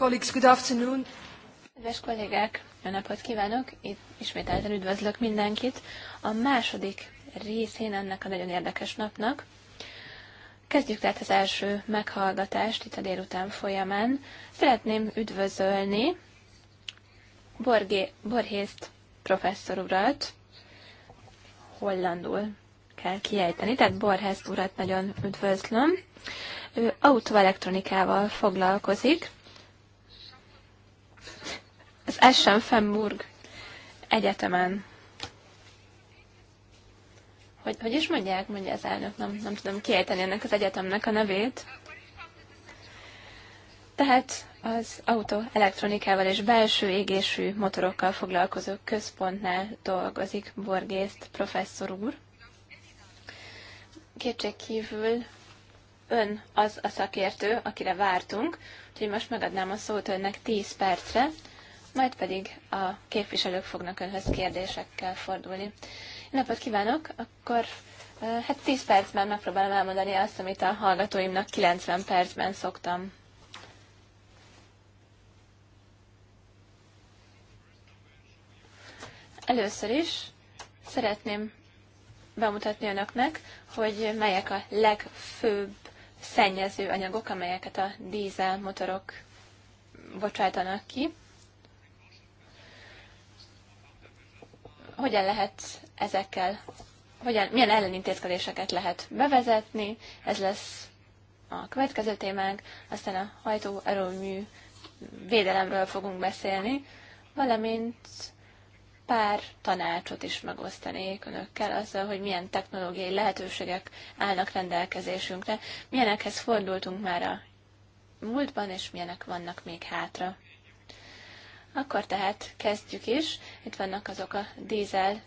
Colleagues, good afternoon. Kedves kollégák, jó napot kívánok! Itt ismételten üdvözlök mindenkit a második részén ennek a nagyon érdekes napnak. Kezdjük tehát az első meghallgatást itt a délután folyamán. Szeretném üdvözölni Borgé, Borhészt professzor urat, hollandul kell kiejteni, tehát Borhészt urat nagyon üdvözlöm. Ő autoelektronikával foglalkozik, az Essen-Femburg Egyetemen. Hogy, hogy is mondják, mondja az elnök, nem, nem tudom kiejteni ennek az egyetemnek a nevét. Tehát az autó elektronikával és belső égésű motorokkal foglalkozó központnál dolgozik Borgészt professzor úr. Kétség kívül ön az a szakértő, akire vártunk, úgyhogy most megadnám a szót önnek 10 percre, majd pedig a képviselők fognak önhöz kérdésekkel fordulni. Én napot kívánok, akkor hát 10 percben megpróbálom elmondani azt, amit a hallgatóimnak 90 percben szoktam. Először is szeretném bemutatni önöknek, hogy melyek a legfőbb szennyező anyagok, amelyeket a dízel motorok bocsájtanak ki. hogyan lehet ezekkel, hogyan, milyen ellenintézkedéseket lehet bevezetni, ez lesz a következő témánk, aztán a hajtóerőmű védelemről fogunk beszélni, valamint pár tanácsot is megosztanék önökkel azzal, hogy milyen technológiai lehetőségek állnak rendelkezésünkre, milyenekhez fordultunk már a múltban, és milyenek vannak még hátra. Akkor tehát kezdjük is. Itt vannak azok a dízel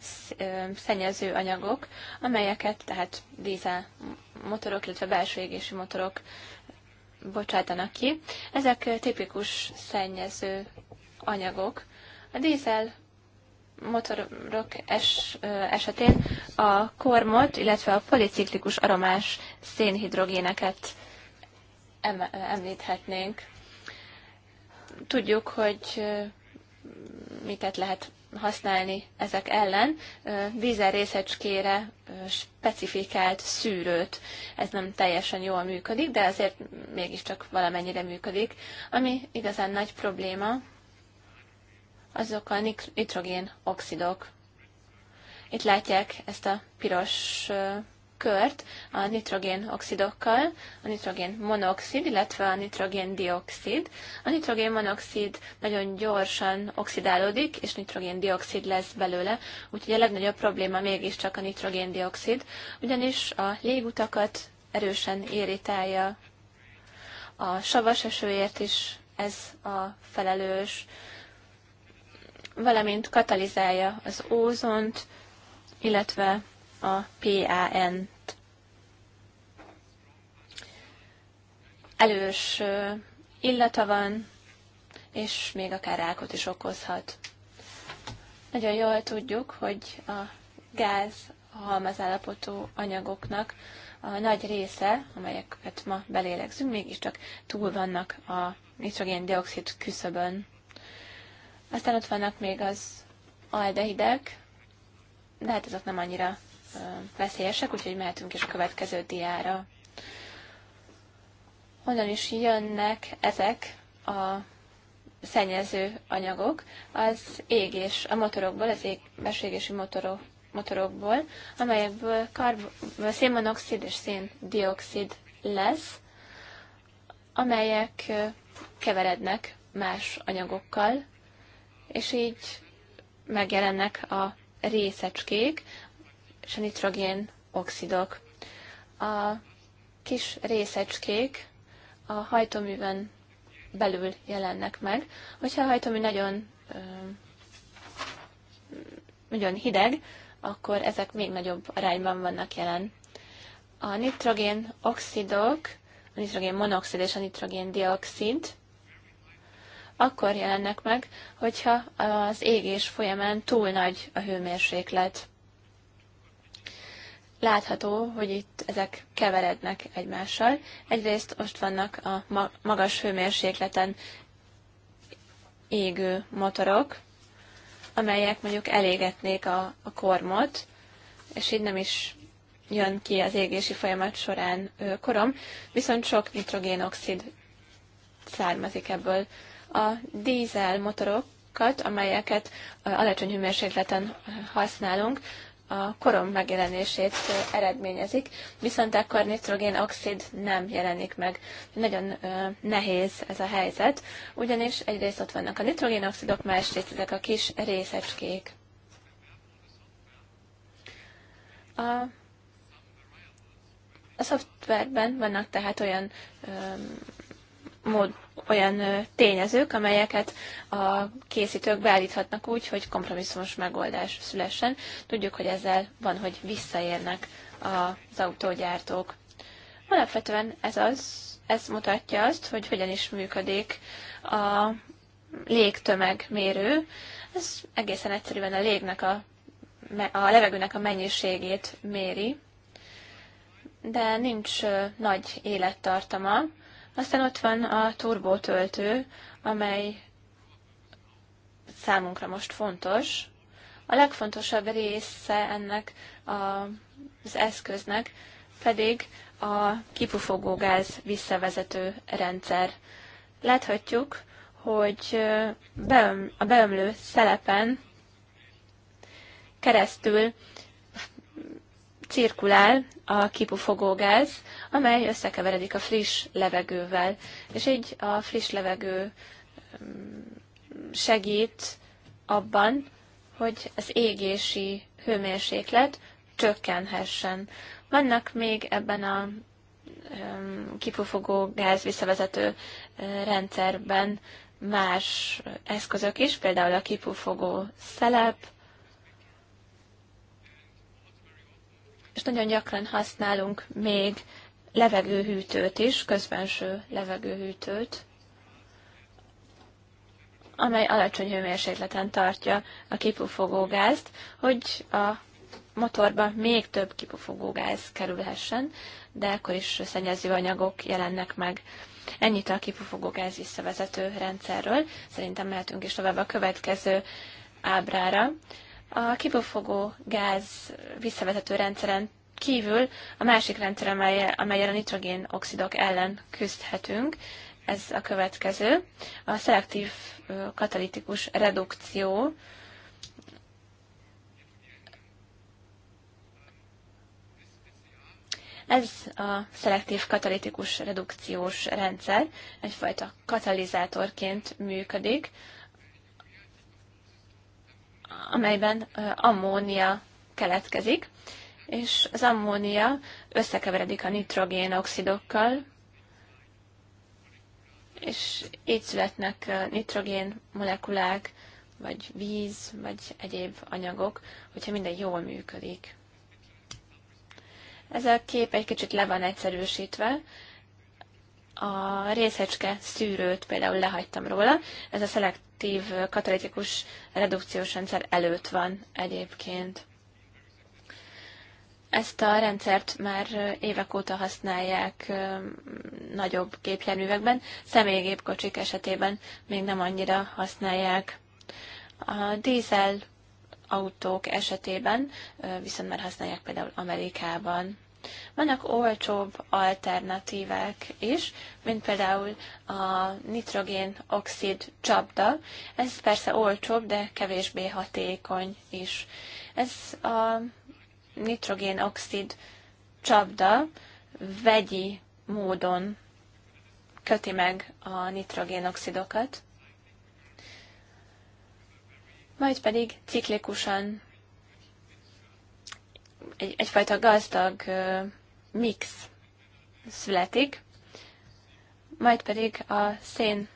szennyező anyagok, amelyeket tehát dízel motorok, illetve belső égési motorok bocsátanak ki. Ezek tipikus szennyező anyagok. A dízel motorok es, esetén a kormot, illetve a policiklikus aromás szénhidrogéneket említhetnénk. Tudjuk, hogy mitet lehet használni ezek ellen. Vízer részecskére specifikált szűrőt. Ez nem teljesen jól működik, de azért mégiscsak valamennyire működik. Ami igazán nagy probléma, azok a nitrogén oxidok. Itt látják ezt a piros kört a nitrogén oxidokkal, a nitrogén monoxid, illetve a nitrogén dioxid. A nitrogén monoxid nagyon gyorsan oxidálódik, és nitrogén dioxid lesz belőle, úgyhogy a legnagyobb probléma mégiscsak a nitrogén dioxid, ugyanis a légutakat erősen irritálja, a savas esőért is ez a felelős, valamint katalizálja az ózont, illetve a PAN Elős illata van, és még akár rákot is okozhat. Nagyon jól tudjuk, hogy a gáz a halmazállapotú anyagoknak a nagy része, amelyeket ma belélegzünk, mégiscsak túl vannak a nitrogén-dioxid küszöbön. Aztán ott vannak még az aldehidek, de hát azok nem annyira veszélyesek, úgyhogy mehetünk is a következő diára honnan is jönnek ezek a szennyező anyagok, az égés a motorokból, az égbességési motorok, motorokból, amelyekből szénmonoxid és széndiokszid lesz, amelyek keverednek más anyagokkal, és így megjelennek a részecskék és a nitrogén oxidok. A kis részecskék a hajtóműven belül jelennek meg. Hogyha a hajtómű nagyon, nagyon hideg, akkor ezek még nagyobb arányban vannak jelen. A nitrogén oxidok, a nitrogén monoxid és a nitrogén dioxid akkor jelennek meg, hogyha az égés folyamán túl nagy a hőmérséklet látható, hogy itt ezek keverednek egymással. Egyrészt most vannak a magas hőmérsékleten égő motorok, amelyek mondjuk elégetnék a, a kormot, és így nem is jön ki az égési folyamat során korom, viszont sok nitrogénoxid származik ebből. A dízel motorokat, amelyeket alacsony hőmérsékleten használunk, a korom megjelenését eredményezik, viszont akkor nitrogén oxid nem jelenik meg. Nagyon nehéz ez a helyzet, ugyanis egyrészt ott vannak a nitrogénoxidok, másrészt ezek a kis részecskék. A a szoftverben vannak tehát olyan mód, olyan tényezők, amelyeket a készítők beállíthatnak úgy, hogy kompromisszumos megoldás szülessen. Tudjuk, hogy ezzel van, hogy visszaérnek az autógyártók. Alapvetően ez, az, ez mutatja azt, hogy hogyan is működik a légtömegmérő. Ez egészen egyszerűen a légnek a, a levegőnek a mennyiségét méri, de nincs nagy élettartama, aztán ott van a turbótöltő, amely számunkra most fontos. A legfontosabb része ennek a, az eszköznek pedig a kipufogógáz visszavezető rendszer. Láthatjuk, hogy beöm, a beömlő szelepen keresztül cirkulál a kipufogó gáz, amely összekeveredik a friss levegővel, és így a friss levegő mm, segít abban, hogy az égési hőmérséklet csökkenhessen. Vannak még ebben a mm, kipufogó gáz visszavezető mm, rendszerben más eszközök is, például a kipufogó szelep, és nagyon gyakran használunk még levegőhűtőt is, közbenső levegőhűtőt, amely alacsony hőmérsékleten tartja a kipufogógázt, hogy a motorba még több kipufogógáz kerülhessen, de akkor is szennyező anyagok jelennek meg. Ennyit a kipufogógáz visszavezető rendszerről. Szerintem mehetünk is tovább a következő ábrára. A kipufogó gáz visszavezető rendszeren kívül a másik rendszer, amely, a nitrogén oxidok ellen küzdhetünk, ez a következő. A szelektív katalitikus redukció, Ez a szelektív katalitikus redukciós rendszer egyfajta katalizátorként működik amelyben ammónia keletkezik, és az ammónia összekeveredik a nitrogén oxidokkal, és így születnek nitrogén molekulák, vagy víz, vagy egyéb anyagok, hogyha minden jól működik. Ez a kép egy kicsit le van egyszerűsítve, a részecske szűrőt például lehagytam róla. Ez a szelektív katalitikus redukciós rendszer előtt van egyébként. Ezt a rendszert már évek óta használják nagyobb gépjárművekben, személygépkocsik esetében még nem annyira használják. A dízel autók esetében viszont már használják például Amerikában. Vannak olcsóbb alternatívák is, mint például a nitrogén oxid csapda. Ez persze olcsóbb, de kevésbé hatékony is. Ez a nitrogén oxid csapda vegyi módon köti meg a nitrogénoxidokat, majd pedig ciklikusan egy, egyfajta gazdag mix születik, majd pedig a szén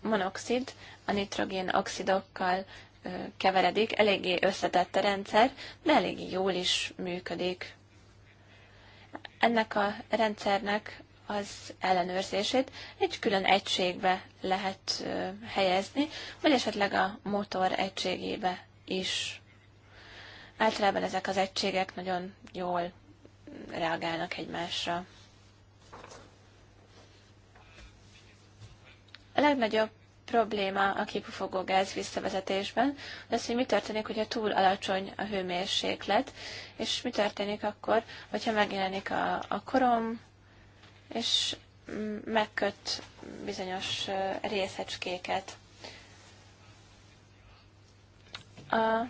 monoxid a nitrogén oxidokkal keveredik, eléggé összetett a rendszer, de eléggé jól is működik. Ennek a rendszernek az ellenőrzését egy külön egységbe lehet helyezni, vagy esetleg a motor egységébe is. Általában ezek az egységek nagyon jól reagálnak egymásra. A legnagyobb probléma a kipufogó gáz visszavezetésben, az, hogy mi történik, hogyha túl alacsony a hőmérséklet, és mi történik akkor, hogyha megjelenik a, a korom, és megköt bizonyos részecskéket. A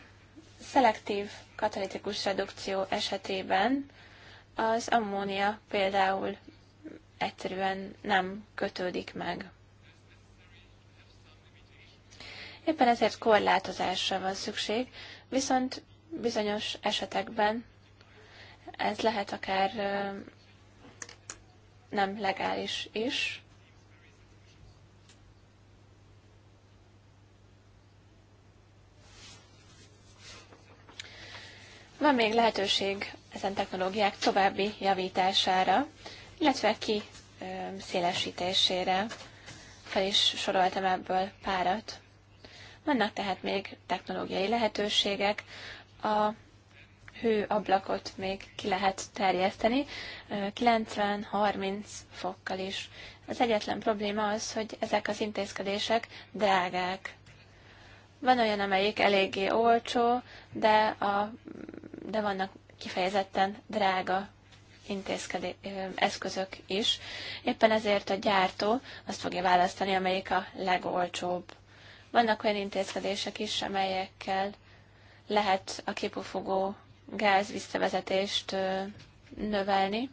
szelektív katalitikus redukció esetében az ammónia például egyszerűen nem kötődik meg. Éppen ezért korlátozásra van szükség, viszont bizonyos esetekben ez lehet akár nem legális is. Van még lehetőség ezen technológiák további javítására, illetve ki szélesítésére. Fel is soroltam ebből párat. Vannak tehát még technológiai lehetőségek, a hőablakot még ki lehet terjeszteni 90-30 fokkal is. Az egyetlen probléma az, hogy ezek az intézkedések drágák. Van olyan, amelyik eléggé olcsó, de a de vannak kifejezetten drága intézkedé- eszközök is. Éppen ezért a gyártó azt fogja választani, amelyik a legolcsóbb. Vannak olyan intézkedések is, amelyekkel lehet a kipufogó gáz visszavezetést növelni.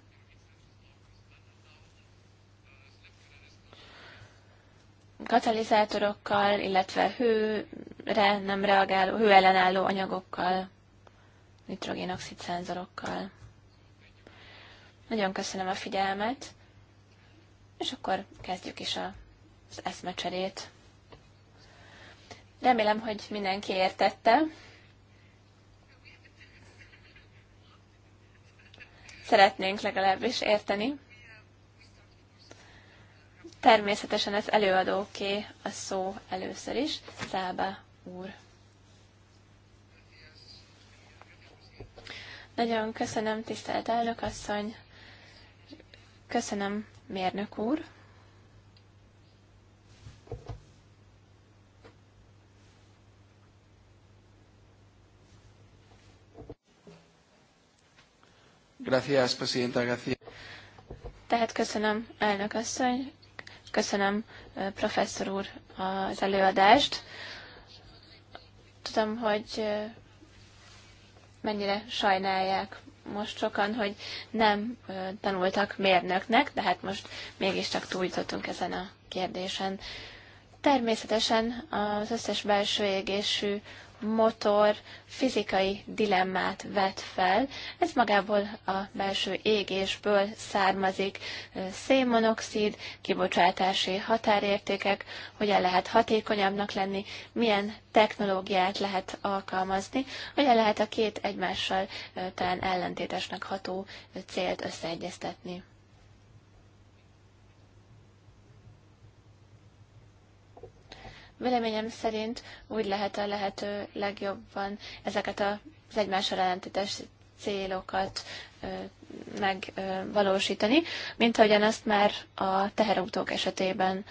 Katalizátorokkal, illetve hőre nem reagáló, hőellenálló anyagokkal nitrogénoxid szenzorokkal. Nagyon köszönöm a figyelmet, és akkor kezdjük is az eszmecserét. Remélem, hogy mindenki értette. Szeretnénk legalábbis érteni. Természetesen ez előadóké a szó először is, Szába úr. Nagyon köszönöm, tisztelt elnök asszony. Köszönöm, mérnök úr. Gracias, presidenta García. Tehát köszönöm, elnök asszony, köszönöm, professzor úr, az előadást. Tudom, hogy mennyire sajnálják most sokan, hogy nem tanultak mérnöknek, de hát most mégiscsak túljutottunk ezen a kérdésen. Természetesen az összes belső égésű motor fizikai dilemmát vet fel. Ez magából a belső égésből származik szénmonoxid, kibocsátási határértékek, hogyan lehet hatékonyabbnak lenni, milyen technológiát lehet alkalmazni, hogyan lehet a két egymással talán ellentétesnek ható célt összeegyeztetni. Véleményem szerint úgy lehet a lehető legjobban ezeket az egymással ellentétes célokat megvalósítani, mint ahogyan azt már a teherautók esetében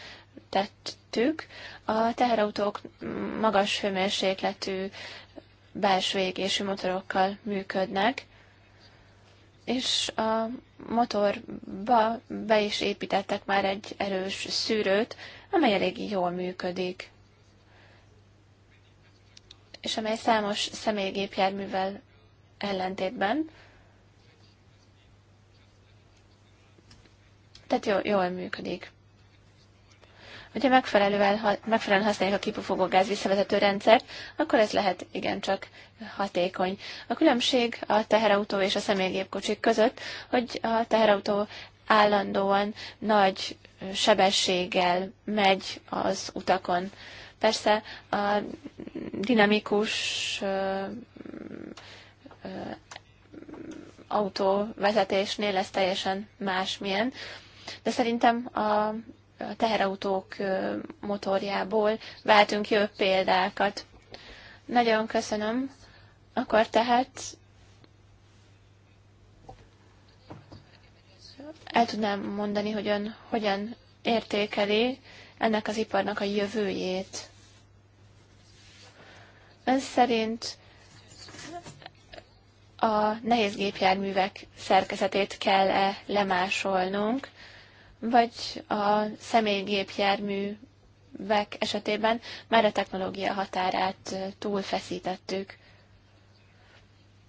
tettük. A teherautók magas hőmérsékletű belső égésű motorokkal működnek, és a motorba be is építettek már egy erős szűrőt, amely elég jól működik, és amely számos személygépjárművel ellentétben, tehát jól, jól működik. Hogyha megfelelően, ha, megfelelően használják a kipufogó gáz visszavezető rendszert, akkor ez lehet igencsak hatékony. A különbség a teherautó és a személygépkocsik között, hogy a teherautó állandóan nagy sebességgel megy az utakon. Persze a dinamikus autóvezetésnél ez teljesen másmilyen, de szerintem a teherautók motorjából váltunk jó példákat. Nagyon köszönöm. Akkor tehát El tudnám mondani, hogy ön hogyan értékeli ennek az iparnak a jövőjét? Ön szerint a nehéz gépjárművek szerkezetét kell-e lemásolnunk, vagy a személygépjárművek esetében már a technológia határát túlfeszítettük.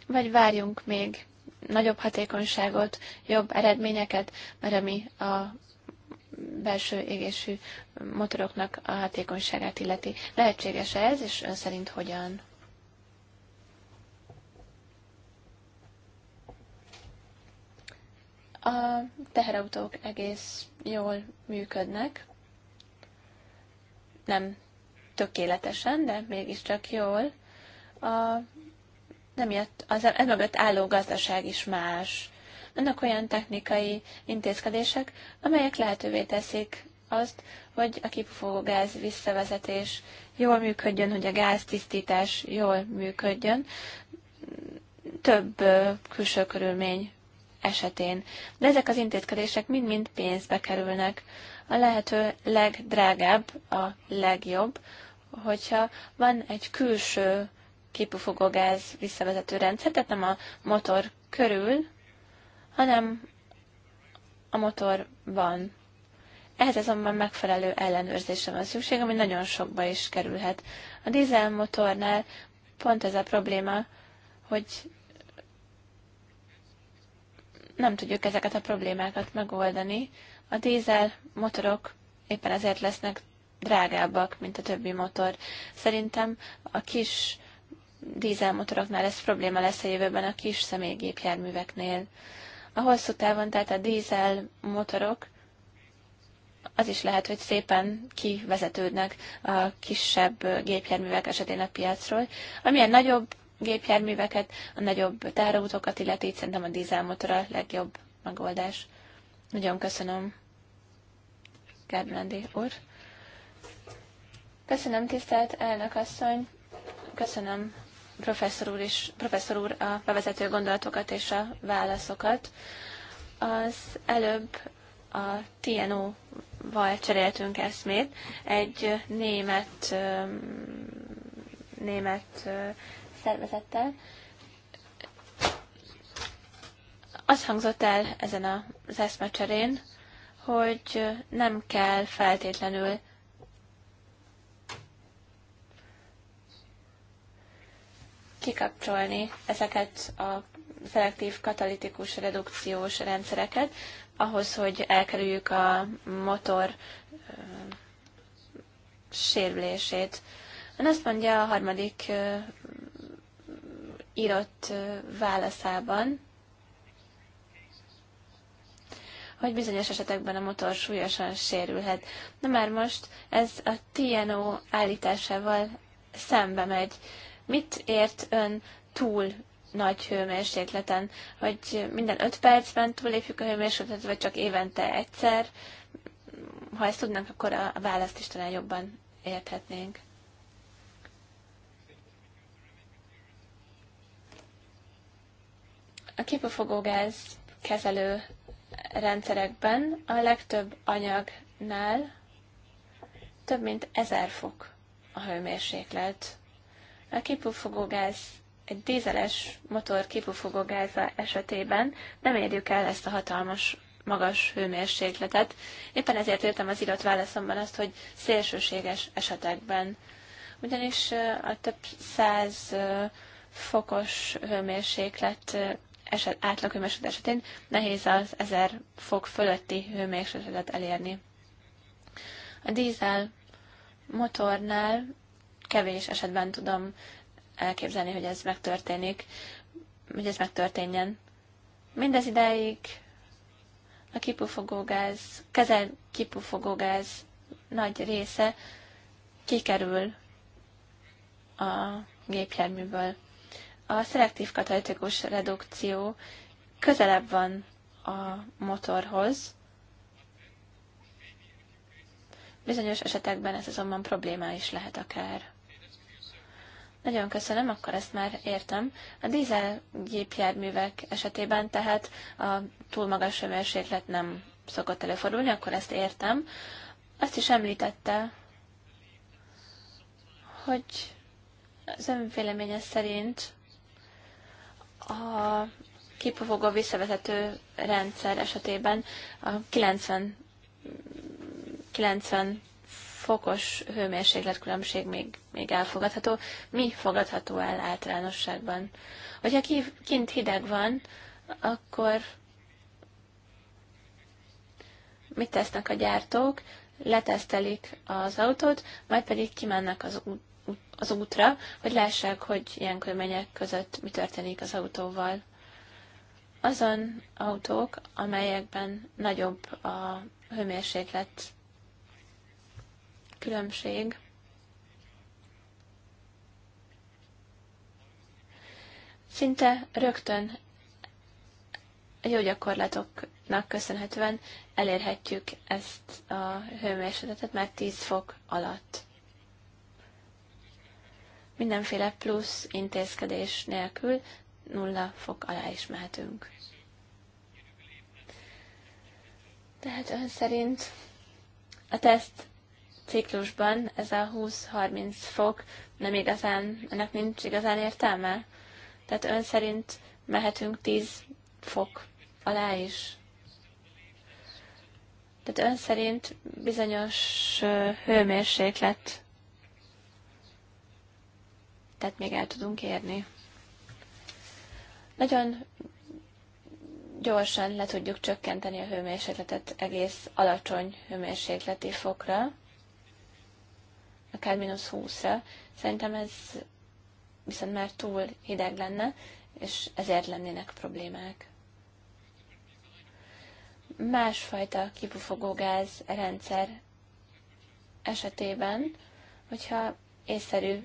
Vagy várjunk még nagyobb hatékonyságot, jobb eredményeket, mert ami a belső égésű motoroknak a hatékonyságát illeti. Lehetséges ez, és ön szerint hogyan? A teherautók egész jól működnek. Nem tökéletesen, de mégiscsak jól. A nem jött, az emögött álló gazdaság is más. Vannak olyan technikai intézkedések, amelyek lehetővé teszik azt, hogy a kipufogó gáz visszavezetés jól működjön, hogy a gáztisztítás jól működjön, több külső körülmény esetén. De ezek az intézkedések mind-mind pénzbe kerülnek. A lehető legdrágább, a legjobb, hogyha van egy külső kipufogógáz visszavezető rendszer, tehát nem a motor körül, hanem a motorban. Ehhez azonban megfelelő ellenőrzésre van szükség, ami nagyon sokba is kerülhet. A dízelmotornál pont ez a probléma, hogy nem tudjuk ezeket a problémákat megoldani. A dízel motorok éppen ezért lesznek drágábbak, mint a többi motor. Szerintem a kis dízelmotoroknál ez probléma lesz a jövőben a kis személygépjárműveknél. A hosszú távon, tehát a dízel motorok, az is lehet, hogy szépen kivezetődnek a kisebb gépjárművek esetén a piacról. Amilyen nagyobb gépjárműveket, a nagyobb tárautókat illeti, így szerintem a dízelmotor a legjobb megoldás. Nagyon köszönöm, Gárblendi úr. Köszönöm, tisztelt elnök asszony. Köszönöm professzor úr, is, professzor úr a bevezető gondolatokat és a válaszokat. Az előbb a TNO-val cseréltünk eszmét. Egy német, német szervezettel. Az hangzott el ezen az eszmecserén, hogy nem kell feltétlenül kikapcsolni ezeket a szelektív katalitikus redukciós rendszereket, ahhoz, hogy elkerüljük a motor sérülését. Ön azt mondja a harmadik írott válaszában, hogy bizonyos esetekben a motor súlyosan sérülhet. Na már most ez a TNO állításával szembe megy. Mit ért ön túl nagy hőmérsékleten, hogy minden 5 percben túlépjük a hőmérsékletet, vagy csak évente egyszer. Ha ezt tudnánk, akkor a választ is talán jobban érthetnénk. A kipufogógáz kezelő rendszerekben a legtöbb anyagnál több mint 1000 fok a hőmérséklet a kipufogógáz egy dízeles motor kipufogógáza esetében nem érjük el ezt a hatalmas magas hőmérsékletet. Éppen ezért írtam az írott válaszomban azt, hogy szélsőséges esetekben. Ugyanis a több száz fokos hőmérséklet eset, átlag hőmérséklet esetén nehéz az 1000 fok fölötti hőmérsékletet elérni. A dízel motornál kevés esetben tudom elképzelni, hogy ez megtörténik, hogy ez megtörténjen. Mindez ideig a kipufogógáz, kezel kipufogógáz nagy része kikerül a gépjárműből. A szelektív katalitikus redukció közelebb van a motorhoz. Bizonyos esetekben ez azonban problémá is lehet akár. Nagyon köszönöm, akkor ezt már értem. A dízel gépjárművek esetében tehát a túl magas hőmérséklet nem szokott előfordulni, akkor ezt értem. Azt is említette, hogy az ön véleménye szerint a kipufogó visszavezető rendszer esetében a 90, 90 fokos hőmérsékletkülönbség még, még elfogadható. Mi fogadható el általánosságban? Hogyha kint hideg van, akkor mit tesznek a gyártók? Letesztelik az autót, majd pedig kimennek az, út, az útra, hogy lássák, hogy ilyen körülmények között mi történik az autóval. Azon autók, amelyekben nagyobb a hőmérséklet különbség. Szinte rögtön a jó gyakorlatoknak köszönhetően elérhetjük ezt a hőmérsékletet már 10 fok alatt. Mindenféle plusz intézkedés nélkül 0 fok alá is mehetünk. Tehát ön szerint a teszt ciklusban ez a 20-30 fok nem igazán, ennek nincs igazán értelme? Tehát ön szerint mehetünk 10 fok alá is? Tehát ön szerint bizonyos hőmérséklet, tehát még el tudunk érni. Nagyon gyorsan le tudjuk csökkenteni a hőmérsékletet egész alacsony hőmérsékleti fokra akár mínusz 20-ra. Szerintem ez viszont már túl hideg lenne, és ezért lennének problémák. Másfajta kipufogógáz rendszer esetében, hogyha észszerű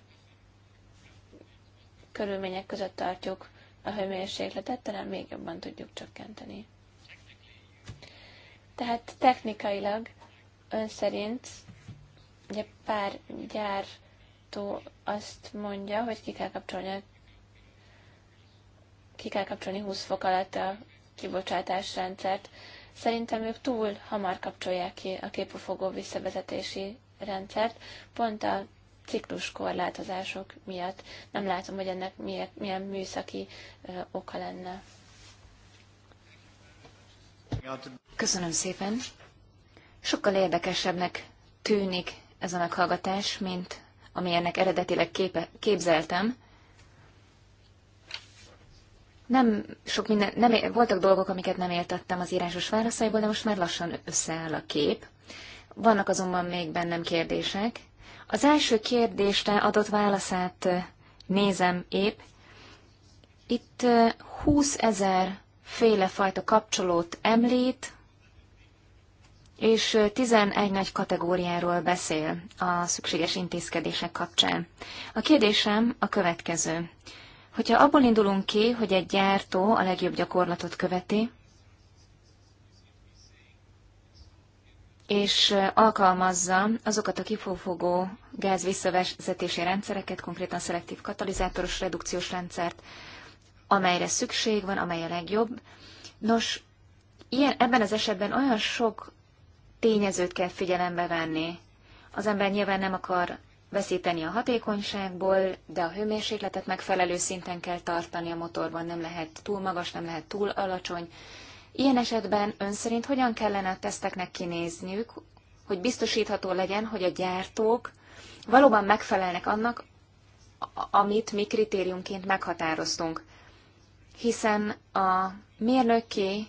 körülmények között tartjuk a hőmérsékletet, talán még jobban tudjuk csökkenteni. Tehát technikailag ön szerint Ugye pár gyártó azt mondja, hogy ki kell kapcsolni ki kell kapcsolni 20 fok alatt a kibocsátás rendszert. Szerintem ők túl hamar kapcsolják ki a képufogó visszavezetési rendszert, pont a cikluskorlátozások miatt. Nem látom, hogy ennek miért, milyen műszaki ö, oka lenne. Köszönöm szépen. Sokkal érdekesebbnek tűnik ez a meghallgatás, mint amilyennek eredetileg képe, képzeltem. Nem sok minden, nem, voltak dolgok, amiket nem értettem az írásos válaszaiból, de most már lassan összeáll a kép. Vannak azonban még bennem kérdések. Az első kérdésre adott válaszát nézem épp. Itt 20 ezer féle fajta kapcsolót említ, és 11 nagy kategóriáról beszél a szükséges intézkedések kapcsán. A kérdésem a következő. Hogyha abból indulunk ki, hogy egy gyártó a legjobb gyakorlatot követi, és alkalmazza azokat a kifogó gáz visszavezetési rendszereket, konkrétan szelektív katalizátoros redukciós rendszert, amelyre szükség van, amely a legjobb. Nos, ilyen, ebben az esetben olyan sok tényezőt kell figyelembe venni. Az ember nyilván nem akar veszíteni a hatékonyságból, de a hőmérsékletet megfelelő szinten kell tartani a motorban, nem lehet túl magas, nem lehet túl alacsony. Ilyen esetben ön szerint hogyan kellene a teszteknek kinézniük, hogy biztosítható legyen, hogy a gyártók valóban megfelelnek annak, amit mi kritériumként meghatároztunk. Hiszen a mérnöki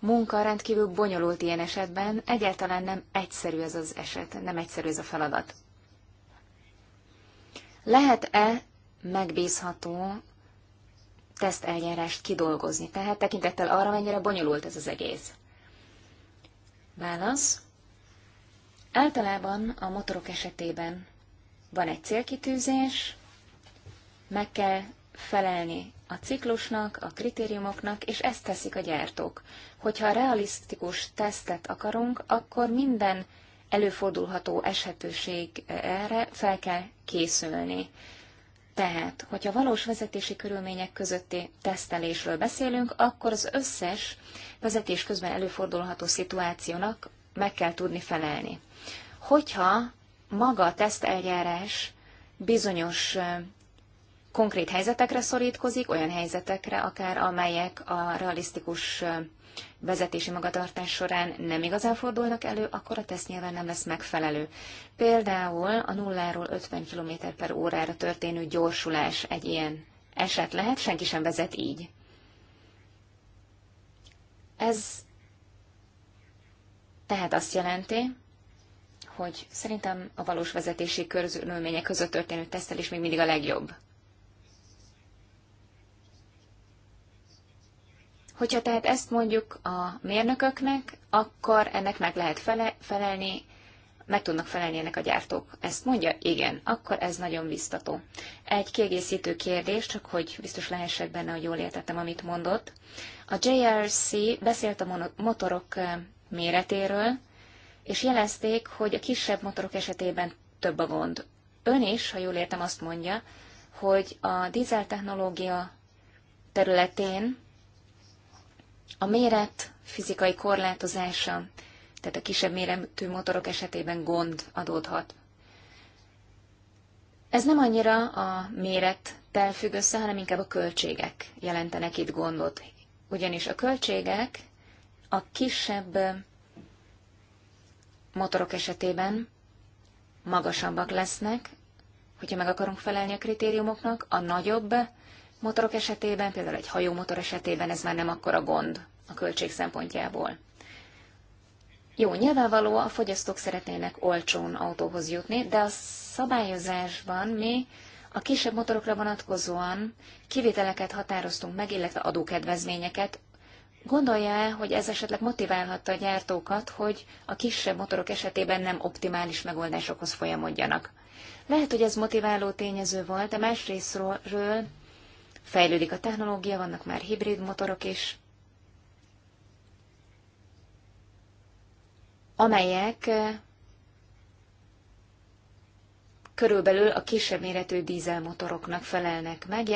munka rendkívül bonyolult ilyen esetben, egyáltalán nem egyszerű ez az eset, nem egyszerű ez a feladat. Lehet-e megbízható teszteljárást kidolgozni, tehát tekintettel arra, mennyire bonyolult ez az egész? Válasz. Általában a motorok esetében van egy célkitűzés, meg kell felelni a ciklusnak, a kritériumoknak, és ezt teszik a gyártók. Hogyha realisztikus tesztet akarunk, akkor minden előfordulható eshetőség erre fel kell készülni. Tehát, hogyha valós vezetési körülmények közötti tesztelésről beszélünk, akkor az összes vezetés közben előfordulható szituációnak meg kell tudni felelni. Hogyha maga a teszteljárás bizonyos konkrét helyzetekre szorítkozik, olyan helyzetekre akár, amelyek a realisztikus vezetési magatartás során nem igazán fordulnak elő, akkor a teszt nyilván nem lesz megfelelő. Például a nulláról 50 km per órára történő gyorsulás egy ilyen eset lehet, senki sem vezet így. Ez tehát azt jelenti, hogy szerintem a valós vezetési körülmények között történő tesztelés még mindig a legjobb. Hogyha tehát ezt mondjuk a mérnököknek, akkor ennek meg lehet fele, felelni, meg tudnak felelni ennek a gyártók. Ezt mondja? Igen. Akkor ez nagyon biztató. Egy kiegészítő kérdés, csak hogy biztos lehessek benne, hogy jól értettem, amit mondott. A JRC beszélt a motorok méretéről, és jelezték, hogy a kisebb motorok esetében több a gond. Ön is, ha jól értem, azt mondja, hogy a dízel technológia területén a méret fizikai korlátozása, tehát a kisebb méretű motorok esetében gond adódhat. Ez nem annyira a mérettel függ össze, hanem inkább a költségek jelentenek itt gondot. Ugyanis a költségek a kisebb motorok esetében magasabbak lesznek, hogyha meg akarunk felelni a kritériumoknak, a nagyobb motorok esetében, például egy hajómotor esetében ez már nem akkora gond a költség szempontjából. Jó, nyilvánvaló, a fogyasztók szeretnének olcsón autóhoz jutni, de a szabályozásban mi a kisebb motorokra vonatkozóan kivételeket határoztunk meg, illetve adókedvezményeket. Gondolja -e, hogy ez esetleg motiválhatta a gyártókat, hogy a kisebb motorok esetében nem optimális megoldásokhoz folyamodjanak. Lehet, hogy ez motiváló tényező volt, de másrésztről Fejlődik a technológia, vannak már hibrid motorok is, amelyek eh, körülbelül a kisebb méretű dízelmotoroknak felelnek meg.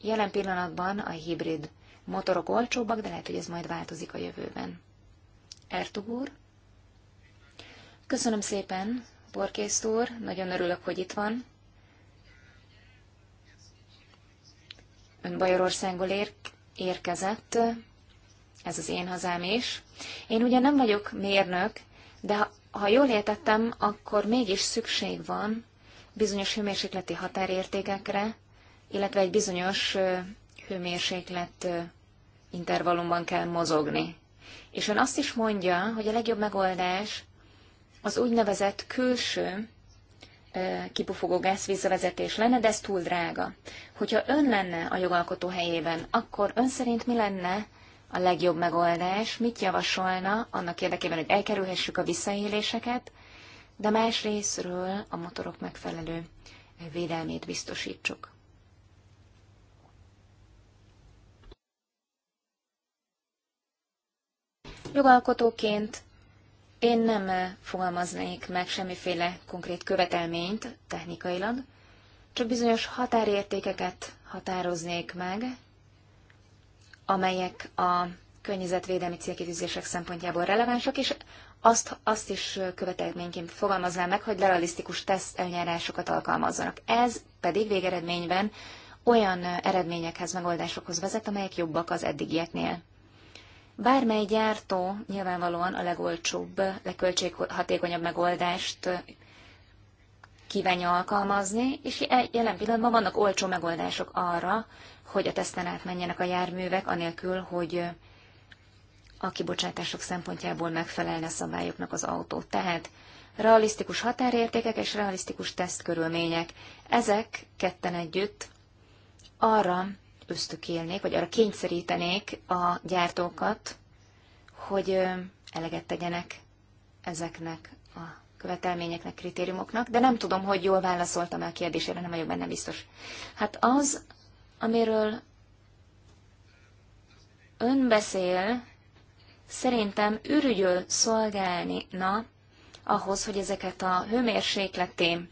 Jelen pillanatban a hibrid motorok olcsóbbak, de lehet, hogy ez majd változik a jövőben. Ertug úr? Köszönöm szépen, Borkészt úr, nagyon örülök, hogy itt van. ön Bajorországból ér, érkezett, ez az én hazám is. Én ugye nem vagyok mérnök, de ha, ha jól értettem, akkor mégis szükség van bizonyos hőmérsékleti határértékekre, illetve egy bizonyos hőmérséklet intervallumban kell mozogni. És ön azt is mondja, hogy a legjobb megoldás az úgynevezett külső kipufogó gáz visszavezetés lenne, de ez túl drága. Hogyha ön lenne a jogalkotó helyében, akkor ön szerint mi lenne a legjobb megoldás, mit javasolna annak érdekében, hogy elkerülhessük a visszaéléseket, de más részről a motorok megfelelő védelmét biztosítsuk. Jogalkotóként én nem eh, fogalmaznék meg semmiféle konkrét követelményt technikailag, csak bizonyos határértékeket határoznék meg, amelyek a környezetvédelmi célkitűzések szempontjából relevánsak, és azt, azt is eh, követelményként fogalmaznám meg, hogy realisztikus teszt eljárásokat alkalmazzanak. Ez pedig végeredményben olyan eh, eredményekhez, megoldásokhoz vezet, amelyek jobbak az eddigieknél. Bármely gyártó nyilvánvalóan a legolcsóbb, legköltséghatékonyabb megoldást kívánja alkalmazni, és jelen pillanatban vannak olcsó megoldások arra, hogy a teszten átmenjenek a járművek, anélkül, hogy a kibocsátások szempontjából megfelelne a szabályoknak az autó. Tehát realisztikus határértékek és realisztikus tesztkörülmények. Ezek ketten együtt arra ösztökélnék, vagy arra kényszerítenék a gyártókat, hogy eleget tegyenek ezeknek a követelményeknek, kritériumoknak, de nem tudom, hogy jól válaszoltam el a kérdésére, nem vagyok benne biztos. Hát az, amiről ön beszél, szerintem ürügyöl na ahhoz, hogy ezeket a hőmérsékleti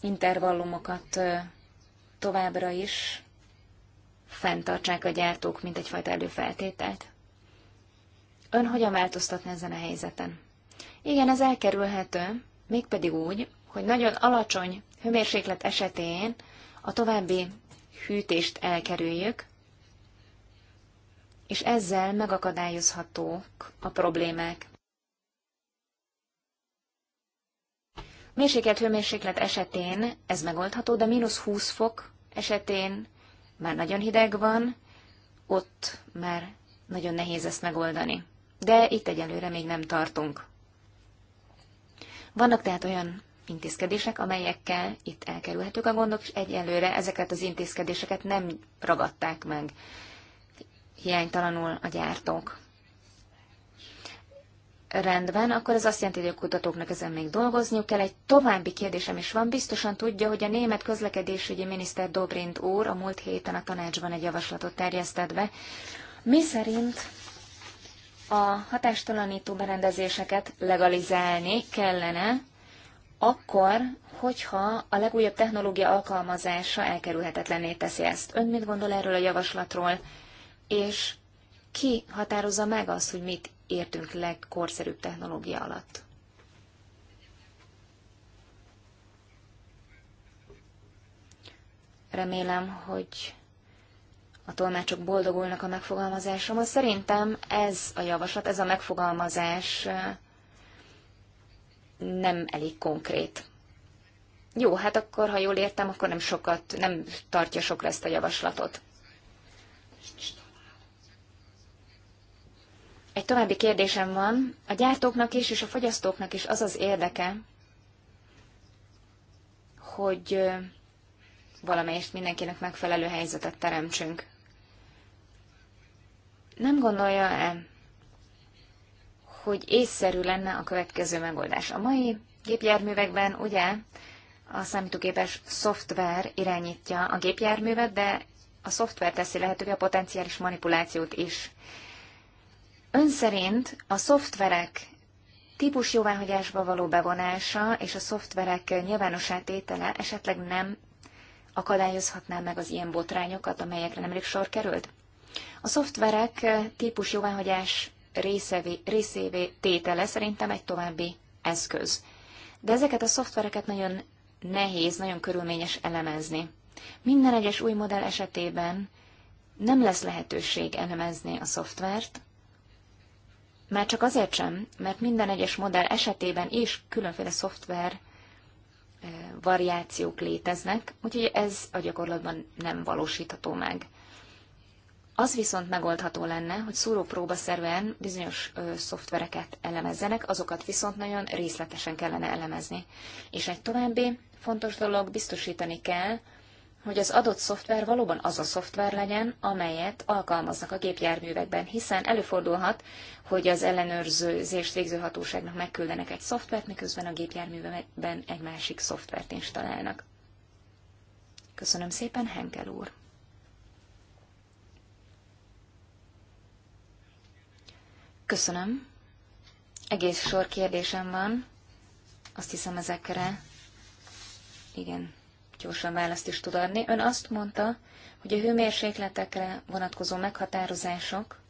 intervallumokat továbbra is fenntartsák a gyártók, mint egyfajta előfeltételt. Ön hogyan változtatna ezen a helyzeten? Igen, ez elkerülhető, mégpedig úgy, hogy nagyon alacsony hőmérséklet esetén a további hűtést elkerüljük, és ezzel megakadályozhatók a problémák. Mérsékelt hőmérséklet esetén ez megoldható, de mínusz 20 fok esetén már nagyon hideg van, ott már nagyon nehéz ezt megoldani. De itt egyelőre még nem tartunk. Vannak tehát olyan intézkedések, amelyekkel itt elkerülhetők a gondok, és egyelőre ezeket az intézkedéseket nem ragadták meg hiánytalanul a gyártók. Rendben, akkor ez azt jelenti, hogy a kutatóknak ezen még dolgozniuk kell. Egy további kérdésem is van. Biztosan tudja, hogy a német közlekedésügyi miniszter Dobrindt úr a múlt héten a tanácsban egy javaslatot terjesztett be, mi szerint a hatástalanító berendezéseket legalizálni kellene, akkor, hogyha a legújabb technológia alkalmazása elkerülhetetlenné teszi ezt. Ön mit gondol erről a javaslatról, és ki határozza meg azt, hogy mit értünk legkorszerűbb technológia alatt. Remélem, hogy a tolmácsok boldogulnak a megfogalmazásommal. Szerintem ez a javaslat, ez a megfogalmazás nem elég konkrét. Jó, hát akkor, ha jól értem, akkor nem sokat, nem tartja sokra ezt a javaslatot. Egy további kérdésem van. A gyártóknak is és a fogyasztóknak is az az érdeke, hogy valamelyest mindenkinek megfelelő helyzetet teremtsünk. Nem gondolja-e, hogy észszerű lenne a következő megoldás? A mai gépjárművekben ugye a számítógépes szoftver irányítja a gépjárművet, de a szoftver teszi lehetővé a potenciális manipulációt is. Ön szerint a szoftverek típus jóváhagyásba való bevonása és a szoftverek nyilvános tétele esetleg nem akadályozhatná meg az ilyen botrányokat, amelyekre nemrég sor került? A szoftverek típus jóváhagyás részevé, részévé tétele szerintem egy további eszköz. De ezeket a szoftvereket nagyon nehéz, nagyon körülményes elemezni. Minden egyes új modell esetében nem lesz lehetőség elemezni a szoftvert, már csak azért sem, mert minden egyes modell esetében is különféle szoftver variációk léteznek, úgyhogy ez a gyakorlatban nem valósítható meg. Az viszont megoldható lenne, hogy szúrópróba szerven bizonyos ö, szoftvereket elemezzenek, azokat viszont nagyon részletesen kellene elemezni. És egy további fontos dolog, biztosítani kell, hogy az adott szoftver valóban az a szoftver legyen, amelyet alkalmaznak a gépjárművekben, hiszen előfordulhat, hogy az ellenőrzőzést végző hatóságnak megküldenek egy szoftvert, miközben a gépjárművekben egy másik szoftvert installálnak. Köszönöm szépen, Henkel úr! Köszönöm. Egész sor kérdésem van. Azt hiszem ezekre. Igen, gyorsan választ is tud adni. Ön azt mondta, hogy a hőmérsékletekre vonatkozó meghatározások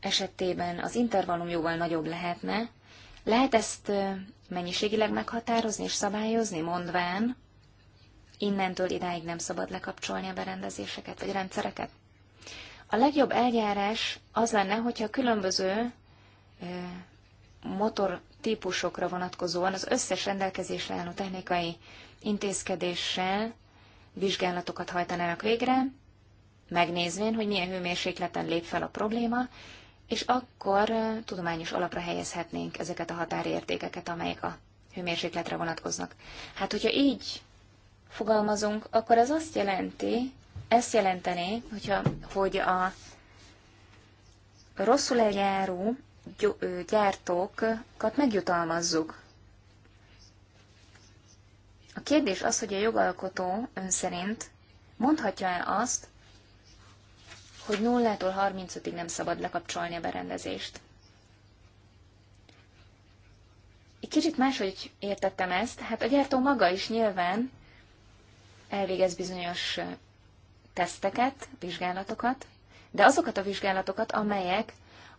esetében az intervallum jóval nagyobb lehetne. Lehet ezt mennyiségileg meghatározni és szabályozni, mondván, innentől idáig nem szabad lekapcsolni a berendezéseket vagy rendszereket? A legjobb eljárás az lenne, hogyha különböző motor típusokra vonatkozóan az összes rendelkezésre álló technikai intézkedéssel vizsgálatokat hajtanának végre, megnézvén, hogy milyen hőmérsékleten lép fel a probléma, és akkor tudományos alapra helyezhetnénk ezeket a határértékeket, amelyek a hőmérsékletre vonatkoznak. Hát, hogyha így fogalmazunk, akkor ez azt jelenti, ezt jelenteni, hogyha, hogy a rosszul eljáró gyártókat megjutalmazzuk. A kérdés az, hogy a jogalkotó ön szerint mondhatja-e azt, hogy 0-tól 35-ig nem szabad lekapcsolni a berendezést. Egy kicsit máshogy értettem ezt, hát a gyártó maga is nyilván elvégez bizonyos teszteket, vizsgálatokat, de azokat a vizsgálatokat, amelyek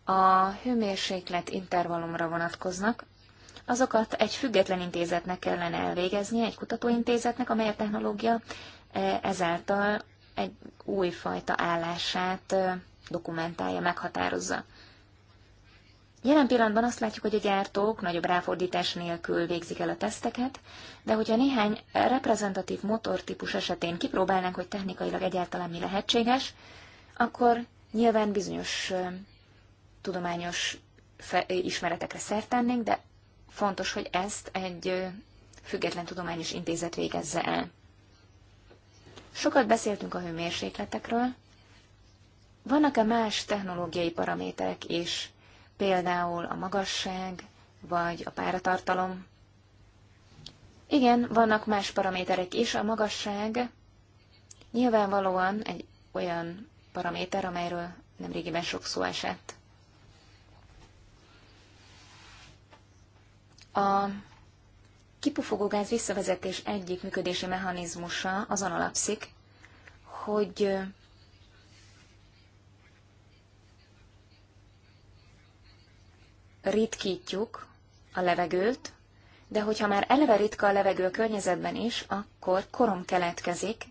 a hőmérséklet intervallumra vonatkoznak, azokat egy független intézetnek kellene elvégezni, egy kutatóintézetnek, amely a technológia e, ezáltal egy újfajta állását e, dokumentálja, meghatározza. Jelen pillanatban azt látjuk, hogy a gyártók nagyobb ráfordítás nélkül végzik el a teszteket, de hogyha néhány reprezentatív motortípus esetén kipróbálnánk, hogy technikailag egyáltalán mi lehetséges, akkor nyilván bizonyos e, tudományos ismeretekre szert tennénk, de fontos, hogy ezt egy független tudományos intézet végezze el. Sokat beszéltünk a hőmérsékletekről. Vannak-e más technológiai paraméterek is, például a magasság, vagy a páratartalom? Igen, vannak más paraméterek is. A magasság nyilvánvalóan egy olyan paraméter, amelyről nemrégiben sok szó esett. A kipufogógáz visszavezetés egyik működési mechanizmusa azon alapszik, hogy ritkítjuk a levegőt, de hogyha már eleve ritka a levegő a környezetben is, akkor korom keletkezik,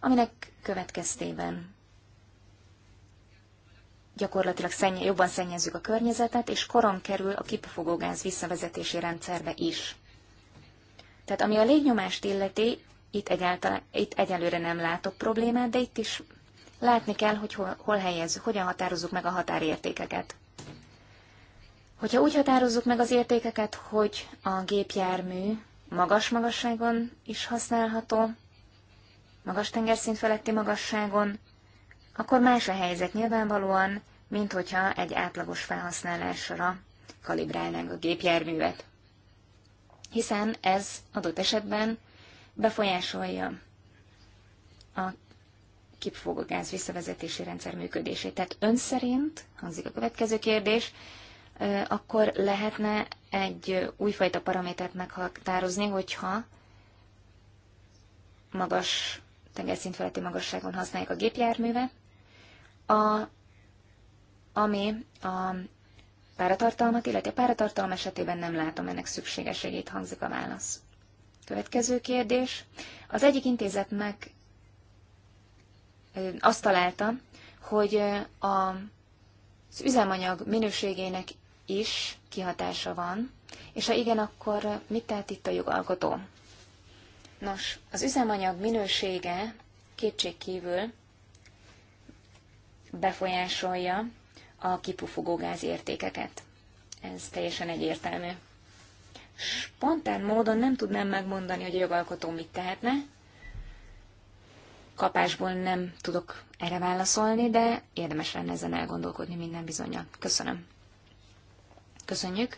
aminek következtében gyakorlatilag szennye, jobban szennyezzük a környezetet, és koron kerül a kipufogógáz visszavezetési rendszerbe is. Tehát ami a légnyomást illeti, itt, egyáltalán, itt egyelőre nem látok problémát, de itt is látni kell, hogy hol, hol helyezzük, hogyan határozzuk meg a határértékeket. Hogyha úgy határozzuk meg az értékeket, hogy a gépjármű magas magasságon is használható, magas tengerszint feletti magasságon, akkor más a helyzet nyilvánvalóan, mint hogyha egy átlagos felhasználásra kalibrálnánk a gépjárművet. Hiszen ez adott esetben befolyásolja a gáz visszavezetési rendszer működését. Tehát ön szerint, hangzik a következő kérdés, akkor lehetne egy újfajta paramétert meghatározni, hogyha magas tengerszint feletti magasságon használják a gépjárművet, a, ami a páratartalmat illeti. A páratartalom esetében nem látom ennek szükségességét, hangzik a válasz. Következő kérdés. Az egyik intézet meg azt találta, hogy a, az üzemanyag minőségének is kihatása van, és ha igen, akkor mit tehet itt a jogalkotó? Nos, az üzemanyag minősége kétségkívül befolyásolja a kipufogó értékeket. Ez teljesen egyértelmű. Spontán módon nem tudnám megmondani, hogy a jogalkotó mit tehetne. Kapásból nem tudok erre válaszolni, de érdemes lenne ezen elgondolkodni minden bizonyal. Köszönöm. Köszönjük,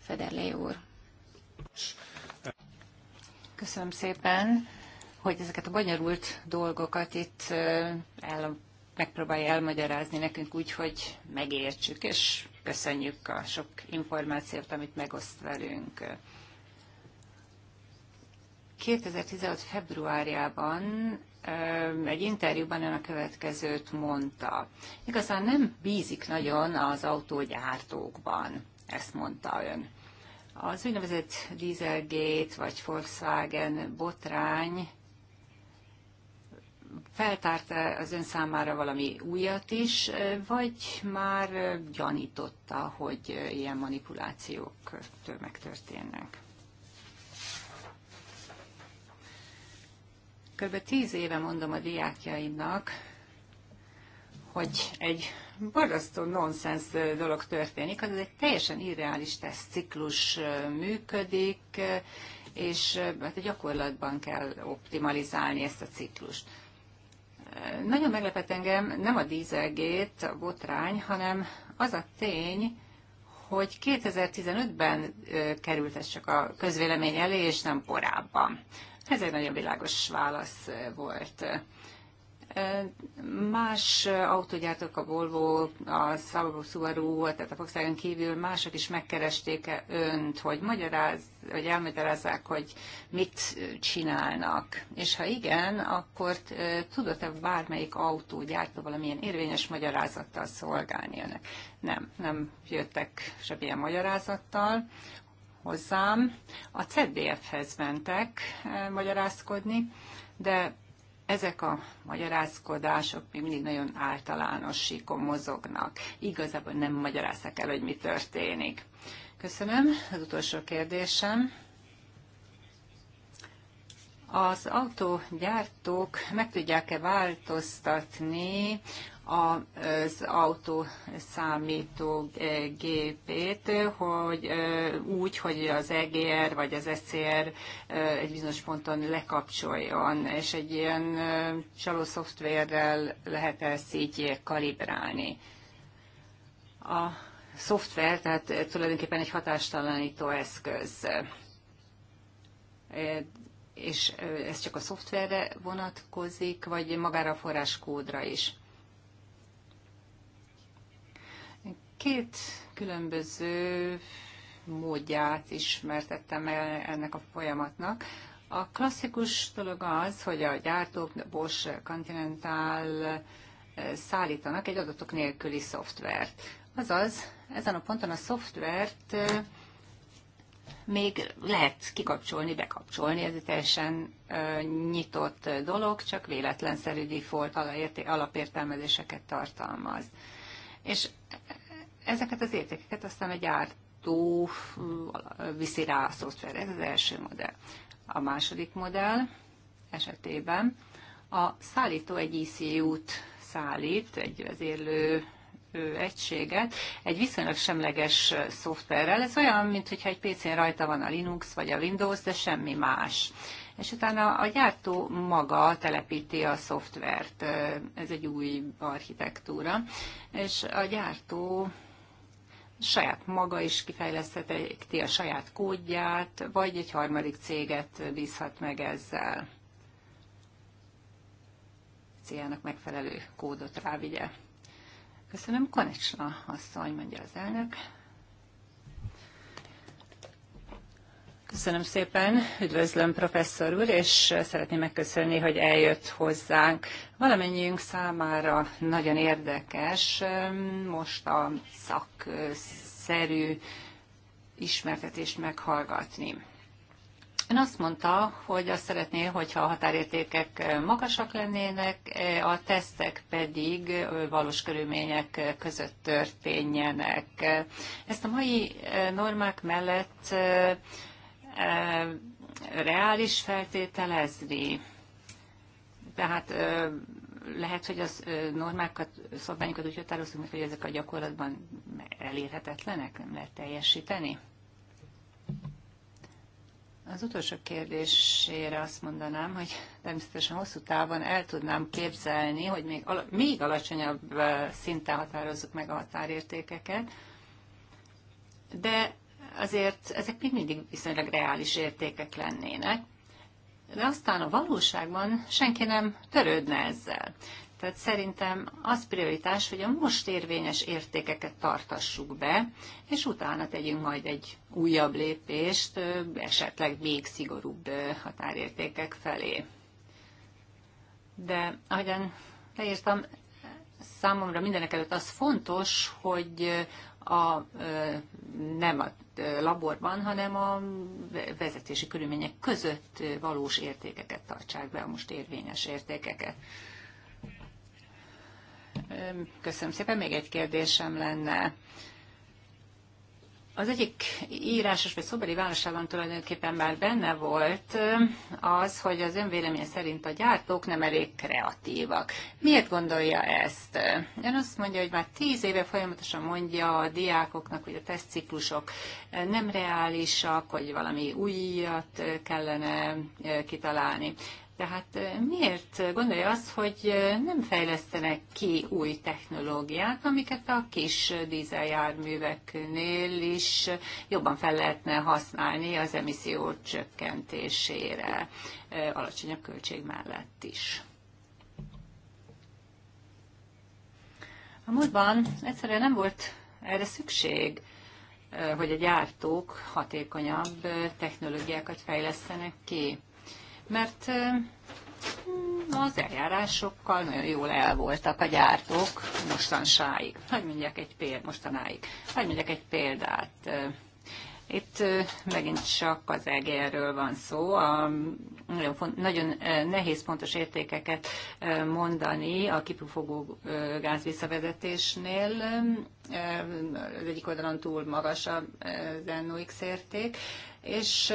Federlé úr. Köszönöm szépen, hogy ezeket a bonyolult dolgokat itt el megpróbálja elmagyarázni nekünk úgy, hogy megértsük, és köszönjük a sok információt, amit megoszt velünk. 2016. februárjában egy interjúban ön a következőt mondta. Igazán nem bízik nagyon az autógyártókban, ezt mondta ön. Az úgynevezett Dieselgate vagy Volkswagen botrány Feltárta az ön számára valami újat is, vagy már gyanította, hogy ilyen manipulációk megtörténnek? Kb. tíz éve mondom a diákjaimnak, hogy egy borzasztó nonsens dolog történik, az egy teljesen irreális tesztciklus működik, és hát a gyakorlatban kell optimalizálni ezt a ciklust. Nagyon meglepett engem nem a dízelgét, a botrány, hanem az a tény, hogy 2015-ben került ez csak a közvélemény elé, és nem korábban. Ez egy nagyon világos válasz volt. Más autógyártók, a Volvo, a Subaru, Subaru, tehát a Volkswagen kívül mások is megkeresték önt, hogy, magyaráz, hogy elmagyarázzák, hogy mit csinálnak. És ha igen, akkor tudott-e bármelyik autógyártó valamilyen érvényes magyarázattal szolgálni önnek? Nem, nem jöttek semmilyen magyarázattal hozzám. A CDF-hez mentek magyarázkodni, de ezek a magyarázkodások még mindig nagyon általános síkon mozognak. Igazából nem magyarázzák el, hogy mi történik. Köszönöm. Az utolsó kérdésem. Az autógyártók meg tudják-e változtatni az autó számítógépét, eh, hogy eh, úgy, hogy az EGR vagy az SCR eh, egy bizonyos ponton lekapcsoljon, és egy ilyen csaló szoftverrel lehet ezt így kalibrálni. A szoftver, tehát tulajdonképpen egy hatástalanító eszköz és ez csak a szoftverre vonatkozik, vagy magára a forráskódra is? Két különböző módját ismertettem el ennek a folyamatnak. A klasszikus dolog az, hogy a gyártók, Bosch, Continental eh, szállítanak egy adatok nélküli szoftvert. Azaz, ezen a ponton a szoftvert eh, még lehet kikapcsolni, bekapcsolni, ez egy teljesen eh, nyitott dolog, csak véletlenszerű default alapértelmezéseket tartalmaz. És Ezeket az értékeket aztán a gyártó viszi rá a szoftver. Ez az első modell. A második modell esetében a szállító egy ICU-t szállít, egy vezérlő egységet, egy viszonylag semleges szoftverrel. Ez olyan, mintha egy PC-n rajta van a Linux vagy a Windows, de semmi más. És utána a gyártó maga telepíti a szoftvert. Ez egy új architektúra. És a gyártó saját maga is kifejlesztheti a saját kódját, vagy egy harmadik céget bízhat meg ezzel. Céljának megfelelő kódot rávigye. Köszönöm, Konecsna asszony, mondja az elnök. Köszönöm szépen, üdvözlöm professzor úr, és szeretném megköszönni, hogy eljött hozzánk. Valamennyiünk számára nagyon érdekes most a szakszerű ismertetést meghallgatni. Ön azt mondta, hogy azt szeretné, hogyha a határértékek magasak lennének, a tesztek pedig valós körülmények között történjenek. Ezt a mai normák mellett reális feltételezni. Tehát lehet, hogy az normákat, szabványokat úgy határoztunk meg, hogy ezek a gyakorlatban elérhetetlenek, nem lehet teljesíteni? Az utolsó kérdésére azt mondanám, hogy természetesen hosszú távon el tudnám képzelni, hogy még, al- még alacsonyabb szinten határozzuk meg a határértékeket, de azért ezek még mindig viszonylag reális értékek lennének, de aztán a valóságban senki nem törődne ezzel. Tehát szerintem az prioritás, hogy a most érvényes értékeket tartassuk be, és utána tegyünk majd egy újabb lépést, esetleg még szigorúbb határértékek felé. De ahogyan leírtam, számomra mindenek előtt az fontos, hogy a, nem a laborban, hanem a vezetési körülmények között valós értékeket tartsák be, a most érvényes értékeket. Köszönöm szépen, még egy kérdésem lenne. Az egyik írásos vagy szobeli válaszában tulajdonképpen már benne volt az, hogy az önvélemény szerint a gyártók nem elég kreatívak. Miért gondolja ezt? Ön azt mondja, hogy már tíz éve folyamatosan mondja a diákoknak, hogy a tesztciklusok nem reálisak, hogy valami újat kellene kitalálni. Tehát miért gondolja azt, hogy nem fejlesztenek ki új technológiát, amiket a kis dízeljárműveknél is jobban fel lehetne használni az emisszió csökkentésére, alacsonyabb költség mellett is? A múltban egyszerűen nem volt erre szükség, hogy a gyártók hatékonyabb technológiákat fejlesztenek ki mert mm, az eljárásokkal nagyon jól el voltak a gyártók mostansáig. Hogy mondjak egy példát, mostanáig. Hogy mondjak egy példát. Itt megint csak az EGR-ről van szó. A, nagyon, font, nagyon nehéz pontos értékeket mondani a kipufogó gáz visszavezetésnél. Az egyik oldalon túl magas a NOx érték, és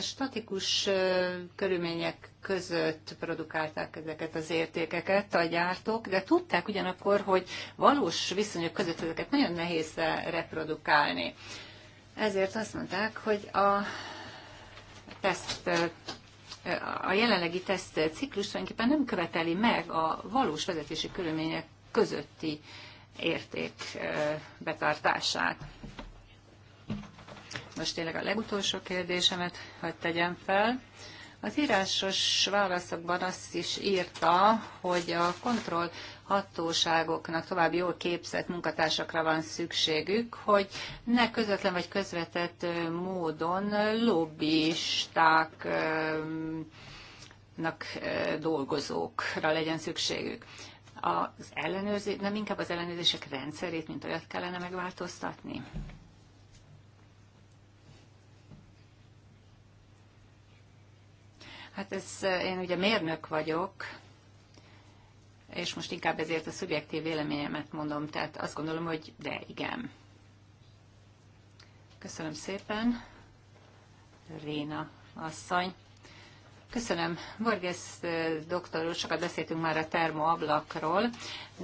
statikus körülmények között produkálták ezeket az értékeket a gyártók, de tudták ugyanakkor, hogy valós viszonyok között ezeket nagyon nehéz -e reprodukálni. Ezért azt mondták, hogy a teszt a jelenlegi teszt ciklus tulajdonképpen nem követeli meg a valós vezetési körülmények közötti érték betartását. Most tényleg a legutolsó kérdésemet hogy tegyem fel. Az írásos válaszokban azt is írta, hogy a kontroll hatóságoknak tovább jól képzett munkatársakra van szükségük, hogy ne közvetlen vagy közvetett módon lobbisták dolgozókra legyen szükségük. Az ellenőrzés, nem inkább az ellenőrzések rendszerét, mint olyat kellene megváltoztatni? Hát ez, eh, én ugye mérnök vagyok, és most inkább ezért a szubjektív véleményemet mondom, tehát azt gondolom, hogy de igen. Köszönöm szépen, Réna asszony. Köszönöm, Borges eh, doktor úr, sokat beszéltünk már a termoablakról.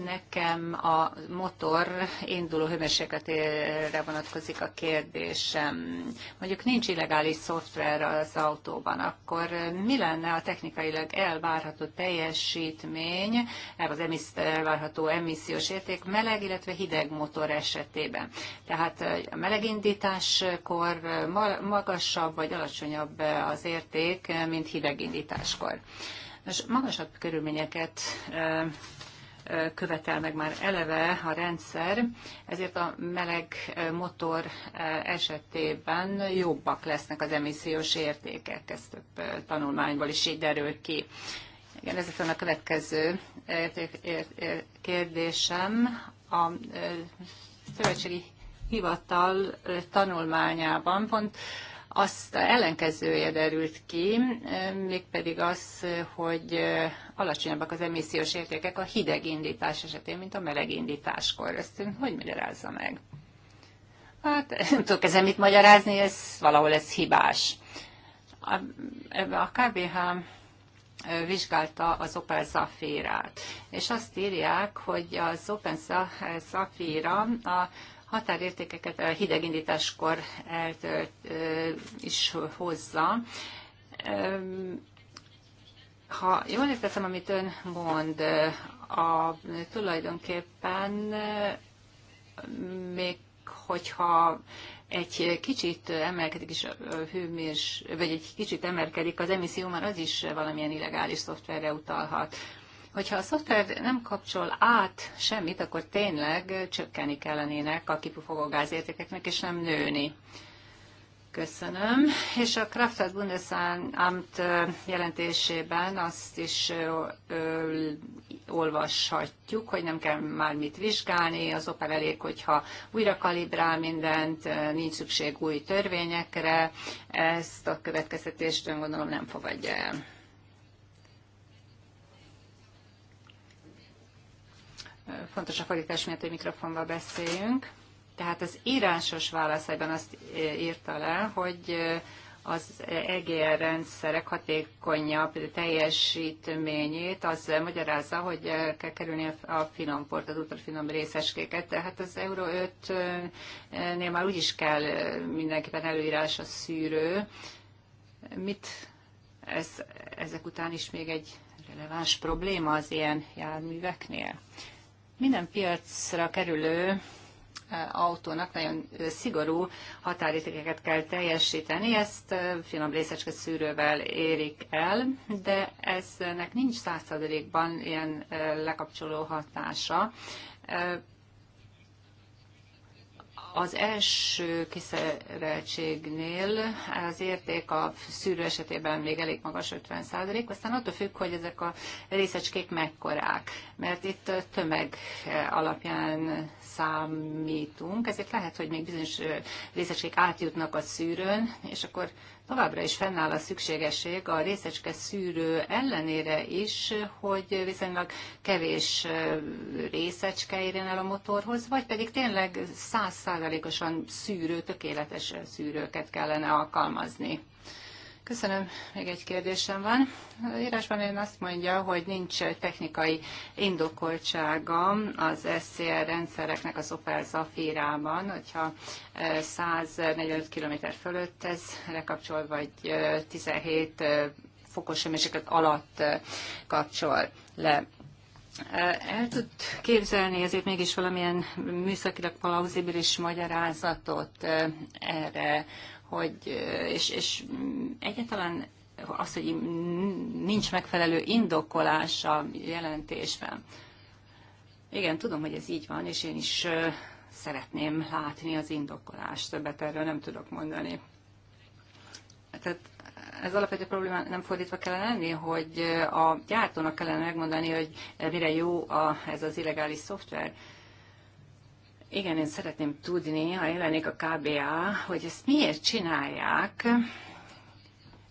Nekem a motor induló hőmérsékletére vonatkozik a kérdésem. Mondjuk nincs illegális szoftver az autóban, akkor mi lenne a technikailag elvárható teljesítmény, eh, az elvárható emissziós érték meleg, illetve hideg motor esetében? Tehát eh, a melegindításkor eh, magasabb vagy alacsonyabb az érték, mint hidegindításkor. Most magasabb körülményeket követel meg már eleve a rendszer, ezért a meleg motor esetében jobbak lesznek az emissziós értékek, ez több tanulmányból is így derül ki. Igen, ez a következő kérdésem. A szövetségi hivatal tanulmányában pont azt ellenkezője derült ki, e, mégpedig az, hogy e, alacsonyabbak az emissziós értékek a hideg indítás esetén, mint a meleg indításkor. Ezt hogy magyarázza meg? Hát nem tudok ezen mit magyarázni, ez valahol ez hibás. A, a KBH e, vizsgálta az Opel Zafirát, és azt írják, hogy az Opel Zafira a határértékeket a hidegindításkor eltölt is hozza. Ha jól értettem, amit ön mond, a, tulajdonképpen még hogyha egy kicsit emelkedik is a hőmérs, vagy egy kicsit emelkedik az emisszió, már az is valamilyen illegális szoftverre utalhat. Hogyha a szoftver nem kapcsol át semmit, akkor tényleg csökkenni kellenének a kipufogó gázértékeknek, és nem nőni. Köszönöm. És a Kraftat Bundesamt jelentésében azt is olvashatjuk, hogy nem kell már mit vizsgálni, az OPEL elég, hogyha újra kalibrál mindent, nincs szükség új törvényekre, ezt a következtetést gondolom nem fogadja el. fontos a fordítás miatt, hogy mikrofonba beszéljünk. Tehát az írásos válaszában azt e, írta le, hogy e, az EGR rendszerek hatékonyabb teljesítményét, az magyarázza, hogy e, kell kerülni a finom port, az ultrafinom részeskéket, Tehát az Euro 5-nél már is kell mindenképpen előírás a szűrő. Mit ez, ezek után is még egy releváns probléma az ilyen járműveknél? Minden piacra kerülő autónak nagyon szigorú határítékeket kell teljesíteni, ezt finom részecske szűrővel érik el, de eznek nincs százszerzelékban ilyen lekapcsoló hatása az első kiszereltségnél az érték a szűrő esetében még elég magas 50 százalék, aztán attól függ, hogy ezek a részecskék mekkorák, mert itt tömeg alapján számítunk, ezért lehet, hogy még bizonyos részecskék átjutnak a szűrőn, és akkor Továbbra is fennáll a szükségesség a részecske szűrő ellenére is, hogy viszonylag kevés részecske érjen el a motorhoz, vagy pedig tényleg százszázalékosan szűrő, tökéletes szűrőket kellene alkalmazni. Köszönöm. Még egy kérdésem van. Az írásban én azt mondja, hogy nincs technikai indokoltsága az SCR rendszereknek az Opel Zafirában, hogyha 145 e, km fölött ez lekapcsol, vagy 17 e, e, fokos hőmérséklet alatt kapcsol le. El tud képzelni ezért mégis valamilyen műszakilag plauzibilis magyarázatot erre, hogy, és, és egyáltalán az, hogy nincs megfelelő indokolás a jelentésben. Igen, tudom, hogy ez így van, és én is szeretném látni az indokolást, többet erről nem tudok mondani. Tehát ez alapvető probléma nem fordítva kellene lenni, hogy a gyártónak kellene megmondani, hogy mire jó a, ez az illegális szoftver. Igen, én szeretném tudni, ha jelenik a KBA, hogy ezt miért csinálják.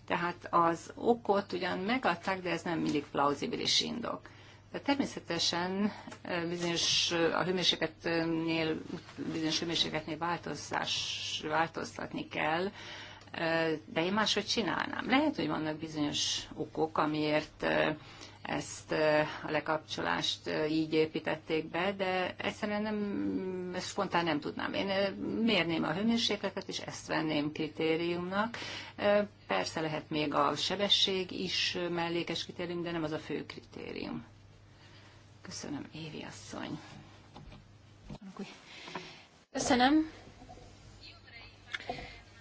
Tehát az okot ugyan megadták, de ez nem mindig plauzibilis indok. De természetesen bizonyos a hőmérsékletnél, bizonyos hőmérsékletnél változás, változtatni kell, de én máshogy csinálnám. Lehet, hogy vannak bizonyos okok, amiért ezt a lekapcsolást így építették be, de egyszerűen nem, ezt spontán nem tudnám. Én mérném a hőmérsékletet, és ezt venném kritériumnak. Persze lehet még a sebesség is mellékes kritérium, de nem az a fő kritérium. Köszönöm, Évi asszony. Köszönöm.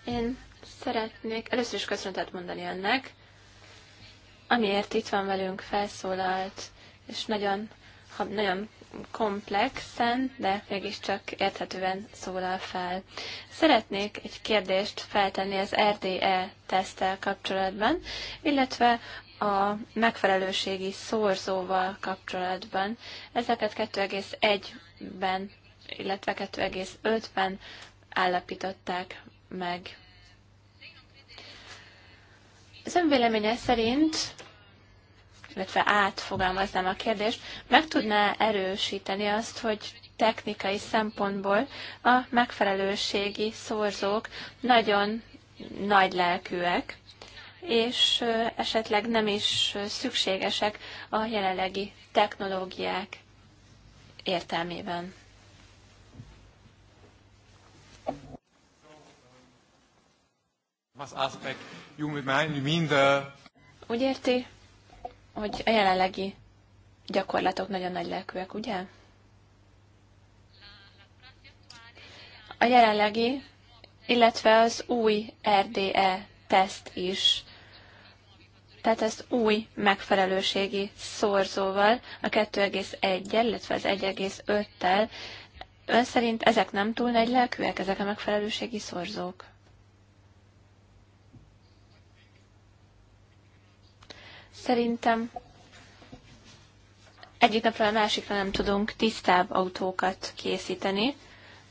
Én szeretnék először is köszönetet mondani önnek amiért itt van velünk felszólalt, és nagyon, nagyon komplexen, de mégiscsak érthetően szólal fel. Szeretnék egy kérdést feltenni az RDE tesztel kapcsolatban, illetve a megfelelőségi szorzóval kapcsolatban. Ezeket 2,1-ben, illetve 2,5-ben állapították meg. Az önvéleménye szerint, illetve átfogalmaznám a kérdést, meg tudná erősíteni azt, hogy technikai szempontból a megfelelőségi szorzók nagyon nagy lelkűek, és esetleg nem is szükségesek a jelenlegi technológiák értelmében. Was Aspekt you remind me mind. Úgy érti, hogy a jelenlegi gyakorlatok nagyon nagy lelkűek, ugye? A jelenlegi, illetve az új RDE teszt is tehát ezt új megfelelőségi szorzóval, a 2,1-el, illetve az 1,5-tel. Ön szerint ezek nem túl nagy lelkűek, ezek a megfelelőségi szorzók? Szerintem egyik napra a másikra nem tudunk tisztább autókat készíteni,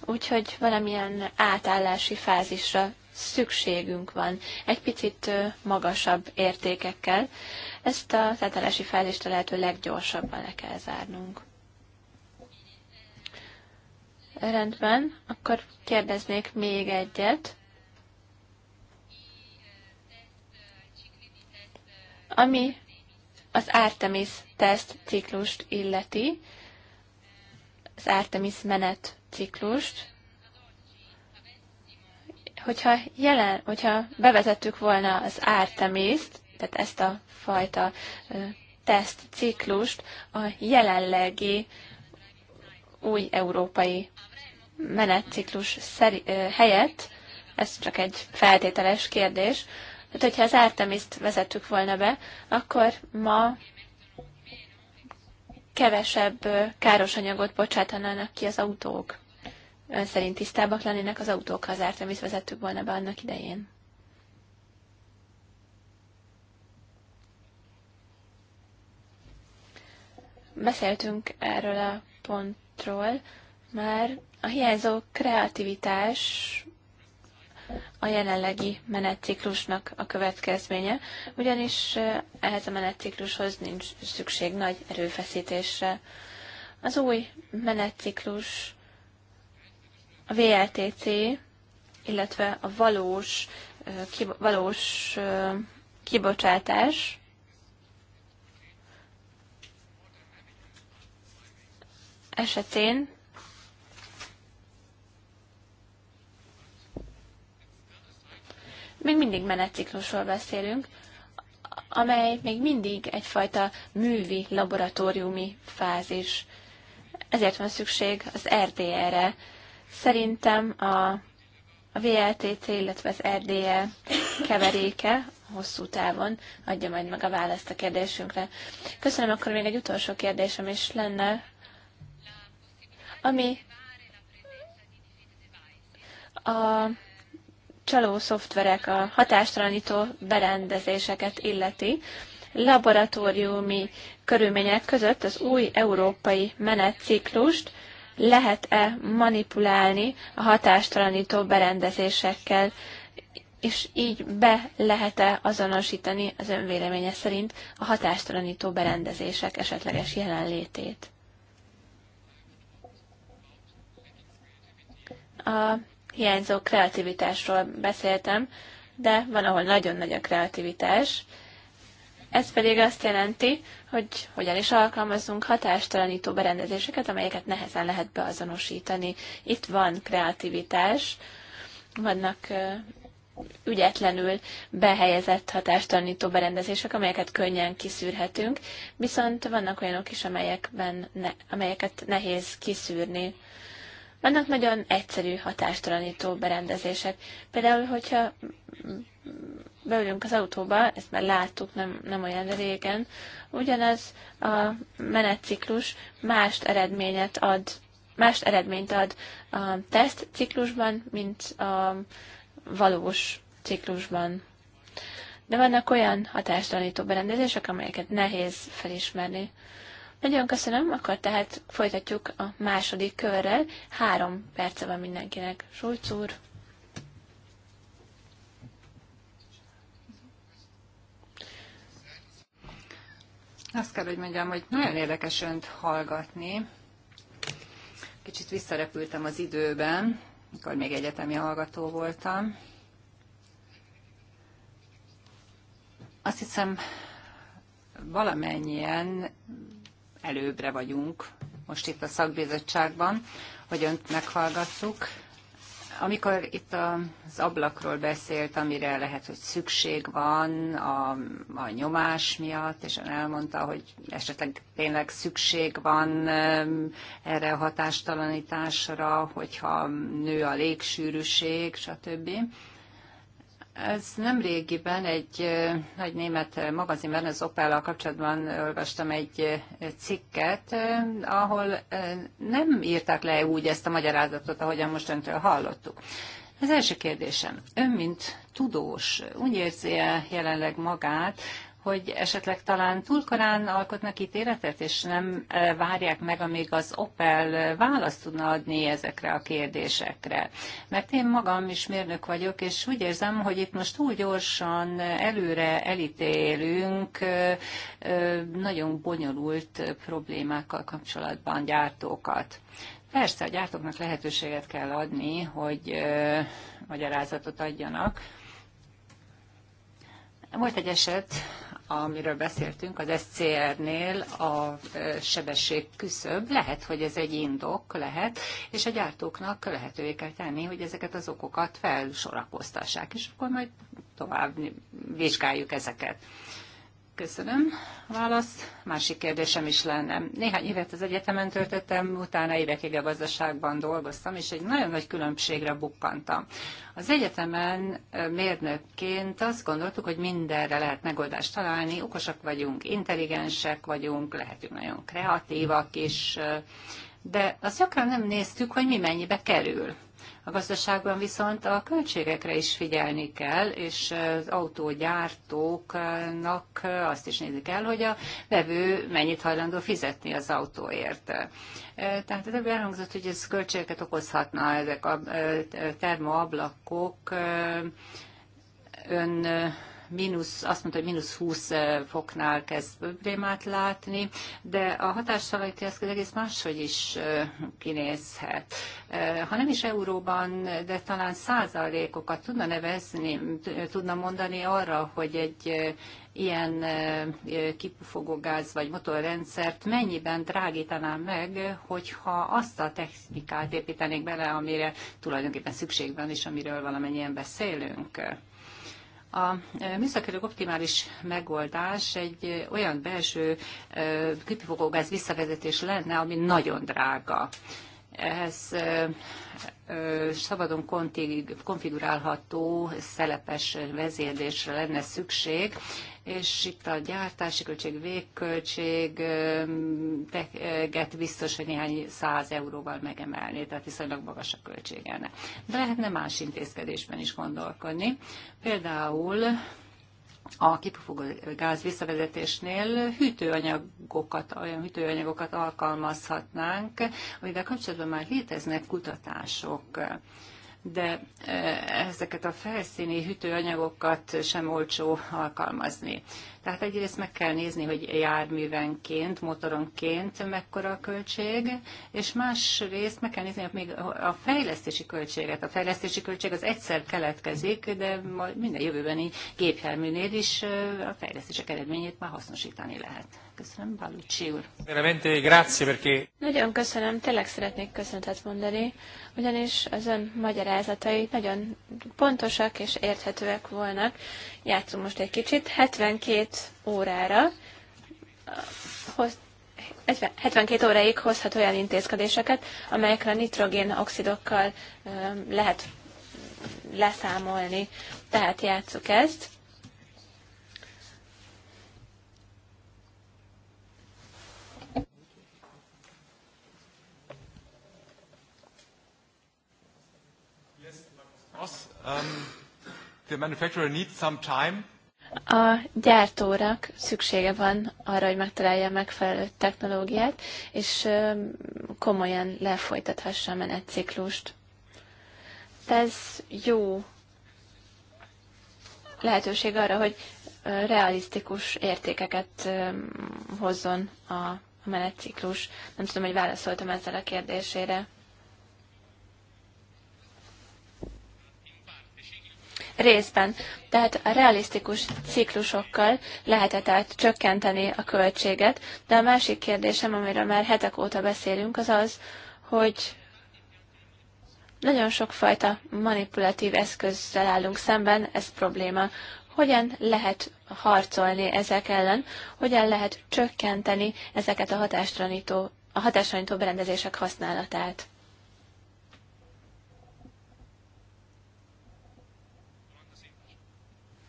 úgyhogy valamilyen átállási fázisra szükségünk van, egy picit magasabb értékekkel. Ezt a átállási fázist a lehető leggyorsabban le kell zárnunk. Rendben, akkor kérdeznék még egyet. Ami az Artemis teszt ciklust illeti, az Artemis menet ciklust, hogyha, jelen, hogyha bevezettük volna az artemis tehát ezt a fajta teszt ciklust a jelenlegi új európai menetciklus helyett, ez csak egy feltételes kérdés, tehát, hogyha az Artemis-t vezettük volna be, akkor ma kevesebb káros anyagot bocsátanának ki az autók. Ön szerint tisztábbak lennének az autók, ha az Artemis vezettük volna be annak idején? Beszéltünk erről a pontról, már a hiányzó kreativitás a jelenlegi menetciklusnak a következménye, ugyanis eh, ehhez a menetciklushoz nincs szükség nagy erőfeszítésre. Az új menetciklus a VLTC, illetve a valós, eh, kib- valós eh, kibocsátás, esetén még mindig menetciklusról beszélünk, amely még mindig egyfajta művi, laboratóriumi fázis. Ezért van szükség az RDR-re. Szerintem a, a VLTC, illetve az RDE keveréke hosszú távon adja majd meg a választ a kérdésünkre. Köszönöm, akkor még egy utolsó kérdésem is lenne, ami a csaló szoftverek, a hatástalanító berendezéseket illeti, laboratóriumi körülmények között az új európai menetciklust lehet-e manipulálni a hatástalanító berendezésekkel, és így be lehet-e azonosítani az önvéleménye szerint a hatástalanító berendezések esetleges jelenlétét. A hiányzó kreativitásról beszéltem, de van, ahol nagyon nagy a kreativitás. Ez pedig azt jelenti, hogy hogyan is alkalmazunk hatástalanító berendezéseket, amelyeket nehezen lehet beazonosítani. Itt van kreativitás, vannak ügyetlenül behelyezett hatástalanító berendezések, amelyeket könnyen kiszűrhetünk, viszont vannak olyanok is, amelyekben ne, amelyeket nehéz kiszűrni. Vannak nagyon egyszerű hatástalanító berendezések. Például, hogyha beülünk az autóba, ezt már láttuk nem, nem olyan régen, ugyanaz a menetciklus más eredményet ad, más eredményt ad a tesztciklusban, mint a valós ciklusban. De vannak olyan hatástalanító berendezések, amelyeket nehéz felismerni. Nagyon köszönöm, akkor tehát folytatjuk a második körrel. Három perce van mindenkinek. Sulc úr. Azt kell, hogy mondjam, hogy nagyon érdekes önt hallgatni. Kicsit visszarepültem az időben, mikor még egyetemi hallgató voltam. Azt hiszem, valamennyien előbbre vagyunk most itt a szakbizottságban, hogy önt meghallgattuk. Amikor itt az ablakról beszélt, amire lehet, hogy szükség van a, a nyomás miatt, és ön elmondta, hogy esetleg tényleg szükség van erre a hatástalanításra, hogyha nő a légsűrűség, stb. Ez nem régiben egy nagy német magazinben, az opel kapcsolatban olvastam egy cikket, ahol nem írták le úgy ezt a magyarázatot, ahogyan most öntől hallottuk. Az első kérdésem. Ön, mint tudós, úgy érzi -e jelenleg magát, hogy esetleg talán túl korán alkotnak ítéletet, és nem e, várják meg, amíg az Opel választ tudna adni ezekre a kérdésekre. Mert én magam is mérnök vagyok, és úgy érzem, hogy itt most túl gyorsan előre elítélünk e, e, nagyon bonyolult problémákkal kapcsolatban gyártókat. Persze a gyártóknak lehetőséget kell adni, hogy magyarázatot adjanak. Volt egy eset, amiről beszéltünk, az SCR-nél a sebesség küszöb, lehet, hogy ez egy indok, lehet, és a gyártóknak lehetővé kell tenni, hogy ezeket az okokat felsorakoztassák, és akkor majd tovább vizsgáljuk ezeket. Köszönöm. A válasz. Másik kérdésem is lenne. Néhány évet az egyetemen töltöttem, utána évekig a gazdaságban dolgoztam, és egy nagyon nagy különbségre bukkantam. Az egyetemen mérnökként azt gondoltuk, hogy mindenre lehet megoldást találni, okosak vagyunk, intelligensek vagyunk, lehetünk nagyon kreatívak is, de azt gyakran nem néztük, hogy mi mennyibe kerül. A gazdaságban viszont a költségekre is figyelni kell, és az autógyártóknak azt is nézik el, hogy a vevő mennyit hajlandó fizetni az autóért. E, tehát ebben elhangzott, hogy ez költségeket okozhatna ezek a e, termoablakok, e, ön mínusz, azt mondta, hogy mínusz 20 foknál kezd problémát látni, de a hatássalaiti eszköz egész máshogy is kinézhet. Ha nem is euróban, de talán százalékokat tudna nevezni, tudna mondani arra, hogy egy ilyen kipufogógáz vagy motorrendszert mennyiben drágítaná meg, hogyha azt a technikát építenék bele, amire tulajdonképpen szükség van, és amiről valamennyien beszélünk. A e, műszakörök optimális megoldás egy e, olyan belső e, kipufogógáz visszavezetés lenne, ami nagyon drága ehhez szabadon konfigurálható szelepes vezérlésre lenne szükség, és itt a gyártási költség, teget biztos, hogy néhány száz euróval megemelni, tehát viszonylag magas a költség ennek. De lehetne más intézkedésben is gondolkodni. Például a kipufogó gáz visszavezetésnél hűtőanyagokat, olyan hűtőanyagokat alkalmazhatnánk, amivel kapcsolatban már léteznek kutatások de eh, ezeket a felszíni hűtőanyagokat sem olcsó alkalmazni. Tehát egyrészt meg kell nézni, hogy járművenként, motoronként mekkora a költség, és másrészt meg kell nézni hogy még a fejlesztési költséget. A fejlesztési költség az egyszer keletkezik, de majd minden jövőbeni gépjárműnél is a fejlesztések eredményét már hasznosítani lehet. Köszönöm, Balucsi úr. Veramente, grazie, perché... Nagyon köszönöm, tényleg szeretnék köszöntet mondani, ugyanis az ön magyarázatai nagyon pontosak és érthetőek volnak. Játszunk most egy kicsit. 72 72 órára, hoz, 72 óráig hozhat olyan intézkedéseket, amelyekre a nitrogén oxidokkal lehet leszámolni. Tehát játsszuk ezt. Um, the manufacturer needs some time a gyártónak szüksége van arra, hogy megtalálja a megfelelő technológiát, és komolyan lefolytathassa a menetciklust. Ez jó lehetőség arra, hogy realisztikus értékeket hozzon a menetciklus. Nem tudom, hogy válaszoltam ezzel a kérdésére. részben, tehát a realisztikus ciklusokkal lehetett át csökkenteni a költséget, de a másik kérdésem, amiről már hetek óta beszélünk, az az, hogy nagyon sokfajta manipulatív eszközzel állunk szemben, ez probléma. Hogyan lehet harcolni ezek ellen, hogyan lehet csökkenteni ezeket a hatásranító, a hatásranító berendezések használatát?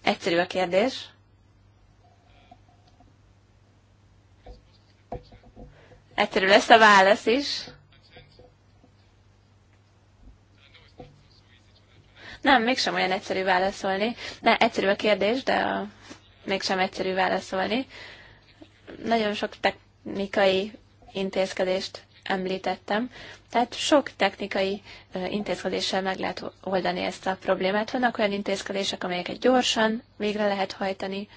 Egyszerű a kérdés. Egyszerű lesz a válasz is. Nem, mégsem olyan egyszerű válaszolni. Ne, egyszerű a kérdés, de a... mégsem egyszerű válaszolni. Nagyon sok technikai intézkedést említettem. Tehát sok technikai intézkedéssel meg lehet oldani ezt a problémát. Vannak olyan intézkedések, amelyeket gyorsan végre lehet hajtani.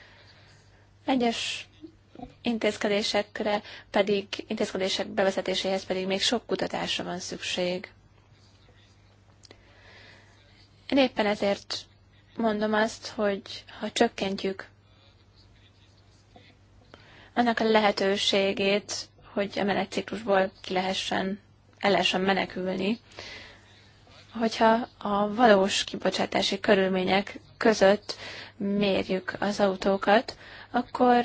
Egyes intézkedésekre pedig, intézkedések bevezetéséhez pedig még sok kutatásra van szükség. Én éppen ezért mondom azt, hogy ha csökkentjük annak a lehetőségét, hogy a ciklusból ki lehessen, el lehessen menekülni, hogyha a valós kibocsátási körülmények között mérjük az autókat, akkor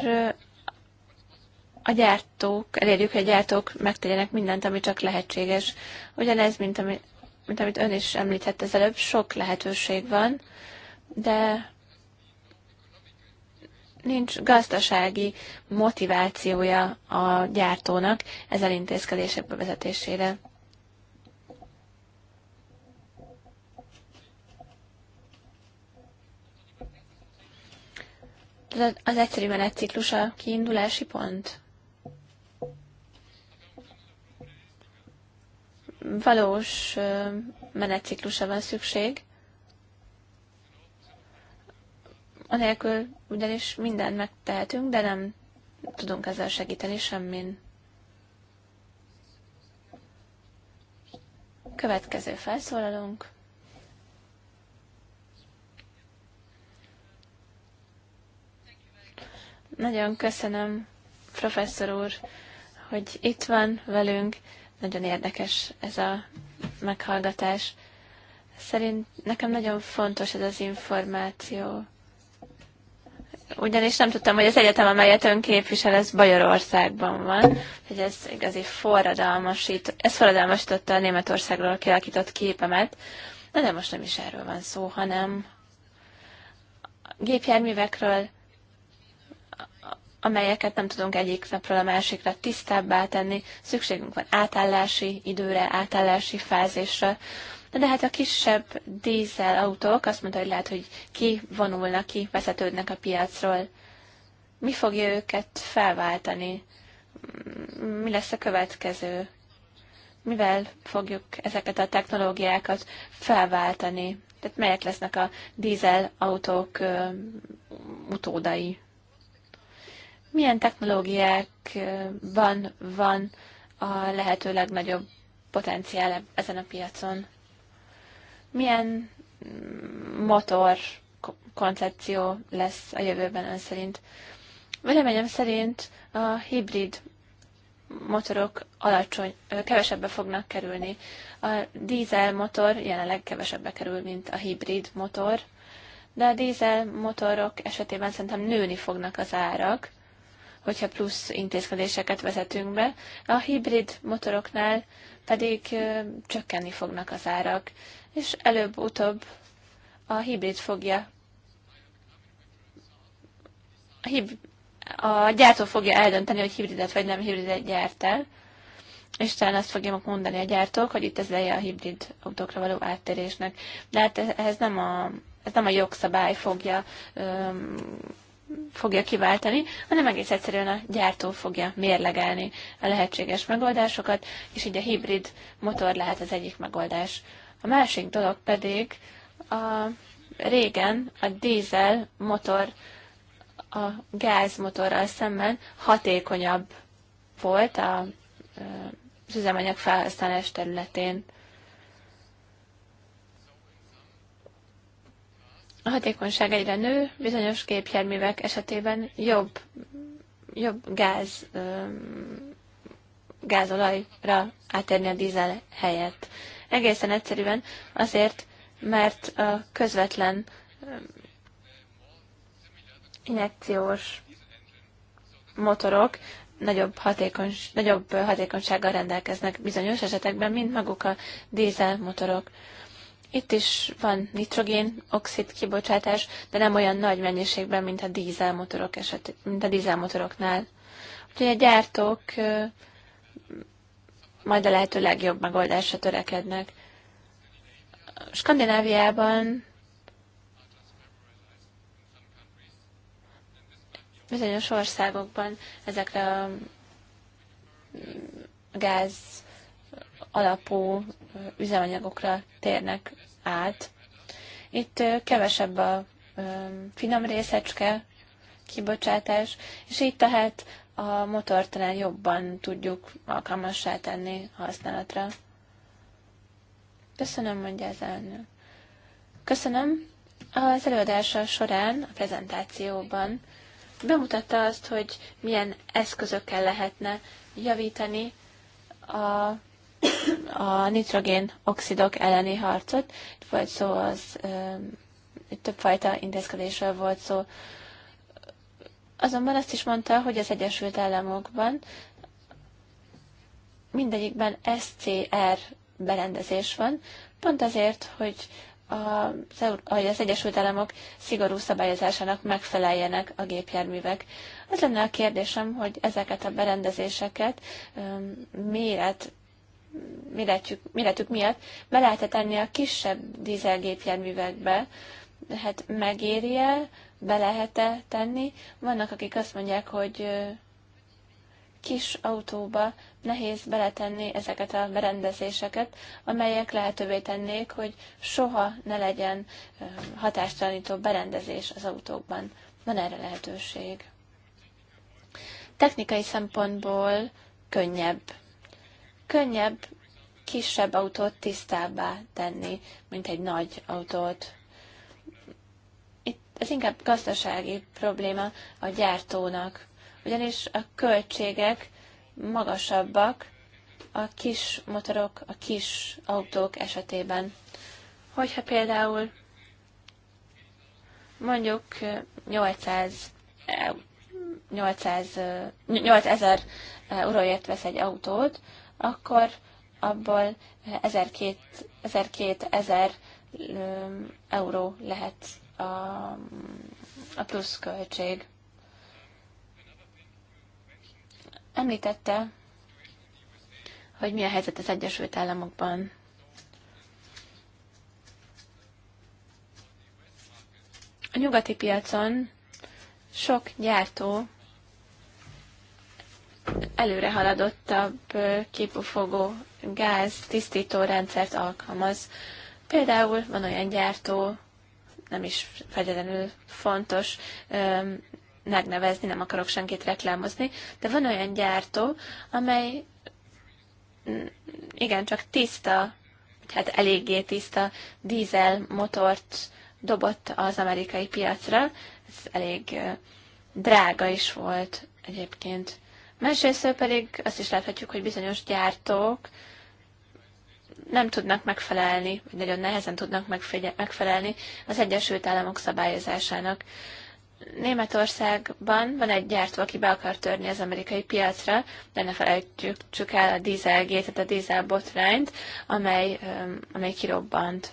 a gyártók, elérjük, hogy a gyártók megtegyenek mindent, ami csak lehetséges. Ugyanez, mint, ami, mint amit ön is említett az előbb, sok lehetőség van, de nincs gazdasági motivációja a gyártónak ezzel intézkedések bevezetésére. Az egyszerű menetciklus a kiindulási pont? Valós menetciklusa van szükség, Anélkül ugyanis mindent megtehetünk, de nem tudunk ezzel segíteni semmin. Következő felszólalunk. Nagyon köszönöm, professzor úr, hogy itt van velünk. Nagyon érdekes ez a meghallgatás. Szerint nekem nagyon fontos ez az információ ugyanis nem tudtam, hogy az egyetem, amelyet ön képvisel, ez Bajorországban van, hogy ez igazi forradalmasít, ez forradalmasította a Németországról kialakított képemet. Na de most nem is erről van szó, hanem gépjárművekről, amelyeket nem tudunk egyik napról a másikra tisztábbá tenni, szükségünk van átállási időre, átállási fázisra, Na de hát a kisebb dízel autók azt mondta, hogy lehet, hogy kivonulnak, kivezetődnek a piacról. Mi fogja őket felváltani? Mi lesz a következő? Mivel fogjuk ezeket a technológiákat felváltani? Tehát melyek lesznek a dízel autók ö, utódai? Milyen technológiákban van a lehető legnagyobb potenciál ezen a piacon? Milyen mm, motor koncepció lesz a jövőben ön szerint? Véleményem szerint a hibrid motorok alacsony, kevesebbe fognak kerülni. A dízel motor jelenleg kevesebbe kerül, mint a hibrid motor, de a dízel motorok esetében szerintem nőni fognak az árak, hogyha plusz intézkedéseket vezetünk be. A hibrid motoroknál pedig csökkenni fognak az árak és előbb-utóbb a hibrid fogja a, hib, a gyártó fogja eldönteni, hogy hibridet vagy nem hibridet gyárt el, és talán azt fogja mondani a gyártók, hogy itt ez leje a hibrid autókra való áttérésnek. De hát ez nem a, ez nem a jogszabály fogja öm, fogja kiváltani, hanem egész egyszerűen a gyártó fogja mérlegelni a lehetséges megoldásokat, és így a hibrid motor lehet az egyik megoldás. A másik dolog pedig a régen a dízel motor a gázmotorral szemben hatékonyabb volt a, az üzemanyag felhasználás területén. A hatékonyság egyre nő, bizonyos gépjárművek esetében jobb, jobb gáz, gázolajra átérni a dízel helyett. Egészen egyszerűen azért, mert a közvetlen um, injekciós motorok nagyobb, hatékony, nagyobb hatékonysággal rendelkeznek bizonyos esetekben, mint maguk a motorok. Itt is van nitrogén, oxid kibocsátás, de nem olyan nagy mennyiségben, mint a dízelmotorok eset, mint a dízelmotoroknál. Úgyhogy a gyártók uh, majd a lehető legjobb megoldásra törekednek. Skandináviában bizonyos országokban ezekre a gáz alapú üzemanyagokra térnek át. Itt kevesebb a finom részecske kibocsátás, és így tehát a motort talán jobban tudjuk alkalmassá tenni használatra. Köszönöm, mondja az elnő. Köszönöm. Az előadása során, a prezentációban bemutatta azt, hogy milyen eszközökkel lehetne javítani a, a nitrogén oxidok elleni harcot. Itt volt szó az, itt többfajta intézkedésről volt szó, Azonban azt is mondta, hogy az Egyesült Államokban mindegyikben SCR berendezés van, pont azért, hogy hogy az Egyesült Államok szigorú szabályozásának megfeleljenek a gépjárművek. Az lenne a kérdésem, hogy ezeket a berendezéseket méret, méretjük, méretük miatt be lehet tenni a kisebb dízelgépjárművekbe, hát megéri-e, be lehet-e tenni. Vannak, akik azt mondják, hogy kis autóba nehéz beletenni ezeket a berendezéseket, amelyek lehetővé tennék, hogy soha ne legyen hatástalanító berendezés az autókban. Van erre lehetőség. Technikai szempontból könnyebb. Könnyebb kisebb autót tisztábbá tenni, mint egy nagy autót ez inkább gazdasági probléma a gyártónak, ugyanis a költségek magasabbak a kis motorok, a kis autók esetében. Hogyha például mondjuk 800 8000 euróért vesz egy autót, akkor abból 1200 euró lehet a, a költség. Említette, hogy mi a helyzet az Egyesült Államokban. A nyugati piacon sok gyártó előre haladottabb kipufogó gáz tisztító rendszert alkalmaz. Például van olyan gyártó, nem is fegyelenül fontos megnevezni, nem akarok senkit reklámozni, de van olyan gyártó, amely mm, igen, csak tiszta, hát eléggé tiszta dízel motort dobott az amerikai piacra. Ez elég drága is volt egyébként. Másrészt pedig azt is láthatjuk, hogy bizonyos gyártók, nem tudnak megfelelni, vagy nagyon nehezen tudnak megfelelni az Egyesült Államok szabályozásának. Németországban van egy gyártó, aki be akar törni az amerikai piacra, de ne felejtjük el a dízelgétet, a dízel botrányt, amely, amely kirobbant.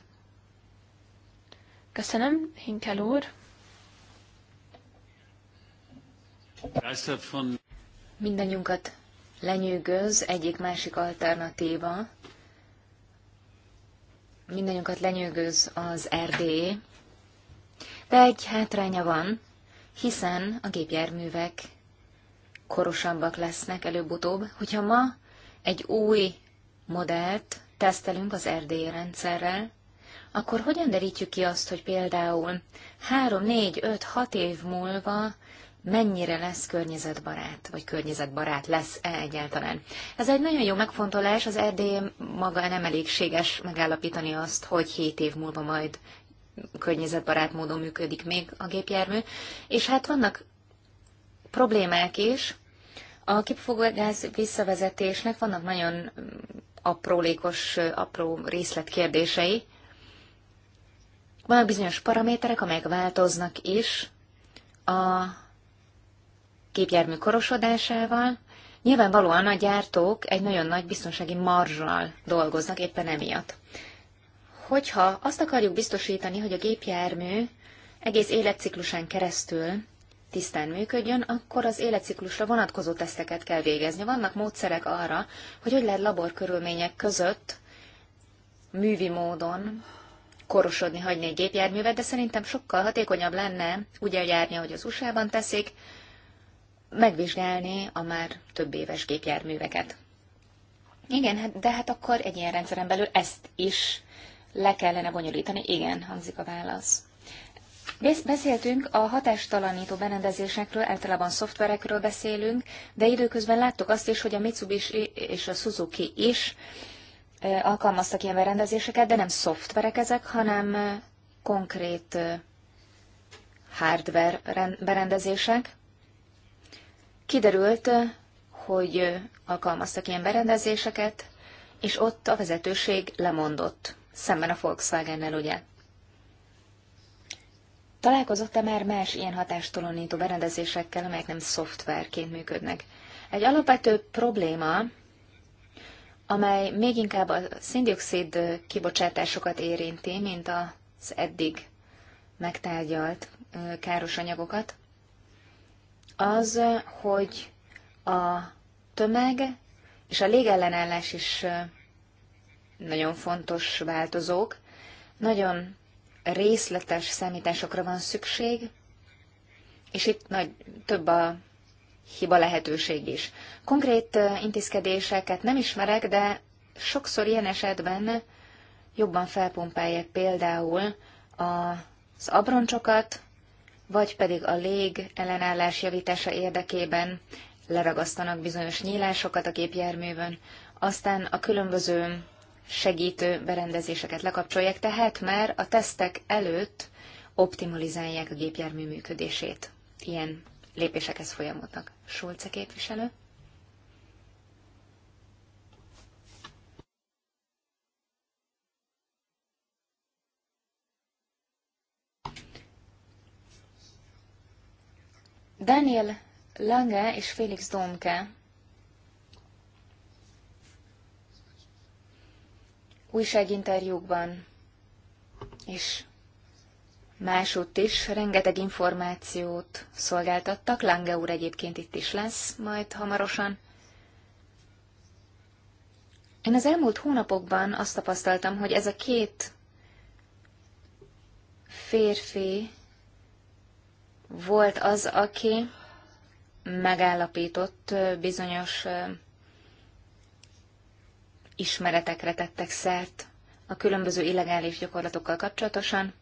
Köszönöm, Hinkel úr. Mindannyiunkat lenyűgöz egyik-másik alternatíva, mindannyiunkat lenyűgöz az Erdély, de egy hátránya van, hiszen a gépjárművek korosabbak lesznek előbb-utóbb. Hogyha ma egy új modellt tesztelünk az Erdély rendszerrel, akkor hogyan derítjük ki azt, hogy például 3, 4, 5, 6 év múlva mennyire lesz környezetbarát, vagy környezetbarát lesz-e egyáltalán. Ez egy nagyon jó megfontolás, az Erdély maga nem elégséges megállapítani azt, hogy 7 év múlva majd környezetbarát módon működik még a gépjármű, és hát vannak problémák is. A kipufogógáz visszavezetésnek vannak nagyon aprólékos, apró részletkérdései. Vannak bizonyos paraméterek, amelyek változnak is, a gépjármű korosodásával, nyilvánvalóan a gyártók egy nagyon nagy biztonsági marzsal dolgoznak éppen emiatt. Hogyha azt akarjuk biztosítani, hogy a gépjármű egész életciklusán keresztül tisztán működjön, akkor az életciklusra vonatkozó teszteket kell végezni. Vannak módszerek arra, hogy hogy lehet laborkörülmények között művi módon korosodni hagyni egy gépjárművet, de szerintem sokkal hatékonyabb lenne úgy eljárni, ahogy az USA-ban teszik, megvizsgálni a már több éves gépjárműveket. Igen, hát, de hát akkor egy ilyen rendszeren belül ezt is le kellene bonyolítani. Igen, hangzik a válasz. Beszéltünk a hatástalanító berendezésekről, általában szoftverekről beszélünk, de időközben láttuk azt is, hogy a Mitsubishi és a Suzuki is alkalmaztak ilyen berendezéseket, de nem szoftverek ezek, hanem konkrét hardware berendezések. Kiderült, hogy alkalmaztak ilyen berendezéseket, és ott a vezetőség lemondott, szemben a Volkswagen-nel, ugye? Találkozott-e már más ilyen hatástalanító berendezésekkel, amelyek nem szoftverként működnek? Egy alapvető probléma, amely még inkább a szindioxid kibocsátásokat érinti, mint az eddig megtárgyalt káros anyagokat, az, hogy a tömeg és a légellenállás is nagyon fontos változók. Nagyon részletes számításokra van szükség, és itt nagy, több a hiba lehetőség is. Konkrét intézkedéseket nem ismerek, de sokszor ilyen esetben jobban felpumpálják például az abroncsokat, vagy pedig a lég ellenállás javítása érdekében leragasztanak bizonyos nyílásokat a gépjárművön, aztán a különböző segítő berendezéseket lekapcsolják, tehát már a tesztek előtt optimalizálják a gépjármű működését. Ilyen lépésekhez folyamodnak. Schulze képviselő? Daniel Lange és Felix Domke újságinterjúkban és másútt is rengeteg információt szolgáltattak. Lange úr egyébként itt is lesz majd hamarosan. Én az elmúlt hónapokban azt tapasztaltam, hogy ez a két férfi volt az, aki megállapított bizonyos ismeretekre tettek szert a különböző illegális gyakorlatokkal kapcsolatosan.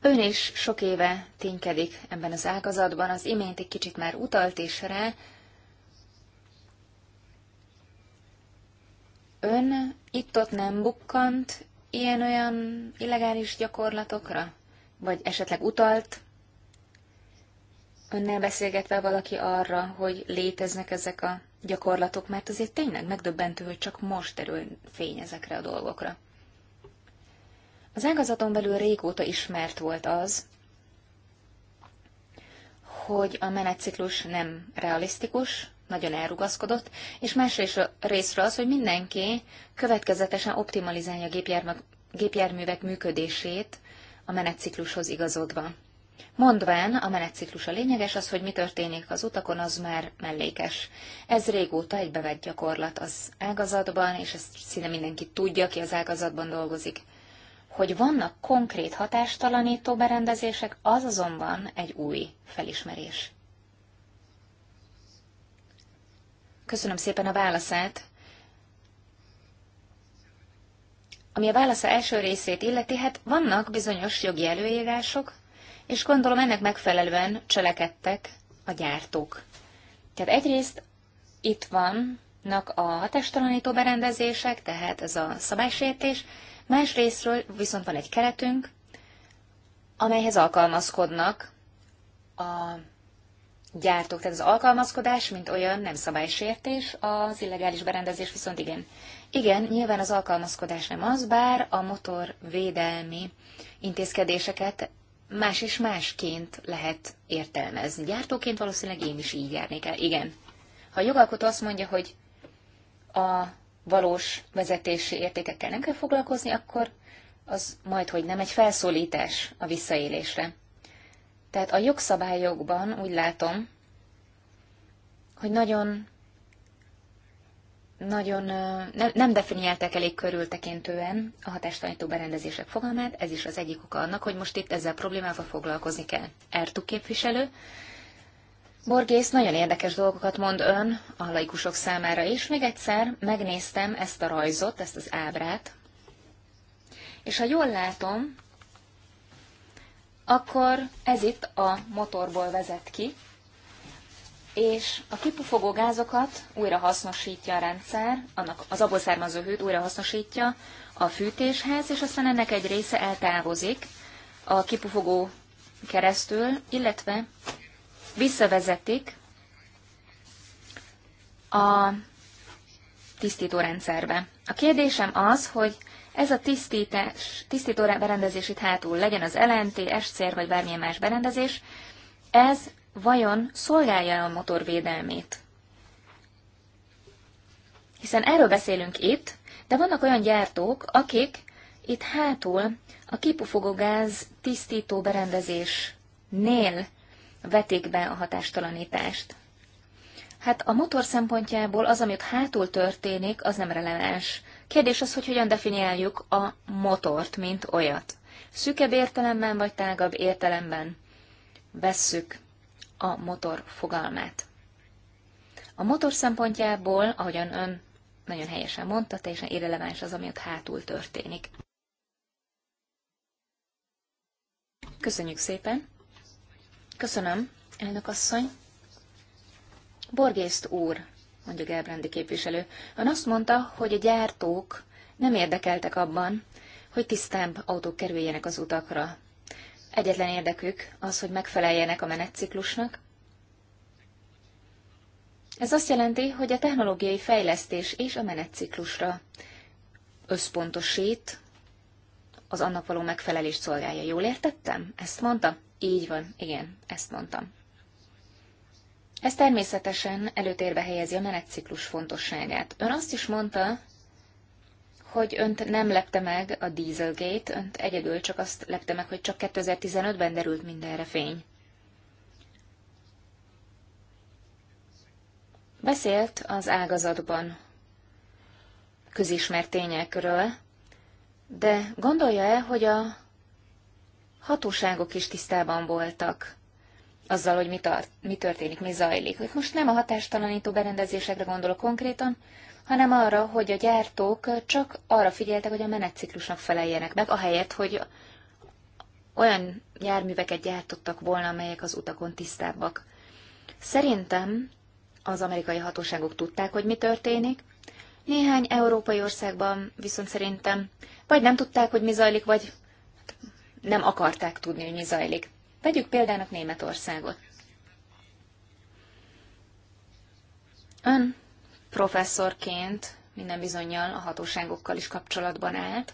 Ön is sok éve ténykedik ebben az ágazatban, az imént egy kicsit már utalt is rá. Ön itt-ott nem bukkant ilyen-olyan illegális gyakorlatokra? Vagy esetleg utalt önnel beszélgetve valaki arra, hogy léteznek ezek a gyakorlatok, mert azért tényleg megdöbbentő, hogy csak most erőn fény ezekre a dolgokra. Az ágazaton belül régóta ismert volt az, hogy a menetciklus nem realisztikus, nagyon elrugaszkodott, és másrészt részről az, hogy mindenki következetesen optimalizálja a gépjárművek működését a menetciklushoz igazodva. Mondván, a menetciklus a lényeges, az, hogy mi történik az utakon, az már mellékes. Ez régóta egy bevett gyakorlat az ágazatban, és ezt szinte mindenki tudja, aki az ágazatban dolgozik. Hogy vannak konkrét hatástalanító berendezések, az azonban egy új felismerés. Köszönöm szépen a válaszát. Ami a válasza első részét illeti, hát vannak bizonyos jogi előírások, és gondolom ennek megfelelően cselekedtek a gyártók. Tehát egyrészt itt vannak a hatástalanító berendezések, tehát ez a szabálysértés, másrésztről viszont van egy keretünk, amelyhez alkalmazkodnak a gyártók. Tehát az alkalmazkodás, mint olyan, nem szabálysértés, az illegális berendezés viszont igen. Igen, nyilván az alkalmazkodás nem az, bár a motorvédelmi intézkedéseket más és másként lehet értelmezni. Gyártóként valószínűleg én is így járnék el. Igen. Ha a jogalkotó azt mondja, hogy a valós vezetési értékekkel nem kell foglalkozni, akkor az majd, hogy nem egy felszólítás a visszaélésre. Tehát a jogszabályokban úgy látom, hogy nagyon nagyon ne, nem definiálták elég körültekintően a hatástalanító berendezések fogalmát, ez is az egyik oka annak, hogy most itt ezzel problémával foglalkozni kell. Ertu képviselő. Borgész, nagyon érdekes dolgokat mond ön a laikusok számára is. Még egyszer megnéztem ezt a rajzot, ezt az ábrát, és ha jól látom, akkor ez itt a motorból vezet ki, és a kipufogó gázokat újra hasznosítja a rendszer, annak az abból származó hőt újra hasznosítja a fűtéshez, és aztán ennek egy része eltávozik a kipufogó keresztül, illetve visszavezetik a tisztítórendszerbe. A kérdésem az, hogy ez a tisztítás, tisztító berendezés itt hátul legyen az LNT, SCR vagy bármilyen más berendezés, ez vajon szolgálja a motor védelmét? Hiszen erről beszélünk itt, de vannak olyan gyártók, akik itt hátul a kipufogógáz tisztító berendezésnél vetik be a hatástalanítást. Hát a motor szempontjából az, ami ott hátul történik, az nem releváns. Kérdés az, hogy hogyan definiáljuk a motort, mint olyat. Szükebb értelemben vagy tágabb értelemben vesszük a motor fogalmát. A motor szempontjából, ahogyan ön nagyon helyesen mondta, teljesen irreleváns az, ami ott hátul történik. Köszönjük szépen! Köszönöm, elnök asszony! Borgészt úr, mondja Gelbrandi képviselő, ön azt mondta, hogy a gyártók nem érdekeltek abban, hogy tisztább autók kerüljenek az utakra. Egyetlen érdekük az, hogy megfeleljenek a menetciklusnak. Ez azt jelenti, hogy a technológiai fejlesztés és a menetciklusra összpontosít, az annak való megfelelést szolgálja. Jól értettem? Ezt mondta? Így van, igen, ezt mondtam. Ez természetesen előtérbe helyezi a menetciklus fontosságát. Ön azt is mondta, hogy önt nem lepte meg a Dieselgate, önt egyedül csak azt lepte meg, hogy csak 2015-ben derült mindenre fény. Beszélt az ágazatban közismert tényekről, de gondolja-e, hogy a hatóságok is tisztában voltak azzal, hogy mi, tart, mi történik, mi zajlik. most nem a hatástalanító berendezésekre gondolok konkrétan, hanem arra, hogy a gyártók csak arra figyeltek, hogy a menetciklusnak feleljenek meg, ahelyett, hogy olyan járműveket gyártottak volna, amelyek az utakon tisztábbak. Szerintem az amerikai hatóságok tudták, hogy mi történik, néhány európai országban viszont szerintem vagy nem tudták, hogy mi zajlik, vagy nem akarták tudni, hogy mi zajlik. Vegyük példának Németországot. Ön professzorként minden bizonyal a hatóságokkal is kapcsolatban állt,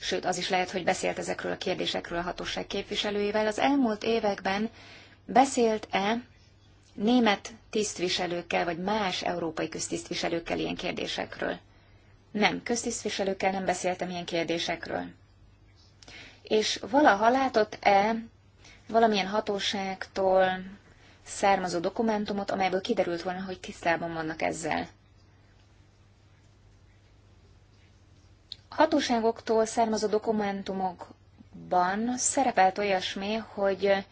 sőt az is lehet, hogy beszélt ezekről a kérdésekről a hatóság képviselőivel. Az elmúlt években beszélt-e német tisztviselőkkel, vagy más európai köztisztviselőkkel ilyen kérdésekről? Nem, köztisztviselőkkel nem beszéltem ilyen kérdésekről. És valaha látott-e valamilyen hatóságtól származó dokumentumot, amelyből kiderült volna, hogy tisztában vannak ezzel? hatóságoktól származó dokumentumokban szerepelt olyasmi, hogy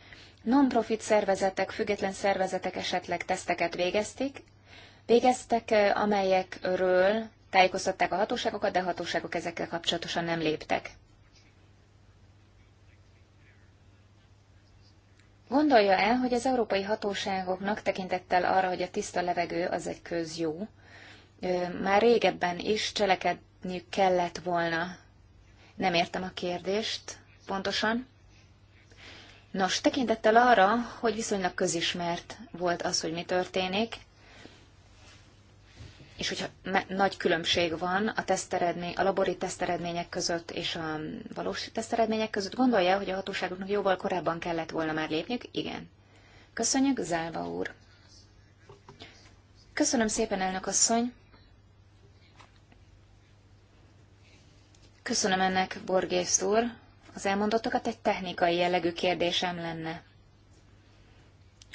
non-profit szervezetek, független szervezetek esetleg teszteket végezték, végeztek, eh, amelyekről tájékoztatták a hatóságokat, de a hatóságok ezekkel kapcsolatosan nem léptek. Gondolja el, hogy az európai hatóságoknak tekintettel arra, hogy a tiszta levegő az egy közjó, eh, már régebben is cseleked, fizetniük kellett volna. Nem értem a kérdést pontosan. Nos, tekintettel arra, hogy viszonylag közismert volt az, hogy mi történik, és hogyha nagy különbség van a, teszteredmény, a labori teszteredmények között és a valós teszteredmények között, gondolja, hogy a hatóságoknak jóval korábban kellett volna már lépniük? Igen. Köszönjük, Zálva úr. Köszönöm szépen, elnök asszony. Köszönöm ennek, Borgész úr. Az elmondottakat egy technikai jellegű kérdésem lenne.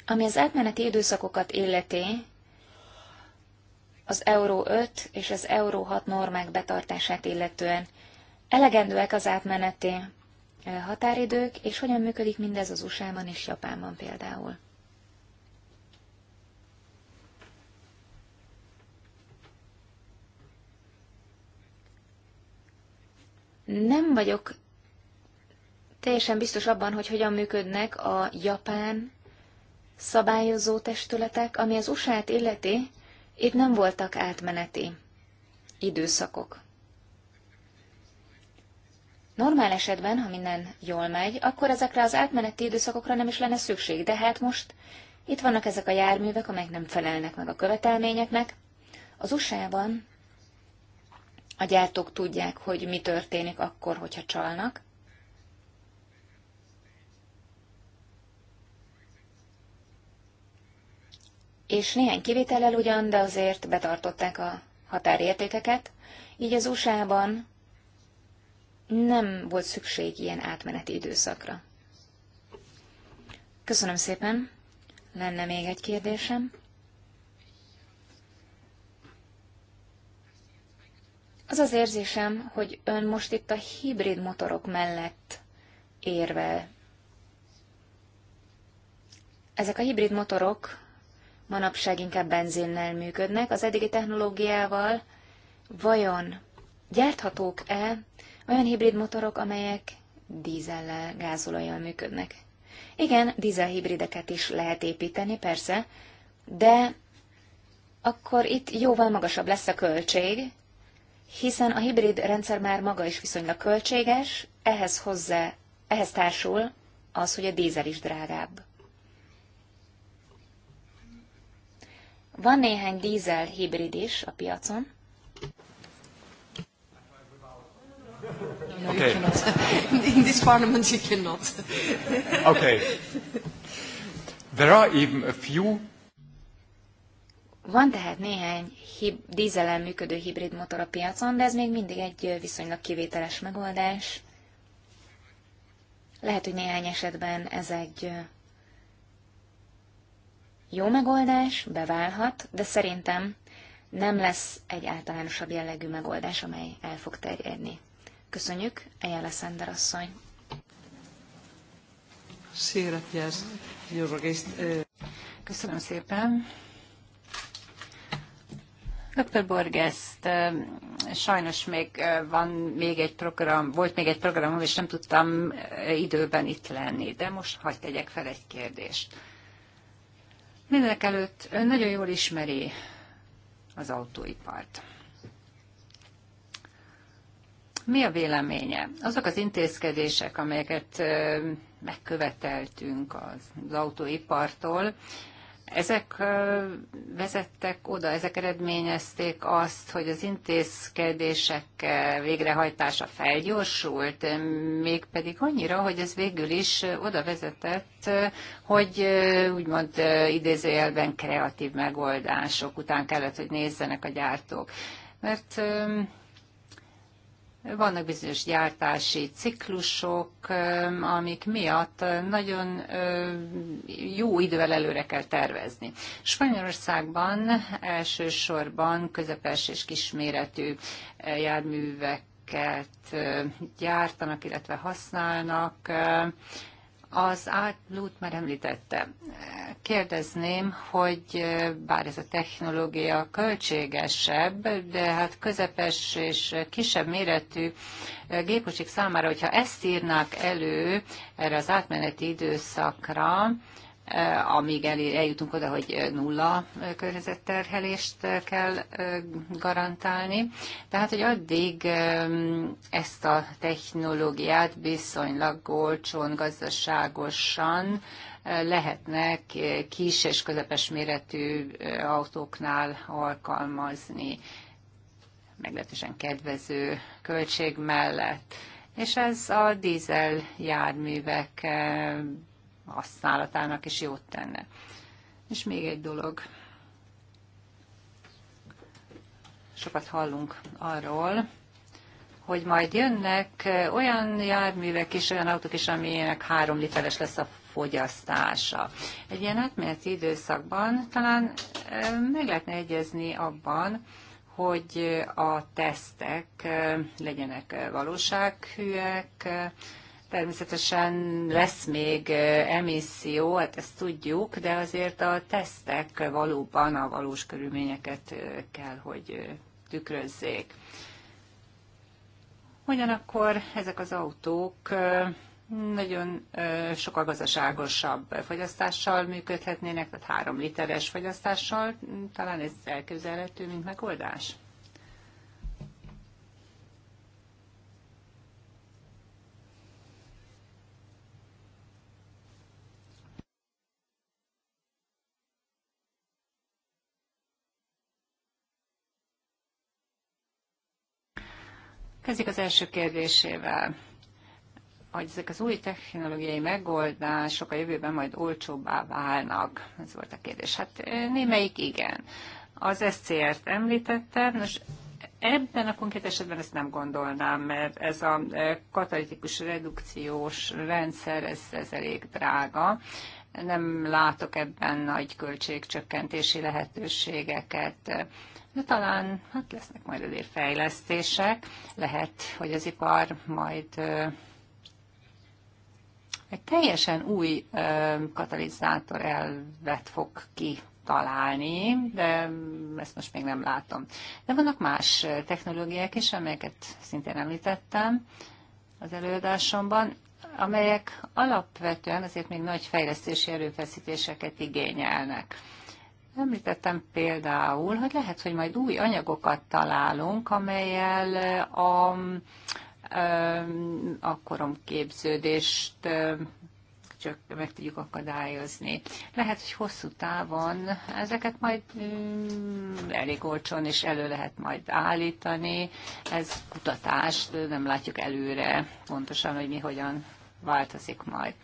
Ami az átmeneti időszakokat illeti, az Euró 5 és az Euró 6 normák betartását illetően elegendőek az átmeneti eh, határidők, és hogyan működik mindez az USA-ban és Japánban például. Nem vagyok teljesen biztos abban, hogy hogyan működnek a japán szabályozó testületek, ami az USA-t illeti, itt nem voltak átmeneti időszakok. Normál esetben, ha minden jól megy, akkor ezekre az átmeneti időszakokra nem is lenne szükség, de hát most itt vannak ezek a járművek, amelyek nem felelnek meg a követelményeknek. Az USA-ban a gyártók tudják, hogy mi történik akkor, hogyha csalnak. És néhány kivétellel ugyan, de azért betartották a határértékeket, így az USA-ban nem volt szükség ilyen átmeneti időszakra. Köszönöm szépen. Lenne még egy kérdésem. Az az érzésem, hogy ön most itt a hibrid motorok mellett érvel. Ezek a hibrid motorok manapság inkább benzinnel működnek. Az eddigi technológiával vajon gyárthatók-e olyan hibrid motorok, amelyek dízellel, gázolajjal működnek? Igen, dízelhibrideket is lehet építeni, persze, de akkor itt jóval magasabb lesz a költség, hiszen a hibrid rendszer már maga is viszonylag költséges, ehhez hozzá, ehhez társul az, hogy a dízel is drágább. Van néhány dízel hibrid is a piacon. Okay. In this parliament you cannot. okay. There are even a few van tehát néhány hib- dízelen működő hibrid motor a piacon, de ez még mindig egy viszonylag kivételes megoldás. Lehet, hogy néhány esetben ez egy jó megoldás, beválhat, de szerintem nem lesz egy általánosabb jellegű megoldás, amely el fog terjedni. Köszönjük, Ejjel Szender asszony. Eh, Köszönöm szépen. Dr. Borgeszt, sajnos még van még egy program, volt még egy programom, és nem tudtam időben itt lenni, de most hagyd tegyek fel egy kérdést. Mindenek előtt ön nagyon jól ismeri az autóipart. Mi a véleménye? Azok az intézkedések, amelyeket megköveteltünk az, az autóipartól, ezek vezettek oda, ezek eredményezték azt, hogy az intézkedések végrehajtása felgyorsult, mégpedig annyira, hogy ez végül is oda vezetett, hogy úgymond idézőjelben kreatív megoldások után kellett, hogy nézzenek a gyártók. Mert vannak bizonyos gyártási ciklusok, amik miatt nagyon jó idővel előre kell tervezni. Spanyolországban elsősorban közepes és kisméretű járműveket gyártanak, illetve használnak az átlút már említette. Kérdezném, hogy bár ez a technológia költségesebb, de hát közepes és kisebb méretű gépkocsik számára, hogyha ezt írnák elő erre az átmeneti időszakra, Eh, amíg eljutunk oda, hogy eh, nulla eh, környezetterhelést kell garantálni. Tehát, hogy addig ezt a technológiát viszonylag olcsón, gazdaságosan lehetnek kis és közepes méretű autóknál alkalmazni meglehetősen kedvező költség mellett. És ez a dízel járművek használatának is jót tenne. És még egy dolog. Sokat hallunk arról, hogy majd jönnek olyan járművek és olyan autók is, aminek három literes lesz a fogyasztása. Egy ilyen átmeneti időszakban talán meg lehetne egyezni abban, hogy a tesztek legyenek valósághűek, Természetesen lesz még emisszió, hát ezt tudjuk, de azért a tesztek valóban a valós körülményeket kell, hogy tükrözzék. Ugyanakkor ezek az autók nagyon sokkal gazdaságosabb fogyasztással működhetnének, tehát három literes fogyasztással. Talán ez elképzelhető, mint megoldás? Kezdjük az első kérdésével hogy ezek az új technológiai megoldások a jövőben majd olcsóbbá válnak? Ez volt a kérdés. Hát némelyik igen. Az SCR-t említettem, most ebben a konkrét esetben ezt nem gondolnám, mert ez a katalitikus redukciós rendszer, ez, ez elég drága. Nem látok ebben nagy költségcsökkentési lehetőségeket de talán hát lesznek majd azért fejlesztések, lehet, hogy az ipar majd egy teljesen új katalizátor elvet fog ki találni, de ezt most még nem látom. De vannak más technológiák is, amelyeket szintén említettem az előadásomban, amelyek alapvetően azért még nagy fejlesztési erőfeszítéseket igényelnek. Említettem például, hogy lehet, hogy majd új anyagokat találunk, amelyel a, a koromképződést csak meg tudjuk akadályozni. Lehet, hogy hosszú távon ezeket majd elég olcsón is elő lehet majd állítani. Ez kutatás, nem látjuk előre pontosan, hogy mi hogyan változik majd.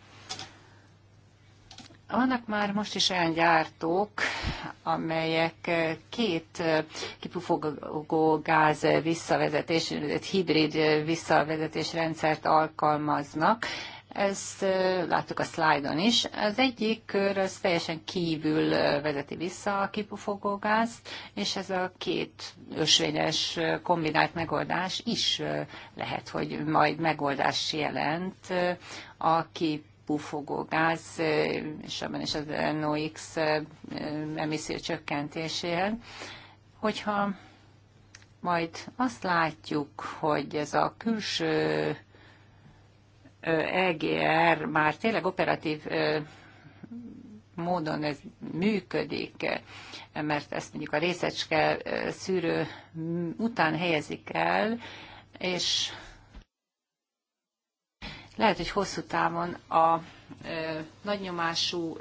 Vannak már most is olyan gyártók, amelyek két kipufogó gáz visszavezetés, hibrid visszavezetés rendszert alkalmaznak. Ezt láttuk a szlájdon is. Az egyik kör az teljesen kívül vezeti vissza a kipufogó gázt, és ez a két ösvényes kombinált megoldás is lehet, hogy majd megoldás jelent a kip pufogó gáz, és abban is az NOx emisszió csökkentéséhez. Hogyha majd azt látjuk, hogy ez a külső EGR már tényleg operatív módon ez működik, mert ezt mondjuk a részecske szűrő után helyezik el, és lehet, hogy hosszú távon a nagynyomású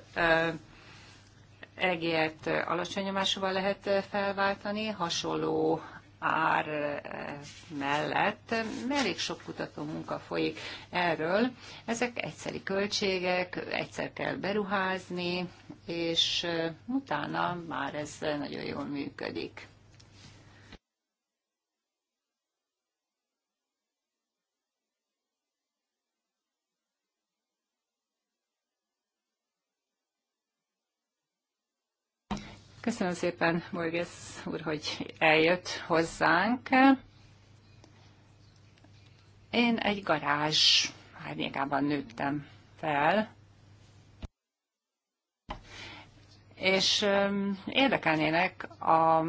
egért alacsony nyomásúval lehet felváltani, hasonló ár mellett elég sok kutató munka folyik erről. Ezek egyszeri költségek, egyszer kell beruházni, és utána már ez nagyon jól működik. Köszönöm szépen, Borges úr, hogy eljött hozzánk. Én egy garázs árnyékában nőttem fel, és érdekelnének a,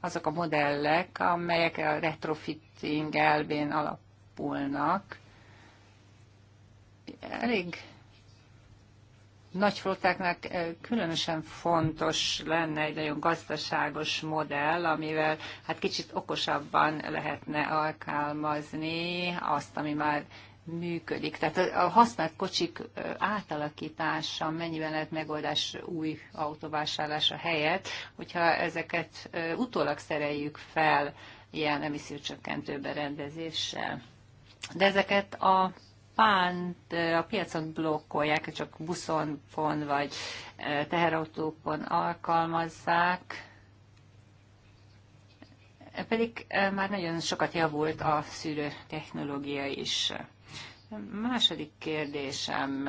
azok a modellek, amelyek a retrofitting elvén alapulnak. Elég nagy flottáknak különösen fontos lenne egy nagyon gazdaságos modell, amivel hát kicsit okosabban lehetne alkalmazni azt, ami már működik. Tehát a használt kocsik átalakítása mennyiben lehet megoldás új autóvásárlása helyett, hogyha ezeket utólag szereljük fel ilyen emissziócsökkentő berendezéssel. De ezeket a pánt a piacon blokkolják, csak buszon, pon vagy teherautópon alkalmazzák. Pedig már nagyon sokat javult a szűrő technológia is. A második kérdésem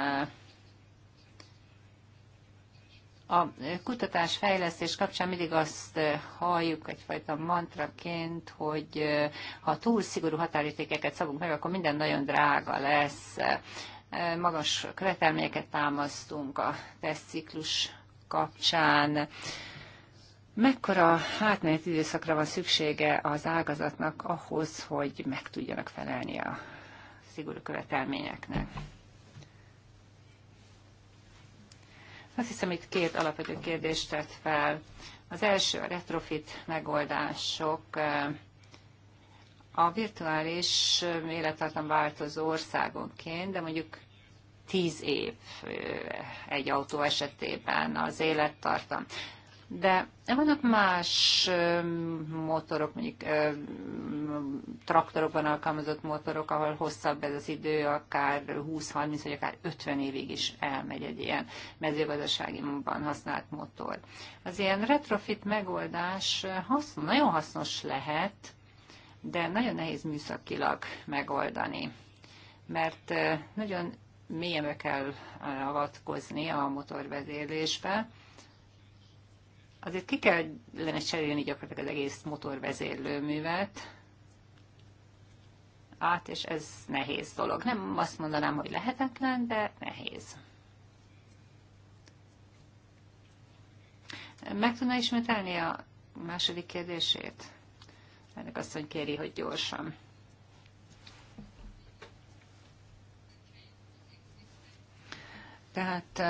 a kutatás fejlesztés kapcsán mindig azt eh, halljuk egyfajta mantraként, hogy eh, ha túl szigorú határértékeket szabunk meg, akkor minden nagyon drága lesz. Eh, magas követelményeket támasztunk a tesztciklus kapcsán. Mekkora átmeneti időszakra van szüksége az ágazatnak ahhoz, hogy meg tudjanak felelni a szigorú követelményeknek? Azt hiszem, itt két alapvető kérdést tett fel. Az első a retrofit megoldások a virtuális élettartam változó országonként, de mondjuk tíz év egy autó esetében az élettartam de vannak más motorok, mondjuk traktorokban alkalmazott motorok, ahol hosszabb ez az idő, akár 20-30 vagy akár 50 évig is elmegy egy ilyen mezőgazdaságban használt motor. Az ilyen retrofit megoldás haszn- nagyon hasznos lehet, de nagyon nehéz műszakilag megoldani, mert nagyon mélyen kell avatkozni a motorvezérlésbe, azért ki kellene cserélni gyakorlatilag az egész motorvezérlőművet, át, és ez nehéz dolog. Nem azt mondanám, hogy lehetetlen, de nehéz. Meg tudna ismételni a második kérdését? Ennek asszony kéri, hogy gyorsan. Tehát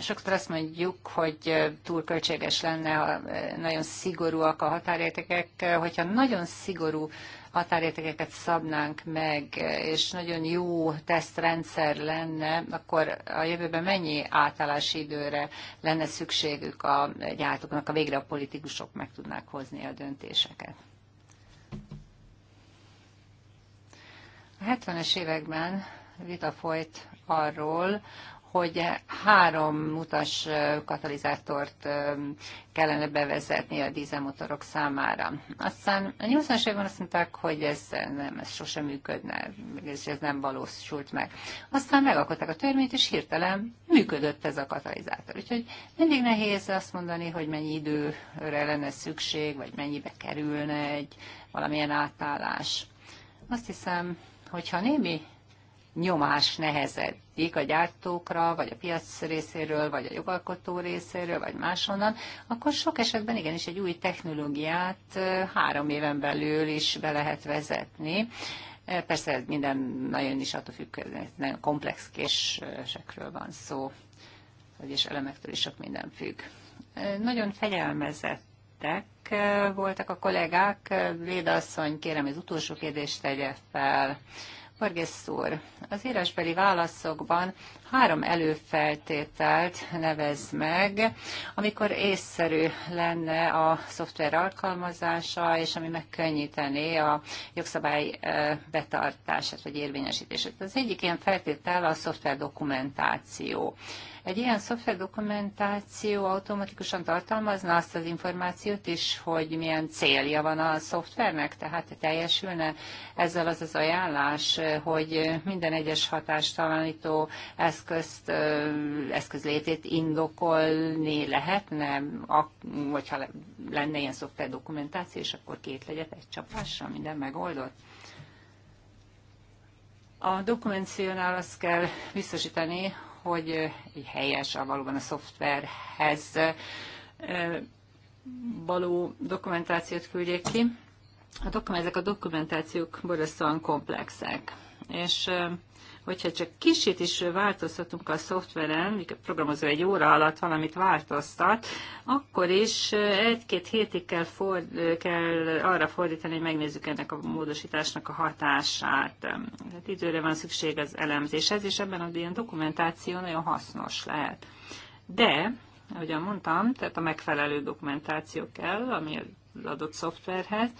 Sokszor azt mondjuk, hogy túl költséges lenne, ha nagyon szigorúak a határértékek, hogyha nagyon szigorú határértékeket szabnánk meg, és nagyon jó tesztrendszer lenne, akkor a jövőben mennyi átállási időre lenne szükségük a gyártóknak, a végre a politikusok meg tudnák hozni a döntéseket? A 70-es években vita folyt arról, hogy három mutas katalizátort kellene bevezetni a dízelmotorok számára. Aztán a 80-as években azt mondták, hogy ez nem, ez sosem működne, és ez nem valósult meg. Aztán megalkották a törvényt, és hirtelen működött ez a katalizátor. Úgyhogy mindig nehéz azt mondani, hogy mennyi időre lenne szükség, vagy mennyibe kerülne egy valamilyen átállás. Azt hiszem, hogyha némi nyomás nehezedik a gyártókra, vagy a piac részéről, vagy a jogalkotó részéről, vagy máshonnan, akkor sok esetben igenis egy új technológiát három éven belül is be lehet vezetni. E, persze minden nagyon is attól függ, nagyon komplex késekről van szó, vagyis elemektől is sok minden függ. E, nagyon fegyelmezettek e, voltak a kollégák. Védasszony, kérem, az utolsó kérdést tegye fel. Vargesz úr, az írásbeli válaszokban három előfeltételt nevez meg, amikor észszerű lenne a szoftver alkalmazása, és ami megkönnyítené a jogszabály betartását vagy érvényesítését. Az egyik ilyen feltétel a szoftver dokumentáció. Egy ilyen szoftver dokumentáció automatikusan tartalmazna azt az információt is, hogy milyen célja van a szoftvernek, tehát teljesülne ezzel az az ajánlás, hogy minden egyes hatástalanító eszközt, eszközlétét indokolni lehetne, hogyha lenne ilyen szoftver dokumentáció, és akkor két legyet egy csapással, minden megoldott. A dokumentációnál azt kell biztosítani, hogy egy helyes, a valóban a szoftverhez való dokumentációt küldjék ki. A dokum, ezek a dokumentációk borzasztóan komplexek, és hogyha csak kicsit is változtatunk a szoftveren, mikor a programozó egy óra alatt valamit változtat, akkor is egy-két hétig kell, ford, kell arra fordítani, hogy megnézzük ennek a módosításnak a hatását. Tehát időre van szükség az elemzéshez, és ebben az ilyen dokumentáció nagyon hasznos lehet. De, ahogyan mondtam, tehát a megfelelő dokumentáció kell, ami az adott szoftverhez,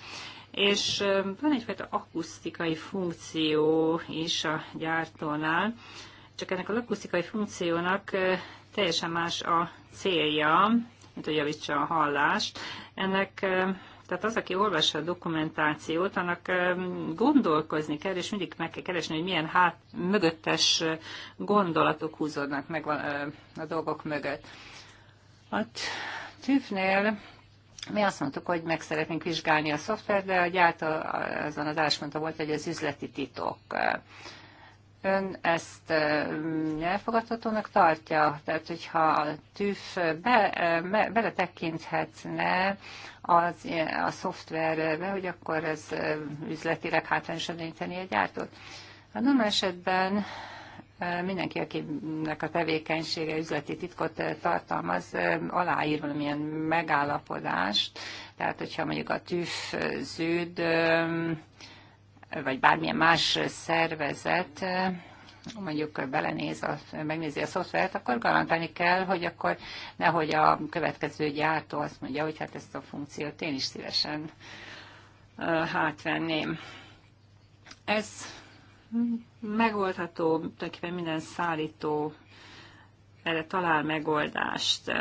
és van egyfajta akusztikai funkció is a gyártónál, csak ennek az akusztikai funkciónak teljesen más a célja, mint hogy javítsa a hallást. Ennek, tehát az, aki olvassa a dokumentációt, annak gondolkozni kell, és mindig meg kell keresni, hogy milyen hát, mögöttes gondolatok húzódnak meg a dolgok mögött. A tűvnél mi azt mondtuk, hogy meg szeretnénk vizsgálni a szoftvert, de a gyártó azon az állásponton volt, hogy az üzleti titok. Ön ezt elfogadhatónak tartja? Tehát, hogyha a TÜV be, be, beletekinthetne az, a szoftverbe, hogy akkor ez üzletileg hátrányosan érinteni a gyártót? A normál esetben mindenki, akinek a tevékenysége üzleti titkot eh, tartalmaz, eh, aláír valamilyen megállapodást. Tehát, hogyha mondjuk a TÜV eh, vagy bármilyen más szervezet mondjuk belenéz, a, megnézi a szoftvert, akkor garantálni kell, hogy akkor nehogy a következő gyártó azt mondja, hogy hát ezt a funkciót én is szívesen hátvenném. Ez megoldható, tulajdonképpen minden szállító erre talál megoldást.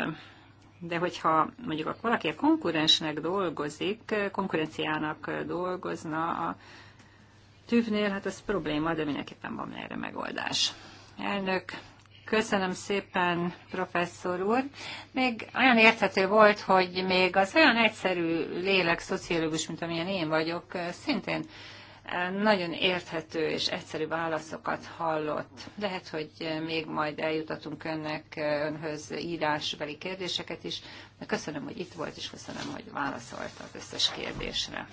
De hogyha mondjuk valaki a konkurensnek dolgozik, konkurenciának dolgozna a tűvnél, hát ez probléma, de mindenképpen van erre megoldás. Elnök, Köszönöm szépen, professzor úr. Még olyan érthető volt, hogy még az olyan egyszerű lélek, szociológus, mint amilyen én vagyok, szintén nagyon érthető és egyszerű válaszokat hallott. Lehet, hogy még majd eljutatunk önnek, önhöz írásbeli kérdéseket is. De köszönöm, hogy itt volt, és köszönöm, hogy válaszolt az összes kérdésre.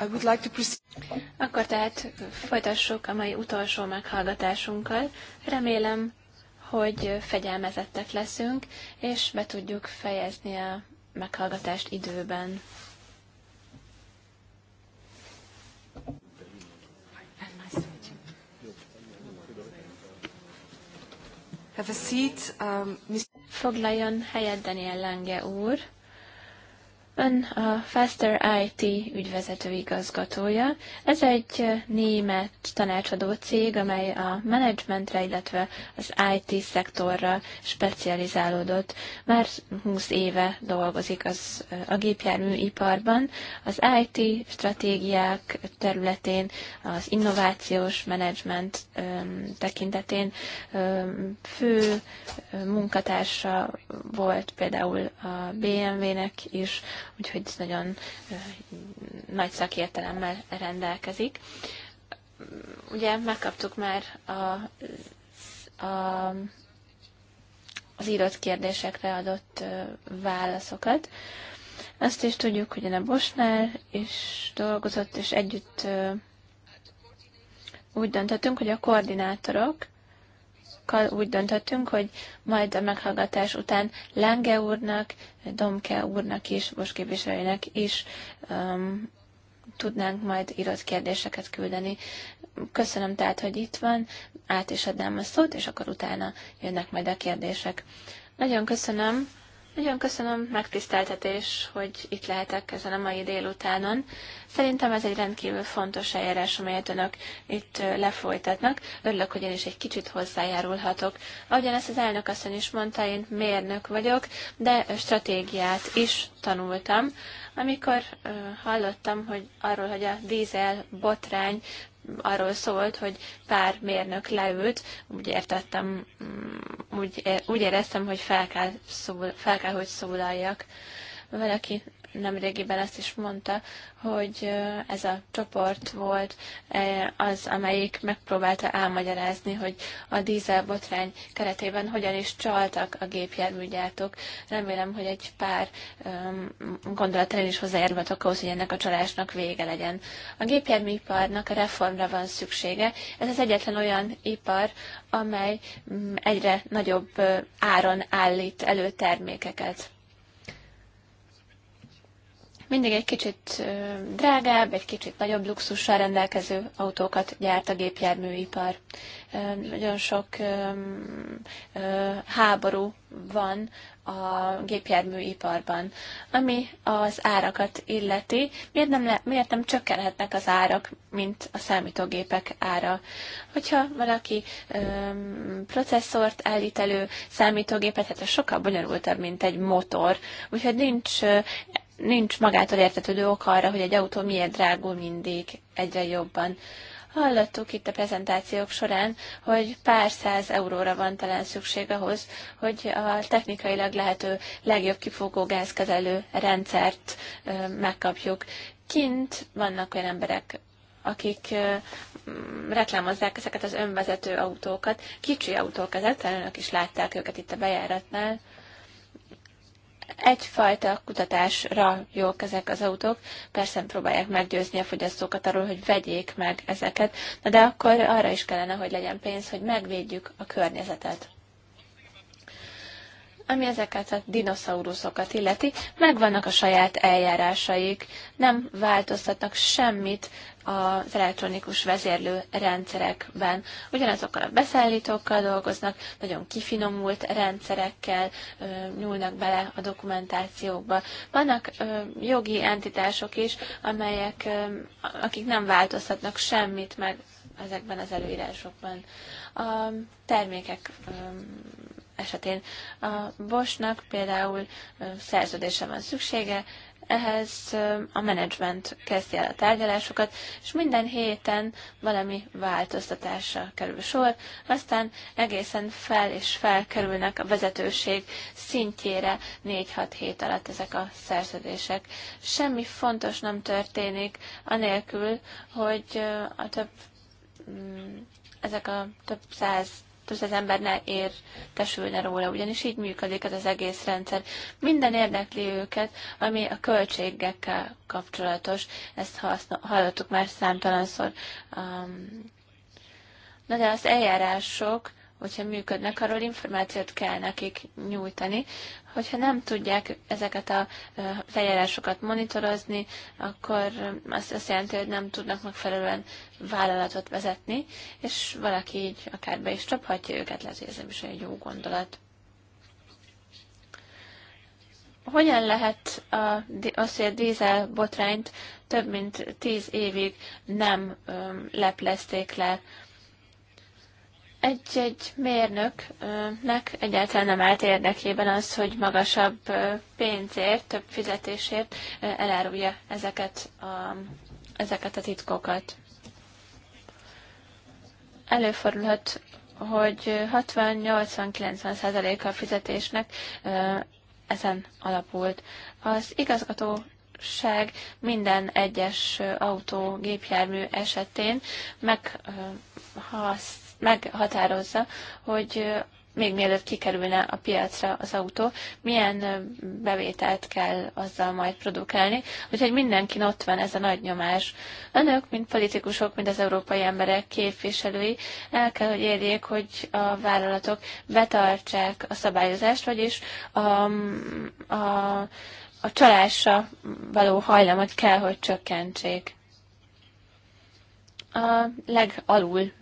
I would like to Akkor tehát folytassuk a mai utolsó meghallgatásunkkal. Remélem, hogy fegyelmezettek leszünk, és be tudjuk fejezni a meghallgatást időben. Have a seat, um, Foglaljon helyet Daniel Lange úr. Ön a Faster IT ügyvezető igazgatója. Ez egy német tanácsadó cég, amely a menedzsmentre, illetve az IT szektorra specializálódott. Már 20 éve dolgozik az, a gépjárműiparban, az IT stratégiák területén, az innovációs menedzsment tekintetén fő munkatársa volt például a BMW-nek is, úgyhogy ez nagyon nagy szakértelemmel rendelkezik. Ugye megkaptuk már a, a, az írott kérdésekre adott válaszokat. Azt is tudjuk, hogy a Bosnál is dolgozott, és együtt úgy döntöttünk, hogy a koordinátorok kollégákkal úgy döntöttünk, hogy majd a meghallgatás után Lange úrnak, Domke úrnak is, most képviselőnek is um, tudnánk majd írott kérdéseket küldeni. Köszönöm tehát, hogy itt van, át is adnám a szót, és akkor utána jönnek majd a kérdések. Nagyon köszönöm, nagyon köszönöm, megtiszteltetés, hogy itt lehetek ezen a mai délutánon. Szerintem ez egy rendkívül fontos eljárás, amelyet önök itt lefolytatnak. Örülök, hogy én is egy kicsit hozzájárulhatok. Ahogyan ezt az elnök asszony is mondta, én mérnök vagyok, de stratégiát is tanultam. Amikor hallottam, hogy arról, hogy a dízel botrány arról szólt, hogy pár mérnök leült, úgy értettem, mm, úgy, úgy éreztem, hogy fel kell, szól, fel kell hogy szólaljak. Valaki nemrégiben azt is mondta, hogy ez a csoport volt az, amelyik megpróbálta elmagyarázni, hogy a dízel botrány keretében hogyan is csaltak a gépjárműgyártók. Remélem, hogy egy pár gondolatra is hozzájárultak ahhoz, hogy ennek a csalásnak vége legyen. A gépjárműiparnak reformra van szüksége. Ez az egyetlen olyan ipar, amely mm, egyre nagyobb áron állít elő termékeket mindig egy kicsit drágább, egy kicsit nagyobb luxussal rendelkező autókat gyárt a gépjárműipar. Nagyon sok háború van a gépjárműiparban, ami az árakat illeti. Miért nem, le, miért nem csökkenhetnek az árak, mint a számítógépek ára? Hogyha valaki processzort állít elő, számítógépet, hát ez sokkal bonyolultabb, mint egy motor, úgyhogy nincs nincs magától értetődő ok arra, hogy egy autó miért drágul mindig egyre jobban. Hallottuk itt a prezentációk során, hogy pár száz euróra van talán szükség ahhoz, hogy a technikailag lehető legjobb kifogó gázkezelő rendszert megkapjuk. Kint vannak olyan emberek, akik reklámozzák ezeket az önvezető autókat, kicsi autók ezek, önök is látták őket itt a bejáratnál, egyfajta kutatásra jók ezek az autók. Persze próbálják meggyőzni a fogyasztókat arról, hogy vegyék meg ezeket, Na de akkor arra is kellene, hogy legyen pénz, hogy megvédjük a környezetet. Ami ezeket a dinoszauruszokat illeti, megvannak a saját eljárásaik, nem változtatnak semmit az elektronikus vezérlő rendszerekben. Ugyanazokkal a beszállítókkal dolgoznak, nagyon kifinomult rendszerekkel nyúlnak bele a dokumentációkba. Vannak jogi entitások is, amelyek, akik nem változtatnak semmit meg ezekben az előírásokban. A termékek esetén a Bosnak például szerződése van szüksége, ehhez a menedzsment kezdi el a tárgyalásokat, és minden héten valami változtatásra kerül sor, aztán egészen fel és felkerülnek a vezetőség szintjére 4-6 hét alatt ezek a szerződések. Semmi fontos nem történik, anélkül, hogy a több mm, ezek a több száz tehát az ember ne értesülne róla, ugyanis így működik ez az egész rendszer. Minden érdekli őket, ami a költségekkel kapcsolatos, ezt hallottuk már számtalanszor. Um, Na de az eljárások hogyha működnek, arról információt kell nekik nyújtani. Hogyha nem tudják ezeket a feljárásokat monitorozni, akkor azt, jelenti, hogy nem tudnak megfelelően vállalatot vezetni, és valaki így akár be is csaphatja őket, lehet, hogy ez nem is egy jó gondolat hogyan lehet a, az, hogy a dízel botrányt több mint tíz évig nem öm, leplezték le egy-egy mérnöknek egyáltalán nem állt érdekében az, hogy magasabb pénzért, több fizetésért elárulja ezeket a, ezeket a titkokat. Előfordulhat, hogy 60-80-90% a fizetésnek ezen alapult. Az igazgató minden egyes autó, gépjármű esetén meg, ha meghatározza, hogy még mielőtt kikerülne a piacra az autó, milyen bevételt kell azzal majd produkálni. Úgyhogy mindenki ott van ez a nagy nyomás. Önök, mint politikusok, mint az európai emberek képviselői el kell, hogy érjék, hogy a vállalatok betartsák a szabályozást, vagyis a, a, a csalásra való hajlamot kell, hogy csökkentsék. A legalul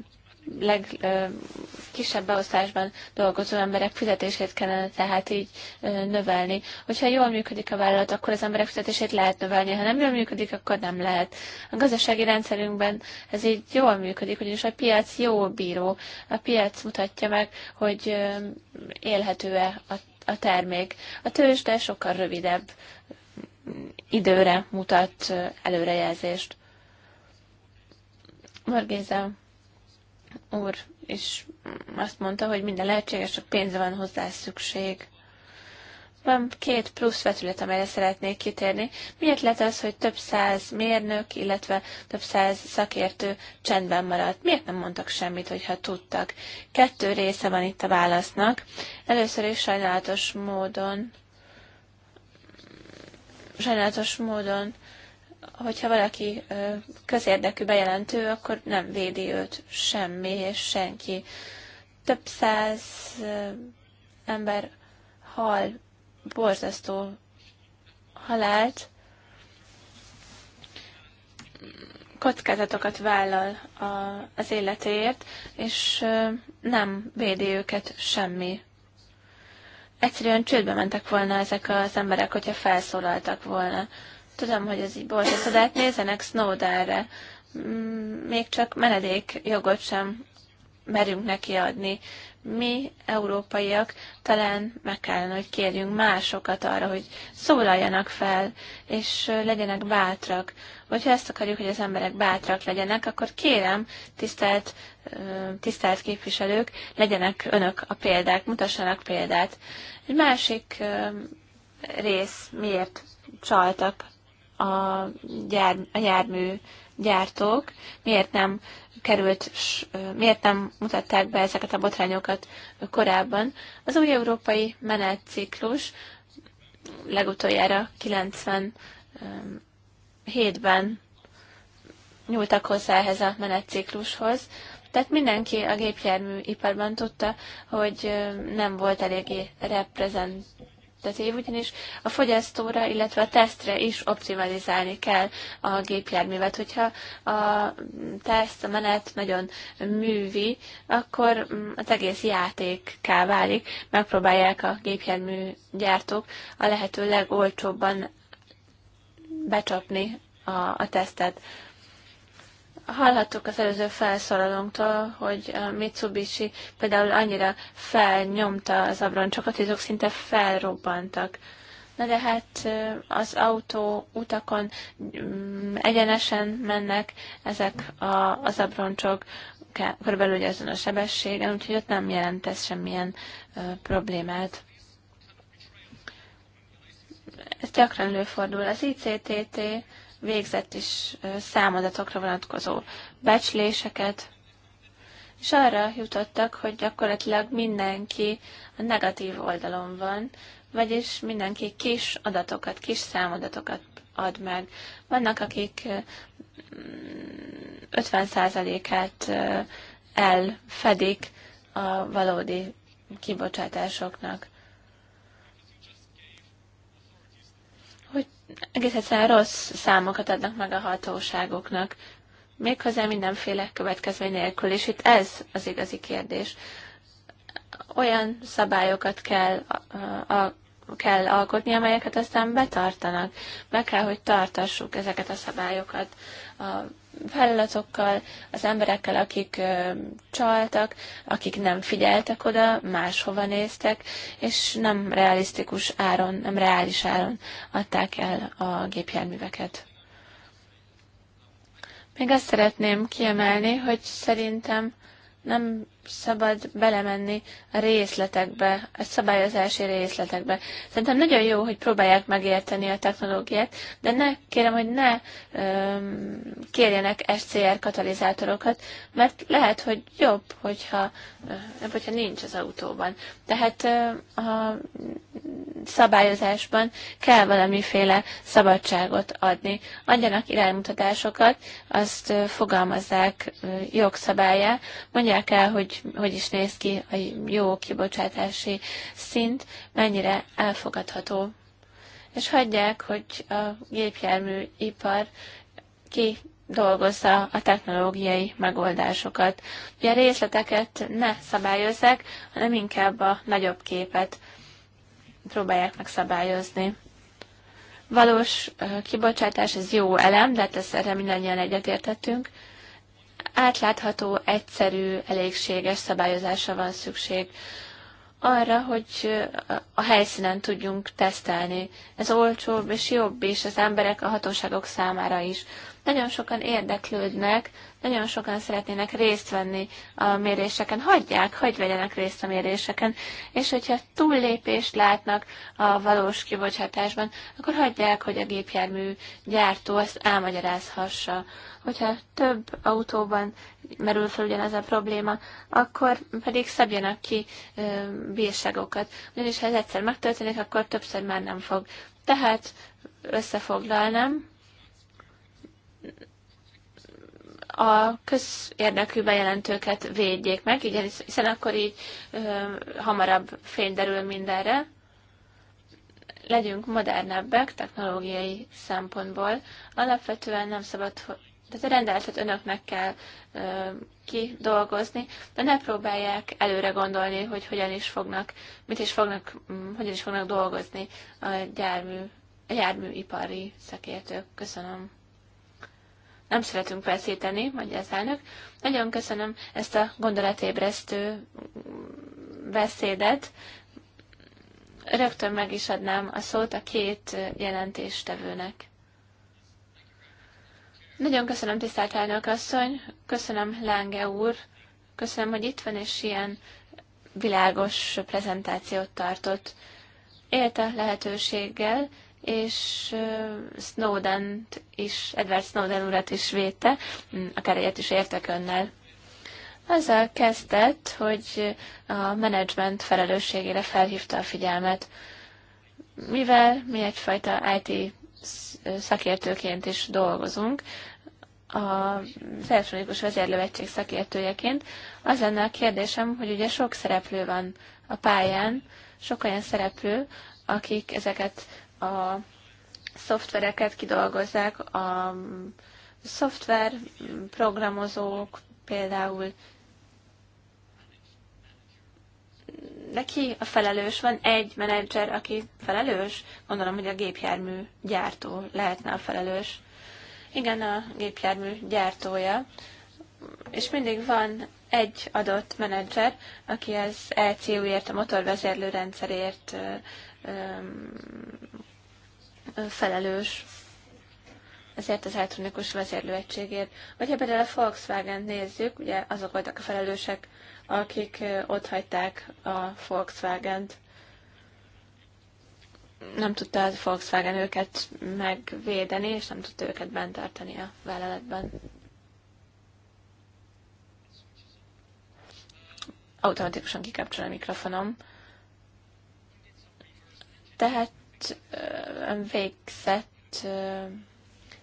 legkisebb beosztásban dolgozó emberek fizetését kellene tehát így növelni. Hogyha jól működik a vállalat, akkor az emberek fizetését lehet növelni, ha nem jól működik, akkor nem lehet. A gazdasági rendszerünkben ez így jól működik, ugyanis a piac jó bíró. A piac mutatja meg, hogy élhető-e a, termék. A tőzsde sokkal rövidebb időre mutat előrejelzést. Margéza úr is azt mondta, hogy minden lehetséges, csak pénze van hozzá szükség. Van két plusz vetület, amelyre szeretnék kitérni. Miért lett az, hogy több száz mérnök, illetve több száz szakértő csendben maradt? Miért nem mondtak semmit, hogyha tudtak? Kettő része van itt a válasznak. Először is sajnálatos módon sajnálatos módon hogyha valaki közérdekű bejelentő, akkor nem védi őt semmi és senki. Több száz ember hal borzasztó halált, kockázatokat vállal a, az életéért, és nem védi őket semmi. Egyszerűen csődbe mentek volna ezek az emberek, hogyha felszólaltak volna. Tudom, hogy ez így borzasztó, de hát nézzenek Snowderre. Mm, még csak menedék jogot sem merünk neki adni. Mi, európaiak, talán meg kellene, hogy kérjünk másokat arra, hogy szólaljanak fel, és legyenek bátrak. Hogyha ezt akarjuk, hogy az emberek bátrak legyenek, akkor kérem, tisztelt, tisztelt képviselők, legyenek önök a példák, mutassanak példát. Egy másik rész, miért csaltak a, gyár, a jármű gyártók, miért nem került, miért nem mutatták be ezeket a botrányokat korábban. Az új európai menetciklus legutoljára 97-ben nyúltak hozzá ehhez a menetciklushoz, tehát mindenki a gépjárműiparban tudta, hogy nem volt eléggé reprezent az év, ugyanis a fogyasztóra, illetve a tesztre is optimalizálni kell a gépjárművet. Hogyha a teszt, a menet nagyon művi, akkor mm, az egész játékká válik. Megpróbálják a gépjármű gyártók a lehető legolcsóbban becsapni a, a tesztet. Hallhattuk az előző felszólalónktól, hogy a Mitsubishi például annyira felnyomta az abroncsokat, hogy azok szinte felrobbantak. Na de hát az autó utakon mm, egyenesen mennek ezek a, az abroncsok, körülbelül ugye azon a sebességen, úgyhogy ott nem jelent ez semmilyen ö, problémát. Ez gyakran előfordul. Az ICTT végzett is számadatokra vonatkozó becsléseket, és arra jutottak, hogy gyakorlatilag mindenki a negatív oldalon van, vagyis mindenki kis adatokat, kis számadatokat ad meg. Vannak, akik 50%-át elfedik a valódi kibocsátásoknak. egész egyszerűen rossz számokat adnak meg a hatóságoknak, méghozzá mindenféle következmény nélkül, és itt ez az igazi kérdés. Olyan szabályokat kell, a, a, kell alkotni, amelyeket aztán betartanak. Be kell, hogy tartassuk ezeket a szabályokat a vállalatokkal, az emberekkel, akik csaltak, akik nem figyeltek oda, máshova néztek, és nem realisztikus áron, nem reális áron adták el a gépjárműveket. Még azt szeretném kiemelni, hogy szerintem nem szabad belemenni a részletekbe, a szabályozási részletekbe. Szerintem nagyon jó, hogy próbálják megérteni a technológiát, de ne, kérem, hogy ne öm, kérjenek SCR katalizátorokat, mert lehet, hogy jobb, hogyha, öm, hogyha nincs az autóban. Tehát öm, a szabályozásban kell valamiféle szabadságot adni. Adjanak iránymutatásokat, azt fogalmazzák jogszabályá, mondják el, hogy hogy hogy is néz ki a jó kibocsátási szint, mennyire elfogadható. És hagyják, hogy a gépjárműipar ki dolgozza a technológiai megoldásokat. Ugye a részleteket ne szabályozzák, hanem inkább a nagyobb képet próbálják meg szabályozni. Valós kibocsátás, ez jó elem, de ezt hát erre mindannyian egyetértettünk, átlátható, egyszerű, elégséges szabályozása van szükség arra, hogy a helyszínen tudjunk tesztelni. Ez olcsóbb és jobb és az emberek, a hatóságok számára is. Nagyon sokan érdeklődnek, nagyon sokan szeretnének részt venni a méréseken. Hagyják, hogy vegyenek részt a méréseken. És hogyha túllépést látnak a valós kibocsátásban, akkor hagyják, hogy a gépjármű gyártó ezt elmagyarázhassa. Hogyha több autóban merül fel ugyanez a probléma, akkor pedig szabjanak ki ö, bírságokat. Ugyanis ha ez egyszer megtörténik, akkor többször már nem fog. Tehát összefoglalnám, a közérdekű bejelentőket védjék meg, hiszen akkor így ö, hamarabb fény derül mindenre. Legyünk modernebbek technológiai szempontból. Alapvetően nem szabad, tehát a rendeletet önöknek kell ö, kidolgozni, de ne próbálják előre gondolni, hogy hogyan is fognak, mit is fognak, mm, hogyan is fognak dolgozni a gyármű, a járműipari szakértők. Köszönöm. Nem szeretünk veszíteni, mondja az elnök. Nagyon köszönöm ezt a gondolatébresztő beszédet. Rögtön meg is adnám a szót a két jelentéstevőnek. Nagyon köszönöm, tisztelt elnök asszony, köszönöm, Lange úr, köszönöm, hogy itt van, és ilyen világos prezentációt tartott. Élt a lehetőséggel, és snowden is, Edward Snowden urat is védte, hm, akár egyet is értek önnel. Azzal kezdett, hogy a menedzsment felelősségére felhívta a figyelmet, mivel mi egyfajta IT szakértőként is dolgozunk, a elektronikus vezérlövetség szakértőjeként, az lenne a kérdésem, hogy ugye sok szereplő van a pályán, sok olyan szereplő, akik ezeket a szoftvereket kidolgozzák, a szoftver programozók például neki a felelős van, egy menedzser, aki felelős, gondolom, hogy a gépjármű gyártó lehetne a felelős. Igen, a gépjármű gyártója, és mindig van egy adott menedzser, aki az ECU-ért, a motorvezérlő rendszerért felelős ezért az elektronikus vezérlőegységért. ha például a Volkswagen nézzük, ugye azok voltak a felelősek, akik ott hagyták a Volkswagen-t. Nem tudta a Volkswagen őket megvédeni, és nem tudta őket bent tartani a vállalatban. Automatikusan kikapcsol a mikrofonom. Tehát végzett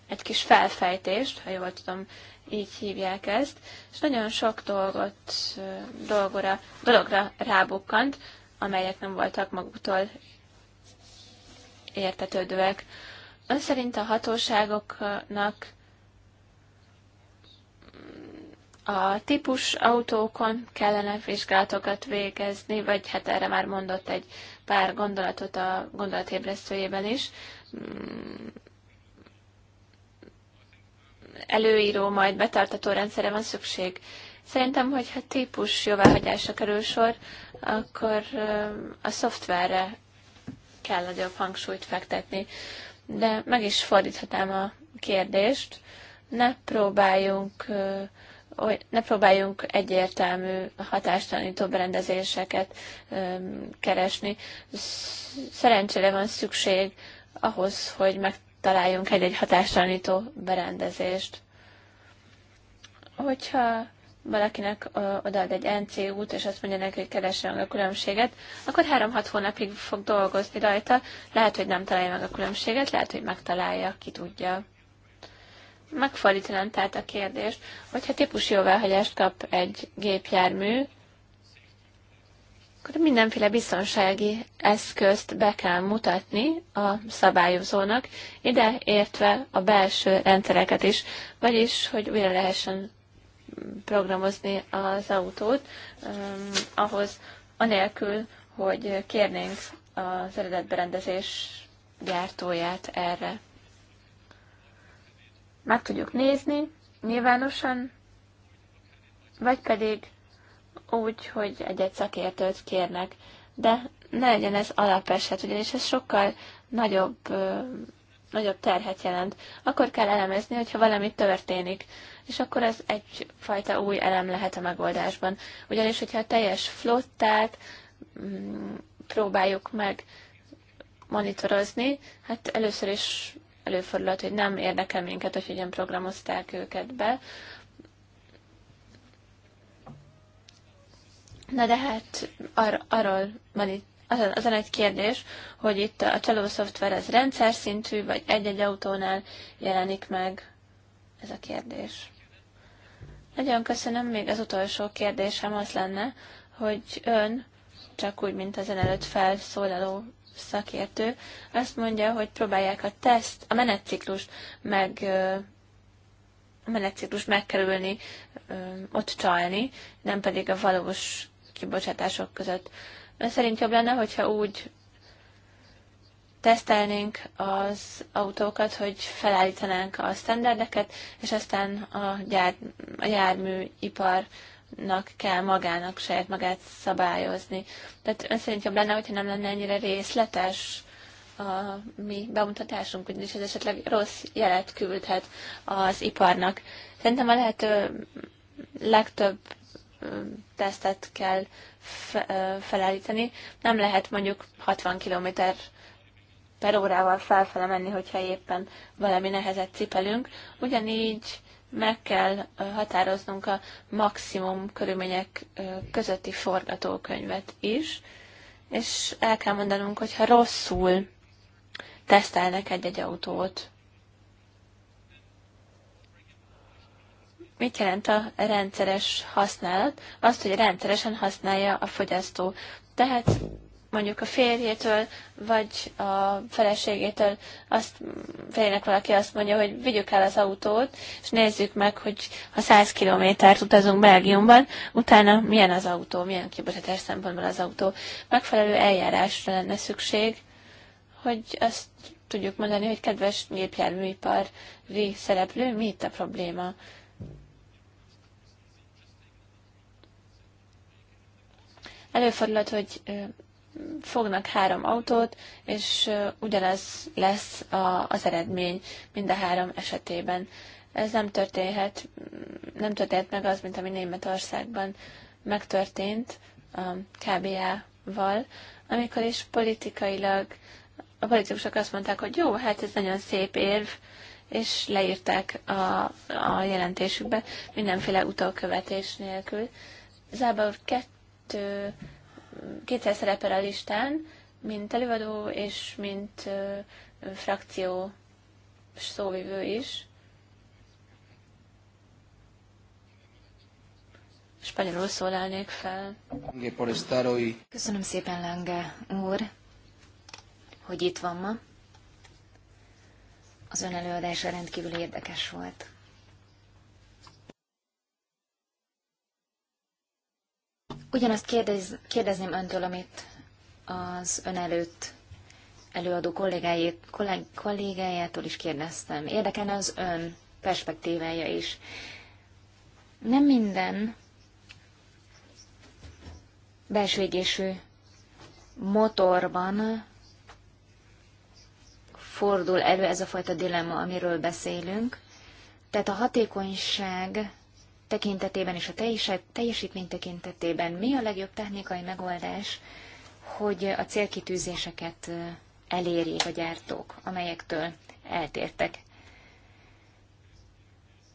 egy kis felfejtést, ha jól tudom, így hívják ezt, és nagyon sok dolgot, dolgora, dologra rábukkant, amelyek nem voltak maguktól értetődőek. Ön szerint a hatóságoknak a típus autókon kellene vizsgálatokat végezni, vagy hát erre már mondott egy pár gondolatot a gondolatébresztőjében is. Mm. Előíró, majd betartató rendszerre van szükség. Szerintem, hogyha típus jóváhagyásra kerül sor, akkor a szoftverre kell nagyobb hangsúlyt fektetni. De meg is fordíthatnám a kérdést. Ne próbáljunk ne próbáljunk egyértelmű hatástalanító berendezéseket keresni. Szerencsére van szükség ahhoz, hogy megtaláljunk egy-egy hatástalanító berendezést. Hogyha valakinek odaad egy NCU-t, és azt mondja neki, hogy keresse meg a különbséget, akkor 3-6 hónapig fog dolgozni rajta. Lehet, hogy nem találja meg a különbséget, lehet, hogy megtalálja, ki tudja. Megfordítanám tehát a kérdést, hogyha típus jóváhagyást kap egy gépjármű, akkor mindenféle biztonsági eszközt be kell mutatni a szabályozónak, ide értve a belső rendszereket is, vagyis, hogy újra lehessen programozni az autót um, ahhoz, anélkül, hogy kérnénk az eredetberendezés gyártóját erre meg tudjuk nézni nyilvánosan, vagy pedig úgy, hogy egy-egy szakértőt kérnek. De ne legyen ez alapeset, ugyanis ez sokkal nagyobb, ö, nagyobb terhet jelent. Akkor kell elemezni, hogyha valami történik, és akkor ez egyfajta új elem lehet a megoldásban. Ugyanis, hogyha a teljes flottát m- mm, próbáljuk meg monitorozni, hát először is előfordulhat, hogy nem érdekel minket, hogy hogyan programozták őket be. Na de hát ar- arról van itt azon, azon egy kérdés, hogy itt a csaló szoftver az rendszer szintű, vagy egy-egy autónál jelenik meg ez a kérdés. Nagyon köszönöm, még az utolsó kérdésem az lenne, hogy ön, csak úgy, mint az előtt felszólaló szakértő azt mondja, hogy próbálják a teszt, a menetciklus, meg a menetciklus megkerülni, ott csalni, nem pedig a valós kibocsátások között. Ön szerint jobb lenne, hogyha úgy tesztelnénk az autókat, hogy felállítanánk a sztenderdeket, és aztán a, gyár, a járműipar nak kell magának, saját magát szabályozni. Tehát ön szerint jobb lenne, hogyha nem lenne ennyire részletes a mi bemutatásunk, ugyanis ez esetleg rossz jelet küldhet az iparnak. Szerintem a lehető legtöbb tesztet kell felállítani. Nem lehet mondjuk 60 km per órával felfele menni, hogyha éppen valami nehezet cipelünk. Ugyanígy meg kell határoznunk a maximum körülmények közötti forgatókönyvet is, és el kell mondanunk, hogyha rosszul tesztelnek egy-egy autót, mit jelent a rendszeres használat? Azt, hogy rendszeresen használja a fogyasztó. Tehát mondjuk a férjétől, vagy a feleségétől azt férjének valaki azt mondja, hogy vigyük el az autót, és nézzük meg, hogy ha 100 kilométert utazunk Belgiumban, utána milyen az autó, milyen kibocsátás szempontból az autó. Megfelelő eljárásra lenne szükség, hogy azt tudjuk mondani, hogy kedves gépjárműipari szereplő, mi itt a probléma? Előfordulhat, hogy fognak három autót, és ugyanez lesz a, az eredmény mind a három esetében. Ez nem történhet, nem történt meg az, mint ami Németországban megtörtént a KBA-val, amikor is politikailag a politikusok azt mondták, hogy jó, hát ez nagyon szép érv, és leírták a, a jelentésükbe mindenféle utókövetés nélkül. Zába kettő kétszer szerepel a listán, mint előadó és mint uh, frakció szóvivő is. Spanyolul szólalnék fel. Köszönöm szépen, Lange úr, hogy itt van ma. Az ön előadása rendkívül érdekes volt. Ugyanazt kérdez, kérdezném öntől, amit az ön előtt előadó kollégájét, kollég, kollégájától is kérdeztem. Érdekelne az ön perspektívája is. Nem minden belső égésű motorban fordul elő ez a fajta dilemma, amiről beszélünk. Tehát a hatékonyság tekintetében és a teljesítmény tekintetében mi a legjobb technikai megoldás, hogy a célkitűzéseket elérjék a gyártók, amelyektől eltértek.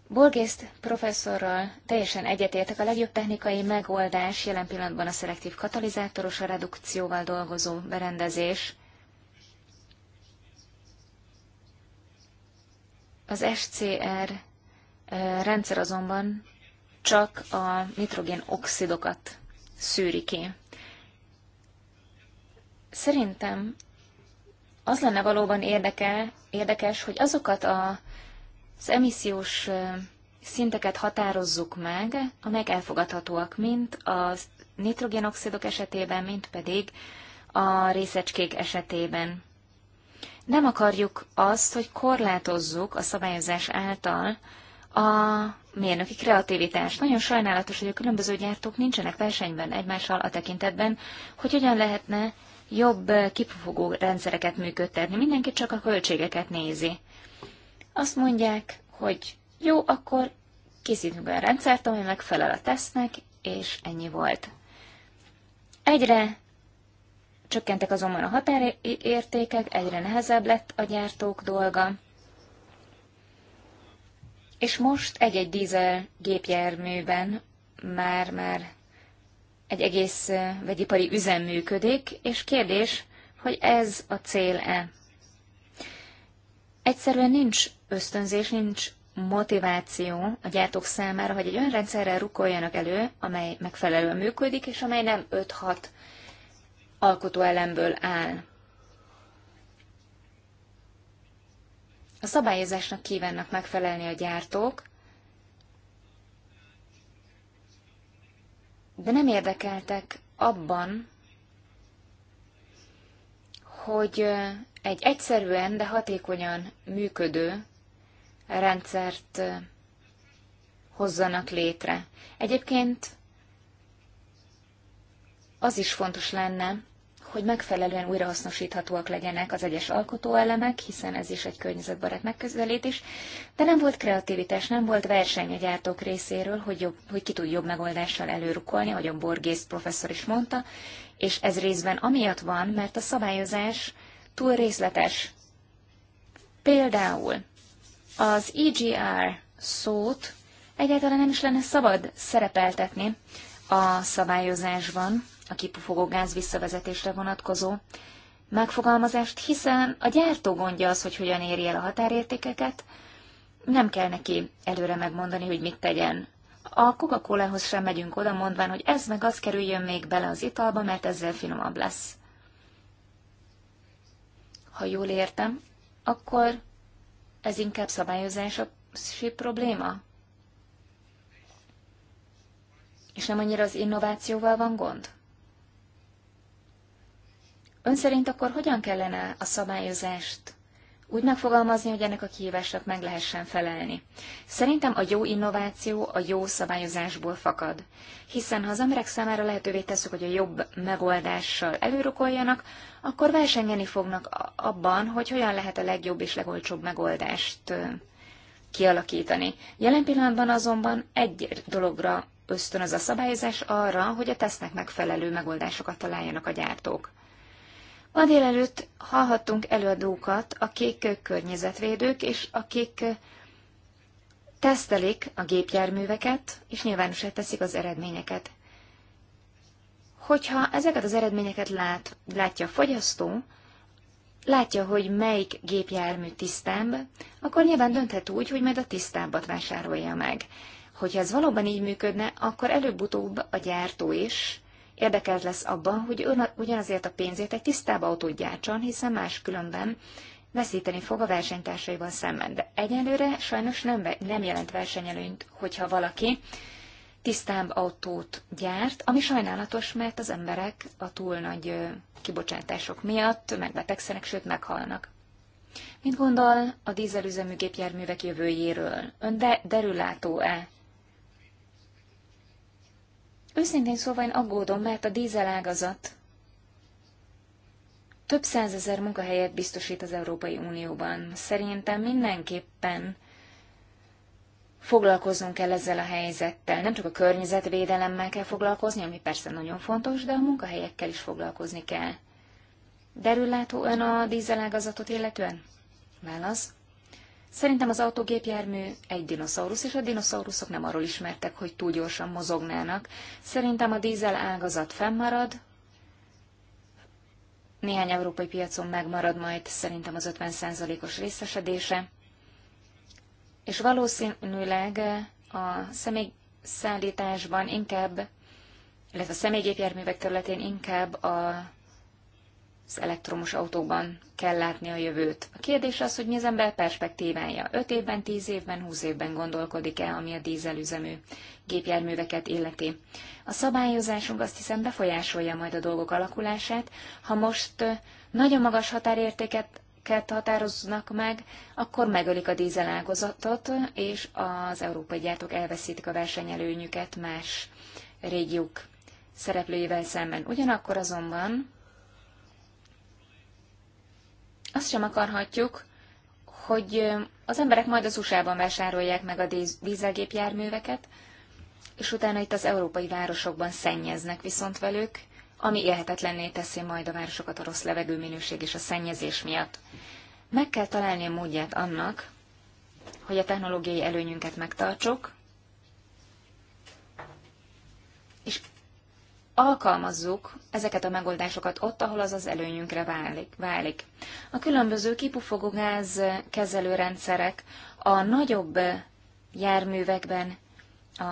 Borgészt professzorral teljesen egyetértek, a legjobb technikai megoldás jelen pillanatban a szelektív katalizátoros a redukcióval dolgozó berendezés. Az SCR rendszer azonban csak a nitrogén oxidokat szűri ki. Szerintem az lenne valóban érdeke, érdekes, hogy azokat a, az emissziós szinteket határozzuk meg, amelyek elfogadhatóak, mint a nitrogénoxidok esetében, mint pedig a részecskék esetében. Nem akarjuk azt, hogy korlátozzuk a szabályozás által a mérnöki kreativitás. Nagyon sajnálatos, hogy a különböző gyártók nincsenek versenyben egymással a tekintetben, hogy hogyan lehetne jobb kipufogó rendszereket működtetni. Mindenki csak a költségeket nézi. Azt mondják, hogy jó, akkor készítünk olyan rendszert, ami megfelel a tesznek, és ennyi volt. Egyre csökkentek azonban a határértékek, egyre nehezebb lett a gyártók dolga, és most egy-egy dízel gépjárműben már, már egy egész vegyipari üzem működik, és kérdés, hogy ez a cél-e. Egyszerűen nincs ösztönzés, nincs motiváció a gyártók számára, hogy egy olyan rendszerrel rukoljanak elő, amely megfelelően működik, és amely nem 5-6 alkotóelemből áll. A szabályozásnak kívánnak megfelelni a gyártók, de nem érdekeltek abban, hogy egy egyszerűen, de hatékonyan működő rendszert hozzanak létre. Egyébként az is fontos lenne, hogy megfelelően újrahasznosíthatóak legyenek az egyes alkotóelemek, hiszen ez is egy környezetbarát megközelítés, de nem volt kreativitás, nem volt verseny a gyártók részéről, hogy, jobb, hogy ki tud jobb megoldással előrukolni, ahogy a Borgész professzor is mondta, és ez részben amiatt van, mert a szabályozás túl részletes. Például az EGR szót egyáltalán nem is lenne szabad szerepeltetni a szabályozásban, a kipufogó gáz visszavezetésre vonatkozó megfogalmazást, hiszen a gyártó gondja az, hogy hogyan éri el a határértékeket, nem kell neki előre megmondani, hogy mit tegyen. A coca cola sem megyünk oda, mondván, hogy ez meg az kerüljön még bele az italba, mert ezzel finomabb lesz. Ha jól értem, akkor ez inkább szabályozási probléma? És nem annyira az innovációval van gond? Ön szerint akkor hogyan kellene a szabályozást úgy megfogalmazni, hogy ennek a kihívásnak meg lehessen felelni. Szerintem a jó innováció a jó szabályozásból fakad, hiszen ha az emberek számára lehetővé tesszük, hogy a jobb megoldással előrukoljanak, akkor versengeni fognak abban, hogy hogyan lehet a legjobb és legolcsóbb megoldást kialakítani. Jelen pillanatban azonban egy dologra ösztönöz a szabályozás arra, hogy a tesznek megfelelő megoldásokat találjanak a gyártók. Ma délelőtt hallhattunk előadókat, akik környezetvédők, és akik tesztelik a gépjárműveket, és nyilvánosra teszik az eredményeket. Hogyha ezeket az eredményeket lát, látja a fogyasztó, látja, hogy melyik gépjármű tisztább, akkor nyilván dönthet úgy, hogy majd a tisztábbat vásárolja meg. Hogyha ez valóban így működne, akkor előbb-utóbb a gyártó is érdekelt lesz abban, hogy ugyanazért a pénzért egy tisztább autót gyártson, hiszen más különben veszíteni fog a versenytársaival szemben. De egyelőre sajnos nem, nem jelent versenyelőnyt, hogyha valaki tisztább autót gyárt, ami sajnálatos, mert az emberek a túl nagy kibocsátások miatt megbetegszenek, sőt meghalnak. Mit gondol a dízelüzemű gépjárművek jövőjéről? Ön de derülátó-e Őszintén szóval én aggódom, mert a dízelágazat több százezer munkahelyet biztosít az Európai Unióban. Szerintem mindenképpen foglalkoznunk kell ezzel a helyzettel. Nem csak a környezetvédelemmel kell foglalkozni, ami persze nagyon fontos, de a munkahelyekkel is foglalkozni kell. Derül látó ön a dízelágazatot illetően? Válasz. Szerintem az autógépjármű egy dinoszaurusz, és a dinoszauruszok nem arról ismertek, hogy túl gyorsan mozognának. Szerintem a dízel ágazat fennmarad, néhány európai piacon megmarad majd szerintem az 50%-os részesedése, és valószínűleg a személyszállításban inkább, illetve a személygépjárművek területén inkább a az elektromos autókban kell látni a jövőt. A kérdés az, hogy mi az ember perspektívája. 5 évben, 10 évben, 20 évben gondolkodik el, ami a dízelüzemű gépjárműveket illeti. A szabályozásunk azt hiszem befolyásolja majd a dolgok alakulását. Ha most nagyon magas határértéket amiket határoznak meg, akkor megölik a dízelágazatot, és az európai gyártók elveszítik a versenyelőnyüket más régiók szereplőivel szemben. Ugyanakkor azonban azt sem akarhatjuk, hogy az emberek majd az USA-ban vásárolják meg a dízelgépjárműveket, és utána itt az európai városokban szennyeznek viszont velük, ami élhetetlenné teszi majd a városokat a rossz levegőminőség és a szennyezés miatt. Meg kell találni a módját annak, hogy a technológiai előnyünket megtartsuk, alkalmazzuk ezeket a megoldásokat ott, ahol az az előnyünkre válik. A különböző kipufogógáz kezelőrendszerek a nagyobb járművekben, a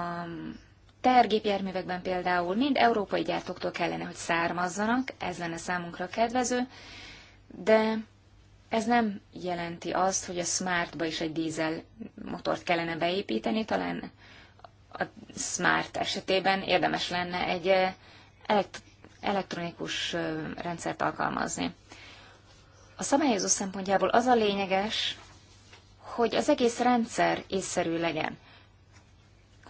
tergépjárművekben például mind európai gyártóktól kellene, hogy származzanak, ez lenne számunkra kedvező, de ez nem jelenti azt, hogy a Smartba is egy dízel motort kellene beépíteni, talán a Smart esetében érdemes lenne egy elektronikus rendszert alkalmazni. A szabályozó szempontjából az a lényeges, hogy az egész rendszer észszerű legyen.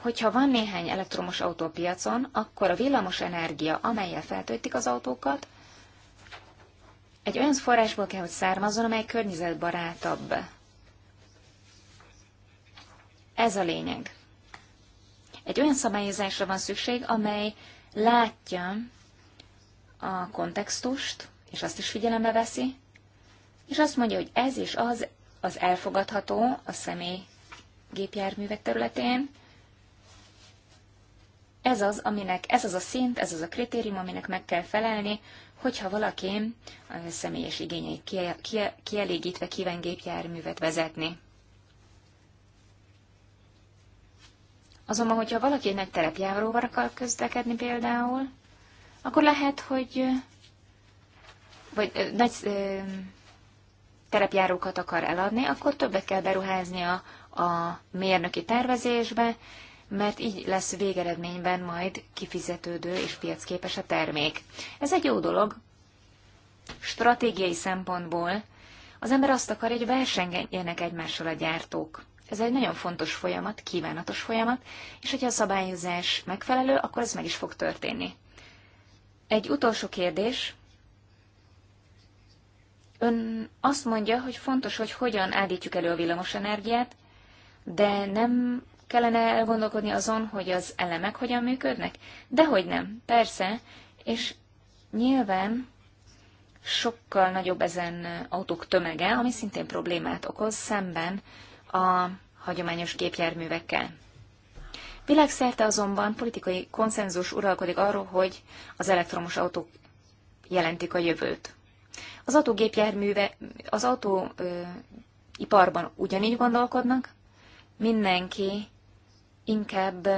Hogyha van néhány elektromos autó piacon, akkor a villamos energia, amelyel feltöltik az autókat, egy olyan forrásból kell, hogy származzon, amely környezetbarátabb. Ez a lényeg. Egy olyan szabályozásra van szükség, amely látja a kontextust, és azt is figyelembe veszi, és azt mondja, hogy ez és az az elfogadható a személy gépjárművek területén, ez az, aminek, ez az a szint, ez az a kritérium, aminek meg kell felelni, hogyha valaki a személyes igényeit kielégítve kíván gépjárművet vezetni. Azonban, hogyha valaki egy nagy terepjáróval akar közlekedni például, akkor lehet, hogy vagy ö, nagy ö, terepjárókat akar eladni, akkor többet kell beruháznia a mérnöki tervezésbe, mert így lesz végeredményben majd kifizetődő és piacképes a termék. Ez egy jó dolog. Stratégiai szempontból az ember azt akar, hogy versengjenek egymással a gyártók. Ez egy nagyon fontos folyamat, kívánatos folyamat, és hogyha a szabályozás megfelelő, akkor ez meg is fog történni. Egy utolsó kérdés. Ön azt mondja, hogy fontos, hogy hogyan állítjuk elő a energiát, de nem kellene elgondolkodni azon, hogy az elemek hogyan működnek? Dehogy nem, persze, és nyilván sokkal nagyobb ezen autók tömege, ami szintén problémát okoz szemben a hagyományos gépjárművekkel. Világszerte azonban politikai konszenzus uralkodik arról, hogy az elektromos autók jelentik a jövőt. Az autógépjárműve, az autóiparban ugyanígy gondolkodnak, mindenki inkább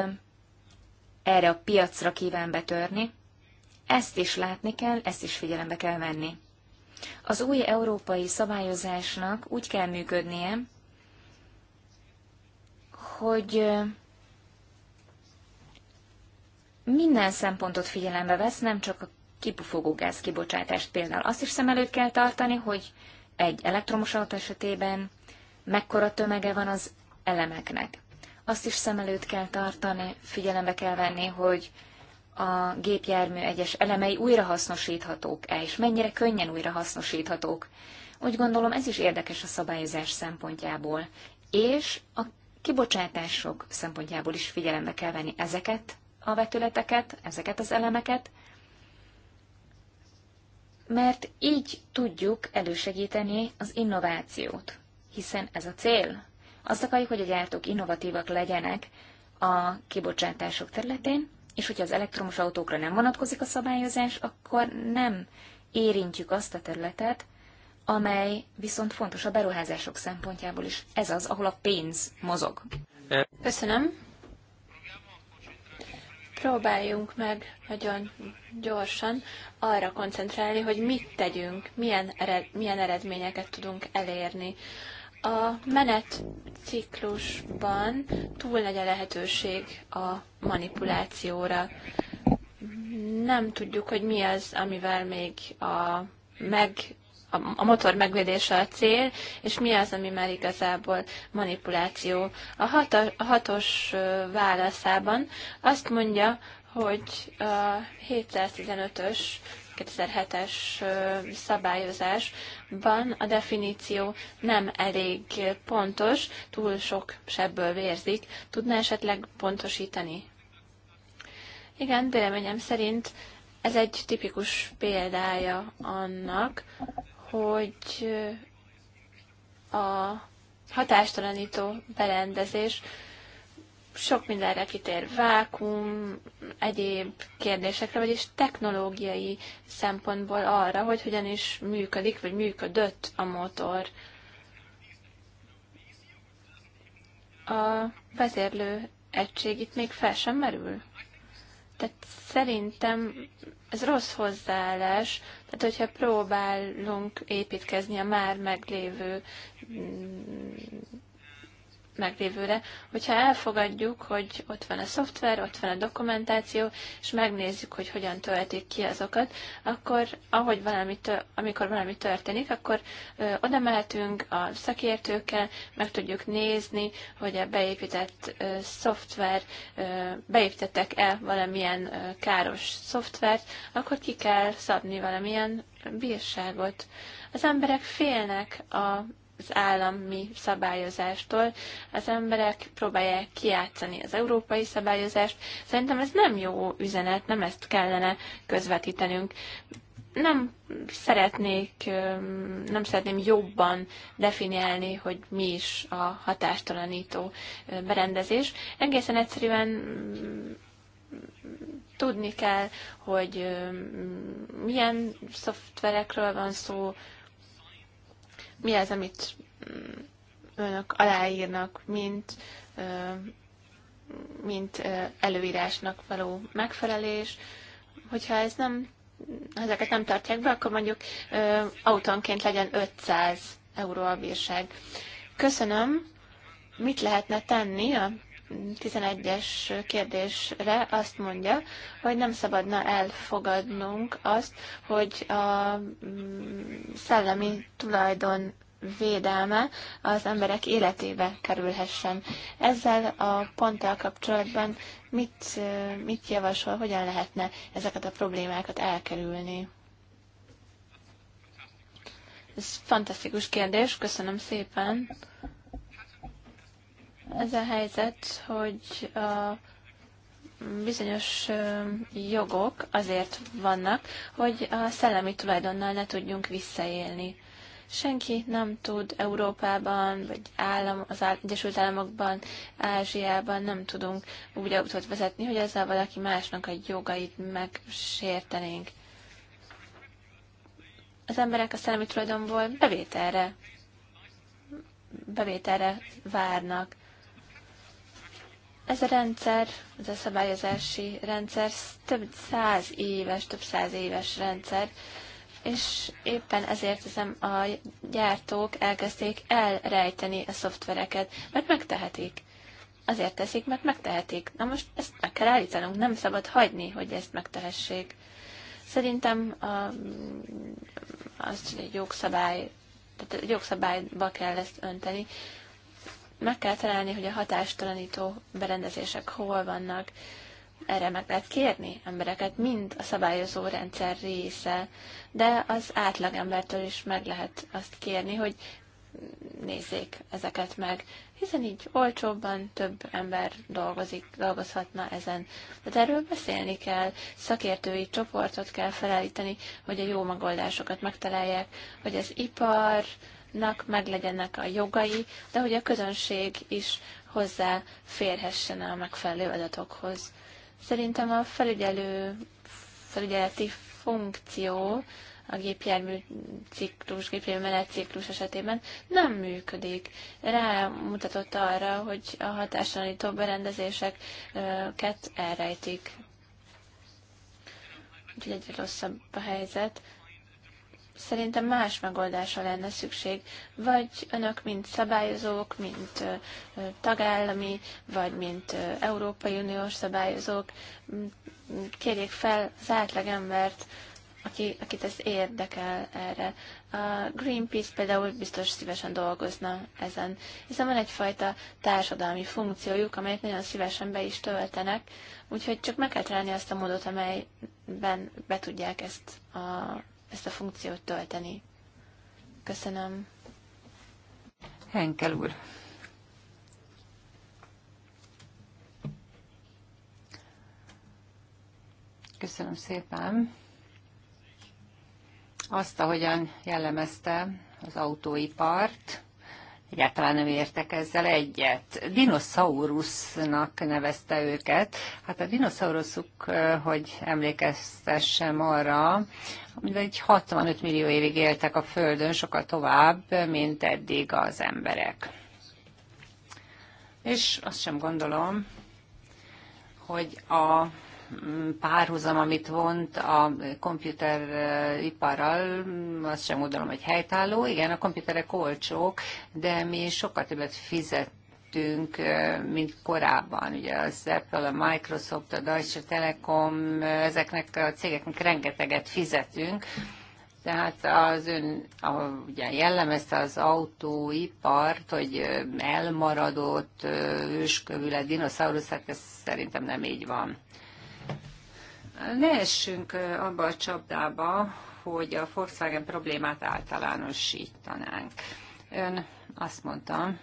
erre a piacra kíván betörni. Ezt is látni kell, ezt is figyelembe kell venni. Az új európai szabályozásnak úgy kell működnie, hogy minden szempontot figyelembe vesz, nem csak a kipufogó gáz kibocsátást például. Azt is szem előtt kell tartani, hogy egy elektromos autó esetében mekkora tömege van az elemeknek. Azt is szem előtt kell tartani, figyelembe kell venni, hogy a gépjármű egyes elemei újrahasznosíthatók-e, és mennyire könnyen újrahasznosíthatók. Úgy gondolom, ez is érdekes a szabályozás szempontjából. És a kibocsátások szempontjából is figyelembe kell venni ezeket a vetületeket, ezeket az elemeket, mert így tudjuk elősegíteni az innovációt, hiszen ez a cél. Azt akarjuk, hogy a gyártók innovatívak legyenek a kibocsátások területén, és hogyha az elektromos autókra nem vonatkozik a szabályozás, akkor nem érintjük azt a területet, amely viszont fontos a beruházások szempontjából is. Ez az, ahol a pénz mozog. Köszönöm. Próbáljunk meg nagyon gyorsan arra koncentrálni, hogy mit tegyünk, milyen, ered, milyen eredményeket tudunk elérni. A menetciklusban túl nagy a lehetőség a manipulációra. Nem tudjuk, hogy mi az, amivel még a meg a motor megvédése a cél, és mi az, ami már igazából manipuláció. A, hatos, a hatos válaszában azt mondja, hogy a 715-ös 2007-es szabályozásban a definíció nem elég pontos, túl sok sebből vérzik. Tudná esetleg pontosítani? Igen, véleményem szerint ez egy tipikus példája annak, hogy a hatástalanító berendezés sok mindenre kitér, vákum, egyéb kérdésekre, vagyis technológiai szempontból arra, hogy hogyan is működik, vagy működött a motor. A vezérlő egység itt még fel sem merül. Tehát szerintem ez rossz hozzáállás, tehát hogyha próbálunk építkezni a már meglévő mm, meglévőre, hogyha elfogadjuk, hogy ott van a szoftver, ott van a dokumentáció, és megnézzük, hogy hogyan töltik ki azokat, akkor ahogy valami tör, amikor valami történik, akkor ö, oda mehetünk a szakértőkkel, meg tudjuk nézni, hogy a beépített ö, szoftver, ö, beépítettek-e valamilyen ö, káros szoftvert, akkor ki kell szabni valamilyen bírságot. Az emberek félnek a az állami szabályozástól. Az emberek próbálják kiátszani az európai szabályozást. Szerintem ez nem jó üzenet, nem ezt kellene közvetítenünk. Nem szeretnék, nem szeretném jobban definiálni, hogy mi is a hatástalanító berendezés. Egészen egyszerűen mm, tudni kell, hogy milyen szoftverekről van szó, mi az, amit mm, önök aláírnak, mint, mint előírásnak való megfelelés. Hogyha ez nem, ezeket nem tartják be, akkor mondjuk autónként legyen 500 euró a bírság. Köszönöm. Mit lehetne tenni a 11-es kérdésre azt mondja, hogy nem szabadna elfogadnunk azt, hogy a mm, szellemi tulajdon védelme az emberek életébe kerülhessen. Ezzel a ponttal kapcsolatban mit, mit javasol, hogyan lehetne ezeket a problémákat elkerülni? Ez fantasztikus kérdés, köszönöm szépen. Ez a helyzet, hogy a bizonyos jogok azért vannak, hogy a szellemi tulajdonnal ne tudjunk visszaélni. Senki nem tud Európában, vagy állam, az Egyesült Államokban, Ázsiában nem tudunk úgy autót vezetni, hogy ezzel valaki másnak a jogait megsértenénk. Az emberek a szellemi tulajdonból bevételre bevételre várnak. Ez a rendszer, ez a szabályozási rendszer több száz éves, több száz éves rendszer, és éppen ezért hiszem a gyártók elkezdték elrejteni a szoftvereket, mert megtehetik. Azért teszik, mert megtehetik. Na most ezt meg kell állítanunk, nem szabad hagyni, hogy ezt megtehessék. Szerintem a, az egy jogszabály, tehát jogszabályba kell ezt önteni, meg kell találni, hogy a hatástalanító berendezések hol vannak. Erre meg lehet kérni embereket, mind a szabályozó rendszer része, de az átlagembertől is meg lehet azt kérni, hogy nézzék ezeket meg, hiszen így olcsóbban több ember dolgozik, dolgozhatna ezen. De erről beszélni kell, szakértői csoportot kell felállítani, hogy a jó megoldásokat megtalálják, hogy az ipar, nak meglegyenek a jogai, de hogy a közönség is hozzáférhessen a megfelelő adatokhoz. Szerintem a felügyelő, felügyeleti funkció a gépjármű ciklus, gépjármű ciklus esetében nem működik. Rámutatott arra, hogy a hatásanító berendezéseket elrejtik. Úgyhogy egyre rosszabb a helyzet szerintem más megoldásra lenne szükség, vagy önök, mint szabályozók, mint tagállami, vagy mint Európai Uniós szabályozók, kérjék fel az átlegembert, aki, akit ez érdekel erre. A Greenpeace például biztos szívesen dolgozna ezen, hiszen van egyfajta társadalmi funkciójuk, amelyet nagyon szívesen be is töltenek, úgyhogy csak meg kell találni azt a módot, amelyben be tudják ezt a ezt a funkciót tölteni. Köszönöm. Henkel úr. Köszönöm szépen. Azt, ahogyan jellemezte az autóipart, egyáltalán nem értek ezzel egyet. Dinoszaurusznak nevezte őket. Hát a dinoszauruszuk, eh, hogy emlékeztessem arra, egy 65 millió évig éltek a Földön, sokkal tovább, mint eddig az emberek. És azt sem gondolom, hogy a mm, párhuzam, amit vont a komputeriparral, azt sem gondolom, hogy helytálló. Igen, a komputerek olcsók, de mi sokkal többet fizettünk előttünk, mint korábban. Ugye az Apple, a Microsoft, a Deutsche Telekom, ezeknek a cégeknek rengeteget fizetünk, tehát az ön a, ugye jellemezte az autóipart, hogy elmaradott őskövület, dinoszaurusz, hát ez szerintem nem így van. Ne essünk abba a csapdába, hogy a Volkswagen problémát általánosítanánk. Ön azt mondta,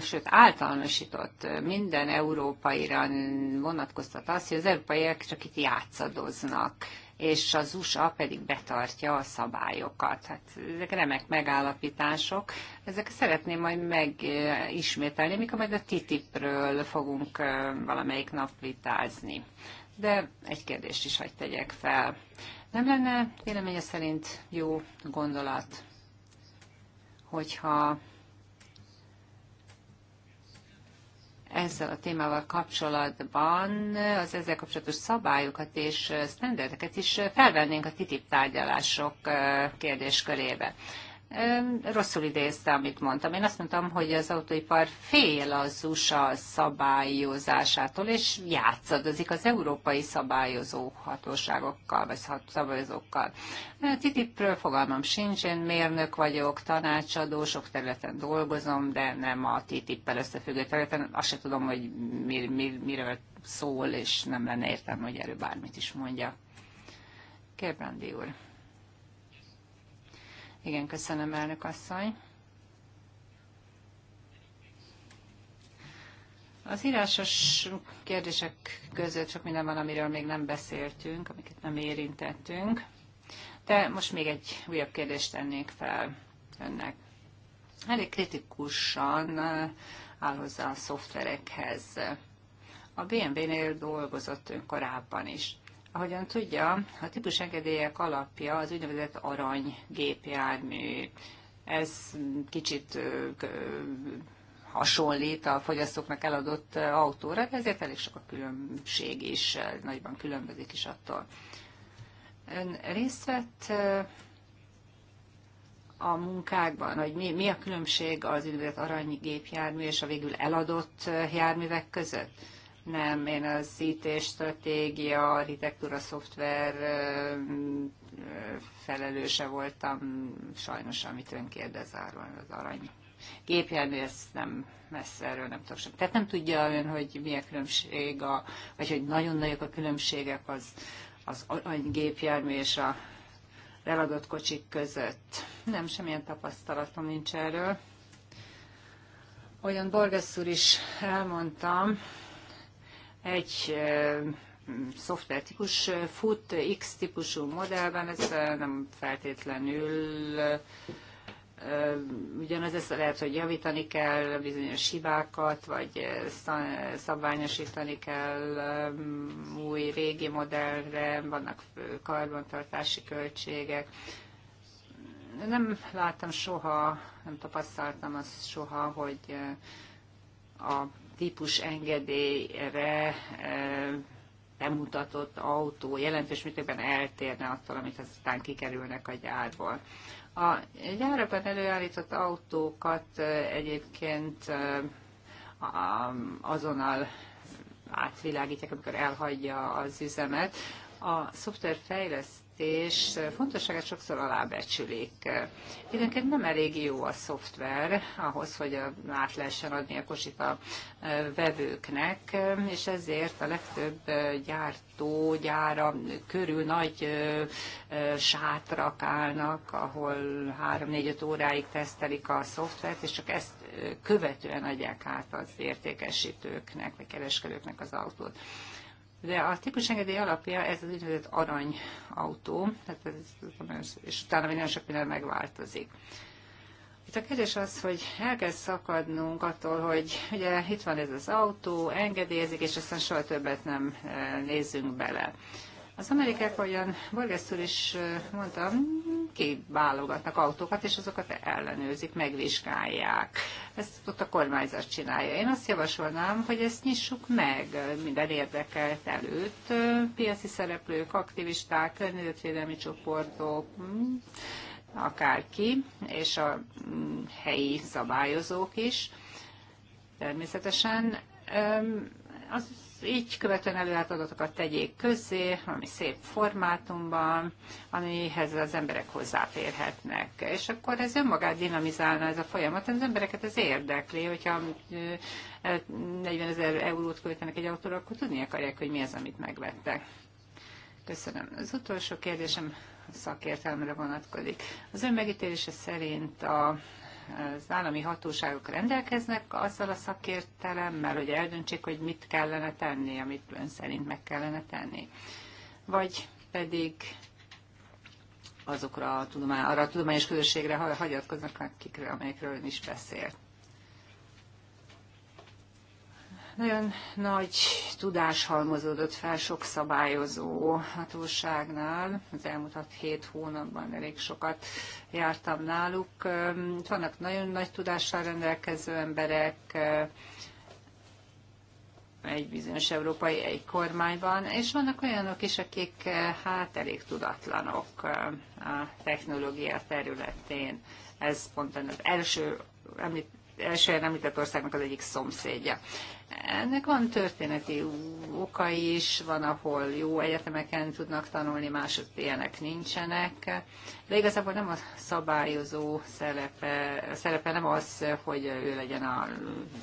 sőt általánosított minden európaira vonatkoztat az, hogy az európaiak csak itt játszadoznak, és az USA pedig betartja a szabályokat. Hát ezek remek megállapítások. Ezek szeretném majd megismételni, mikor majd a TTIP-ről fogunk valamelyik nap vitázni. De egy kérdést is hagyd tegyek fel. Nem lenne véleménye szerint jó gondolat, hogyha ezzel a témával kapcsolatban az ezzel kapcsolatos szabályokat és sztenderdeket is felvennénk a TTIP tárgyalások kérdéskörébe rosszul idézte, amit mondtam. Én azt mondtam, hogy az autóipar fél az USA szabályozásától, és játszadozik az európai szabályozó hatóságokkal, vagy szabályozókkal. ttip fogalmam sincs, én mérnök vagyok, tanácsadó, sok területen dolgozom, de nem a ttip összefüggő területen. Azt sem tudom, hogy mir, mir, miről szól, és nem lenne értelme, hogy erről bármit is mondja. Kérbrandi úr. Igen, köszönöm, elnök asszony. Az írásos kérdések között sok minden van, amiről még nem beszéltünk, amiket nem érintettünk. De most még egy újabb kérdést tennék fel önnek. Elég kritikusan uh, áll hozzá a szoftverekhez. A BMW-nél dolgozott ön korábban is. Ahogyan tudja, a engedélyek alapja az úgynevezett arany gépjármű. Ez kicsit hasonlít a fogyasztóknak eladott autóra, de ezért elég sok a különbség is, nagyban különbözik is attól. Ön részt vett a munkákban, hogy mi, mi a különbség az úgynevezett gépjármű és a végül eladott járművek között? nem, én az IT stratégia, architektúra, szoftver felelőse voltam, sajnos, amit ön kérdez arról, az arany gépjármű, ez nem messze erről nem tudok sem. Tehát nem tudja ön, hogy mi a különbség, a, vagy hogy nagyon nagyok a különbségek az, az gépjármű és a leladott kocsik között. Nem, semmilyen tapasztalatom nincs erről. Olyan Borges úr is elmondtam, egy szoftvertikus fut X típusú modellben, ez nem feltétlenül ugyanaz, ezt lehet, hogy javítani kell bizonyos hibákat, vagy szabványosítani kell új, régi modellre, vannak karbantartási költségek. Nem láttam soha, nem tapasztaltam azt soha, hogy a típus engedélyre e, bemutatott autó jelentős mértékben eltérne attól, amit aztán kikerülnek a gyárból. A gyárakban előállított autókat e, egyébként e, azonnal átvilágítják, amikor elhagyja az üzemet. A szoftverfejlesztés és fontosságát sokszor alábecsülik. Időnként nem elég jó a szoftver ahhoz, hogy át lehessen adni a kocsit a vevőknek, és ezért a legtöbb gyártó, gyára körül nagy sátrak állnak, ahol 3-4-5 óráig tesztelik a szoftvert, és csak ezt követően adják át az értékesítőknek, vagy kereskedőknek az autót de a típusengedély alapja ez az úgynevezett aranyautó, tehát ez, és utána minden nagyon sok minden megváltozik. Itt a kérdés az, hogy el kell szakadnunk attól, hogy ugye itt van ez az autó, engedélyezik, és aztán soha többet nem eh, nézzünk bele. Az amerikák, olyan Borgesztúr is mondta, kiválogatnak autókat, és azokat ellenőrzik, megvizsgálják. Ezt ott a kormányzat csinálja. Én azt javasolnám, hogy ezt nyissuk meg minden érdekelt előtt. Piaci szereplők, aktivisták, környezetvédelmi csoportok, mm, akárki, és a mm, helyi szabályozók is. Természetesen az így követően előállt adatokat tegyék közzé, ami szép formátumban, amihez az emberek hozzáférhetnek. És akkor ez önmagát dinamizálna ez a folyamat, az embereket ez érdekli, hogyha 40 ezer eurót költenek egy autóra, akkor tudni akarják, hogy mi az, amit megvettek. Köszönöm. Az utolsó kérdésem szakértelmre vonatkozik. Az ön megítélése szerint a az állami hatóságok rendelkeznek azzal a szakértelemmel, hogy eldöntsék, hogy mit kellene tenni, amit ön szerint meg kellene tenni. Vagy pedig azokra a, tudomány, arra a tudományos közösségre hagyatkoznak, akikről, amelyekről ön is beszélt. Nagyon nagy tudás halmozódott fel sok szabályozó hatóságnál. Az elmúlt hét hónapban elég sokat jártam náluk. Vannak nagyon nagy tudással rendelkező emberek, egy bizonyos európai egy kormányban, és vannak olyanok is, akik hát elég tudatlanok a technológia területén. Ez pontosan az első, említ, első említett országnak az egyik szomszédja. Ennek van történeti oka is, van, ahol jó egyetemeken tudnak tanulni, mások ilyenek nincsenek, de igazából nem a szabályozó szerepe, a szerepe nem az, hogy ő legyen a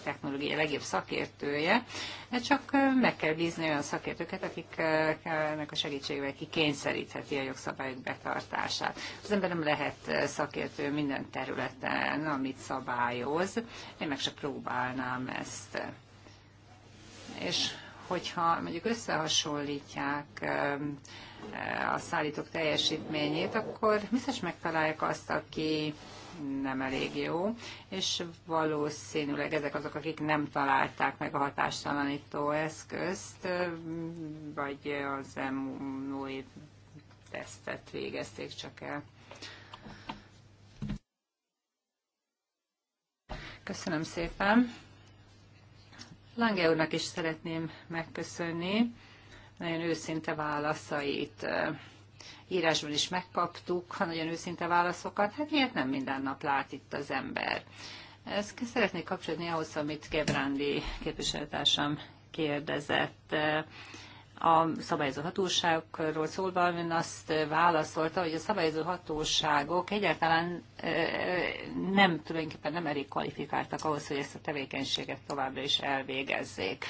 technológia legjobb szakértője, de csak meg kell bízni olyan szakértőket, akiknek a segítségével kikényszerítheti a jogszabályok betartását. Az ember nem lehet szakértő minden területen, amit szabályoz, én meg se próbálnám ezt és hogyha mondjuk összehasonlítják eh, a szállítók teljesítményét, akkor biztos megtalálják azt, aki nem elég jó, és valószínűleg ezek azok, akik nem találták meg a hatástalanító eszközt, eh, vagy az MOI tesztet végezték csak el. Köszönöm szépen! Lange úrnak is szeretném megköszönni nagyon őszinte válaszait. Írásban is megkaptuk a nagyon őszinte válaszokat. Hát ilyet nem minden nap lát itt az ember. Ezt szeretnék kapcsolni ahhoz, amit Gebrandi képviselőtársam kérdezett a szabályozó hatóságokról szólva ön azt válaszolta, hogy a szabályozó hatóságok egyáltalán nem tulajdonképpen nem elég kvalifikáltak ahhoz, hogy ezt a tevékenységet továbbra is elvégezzék.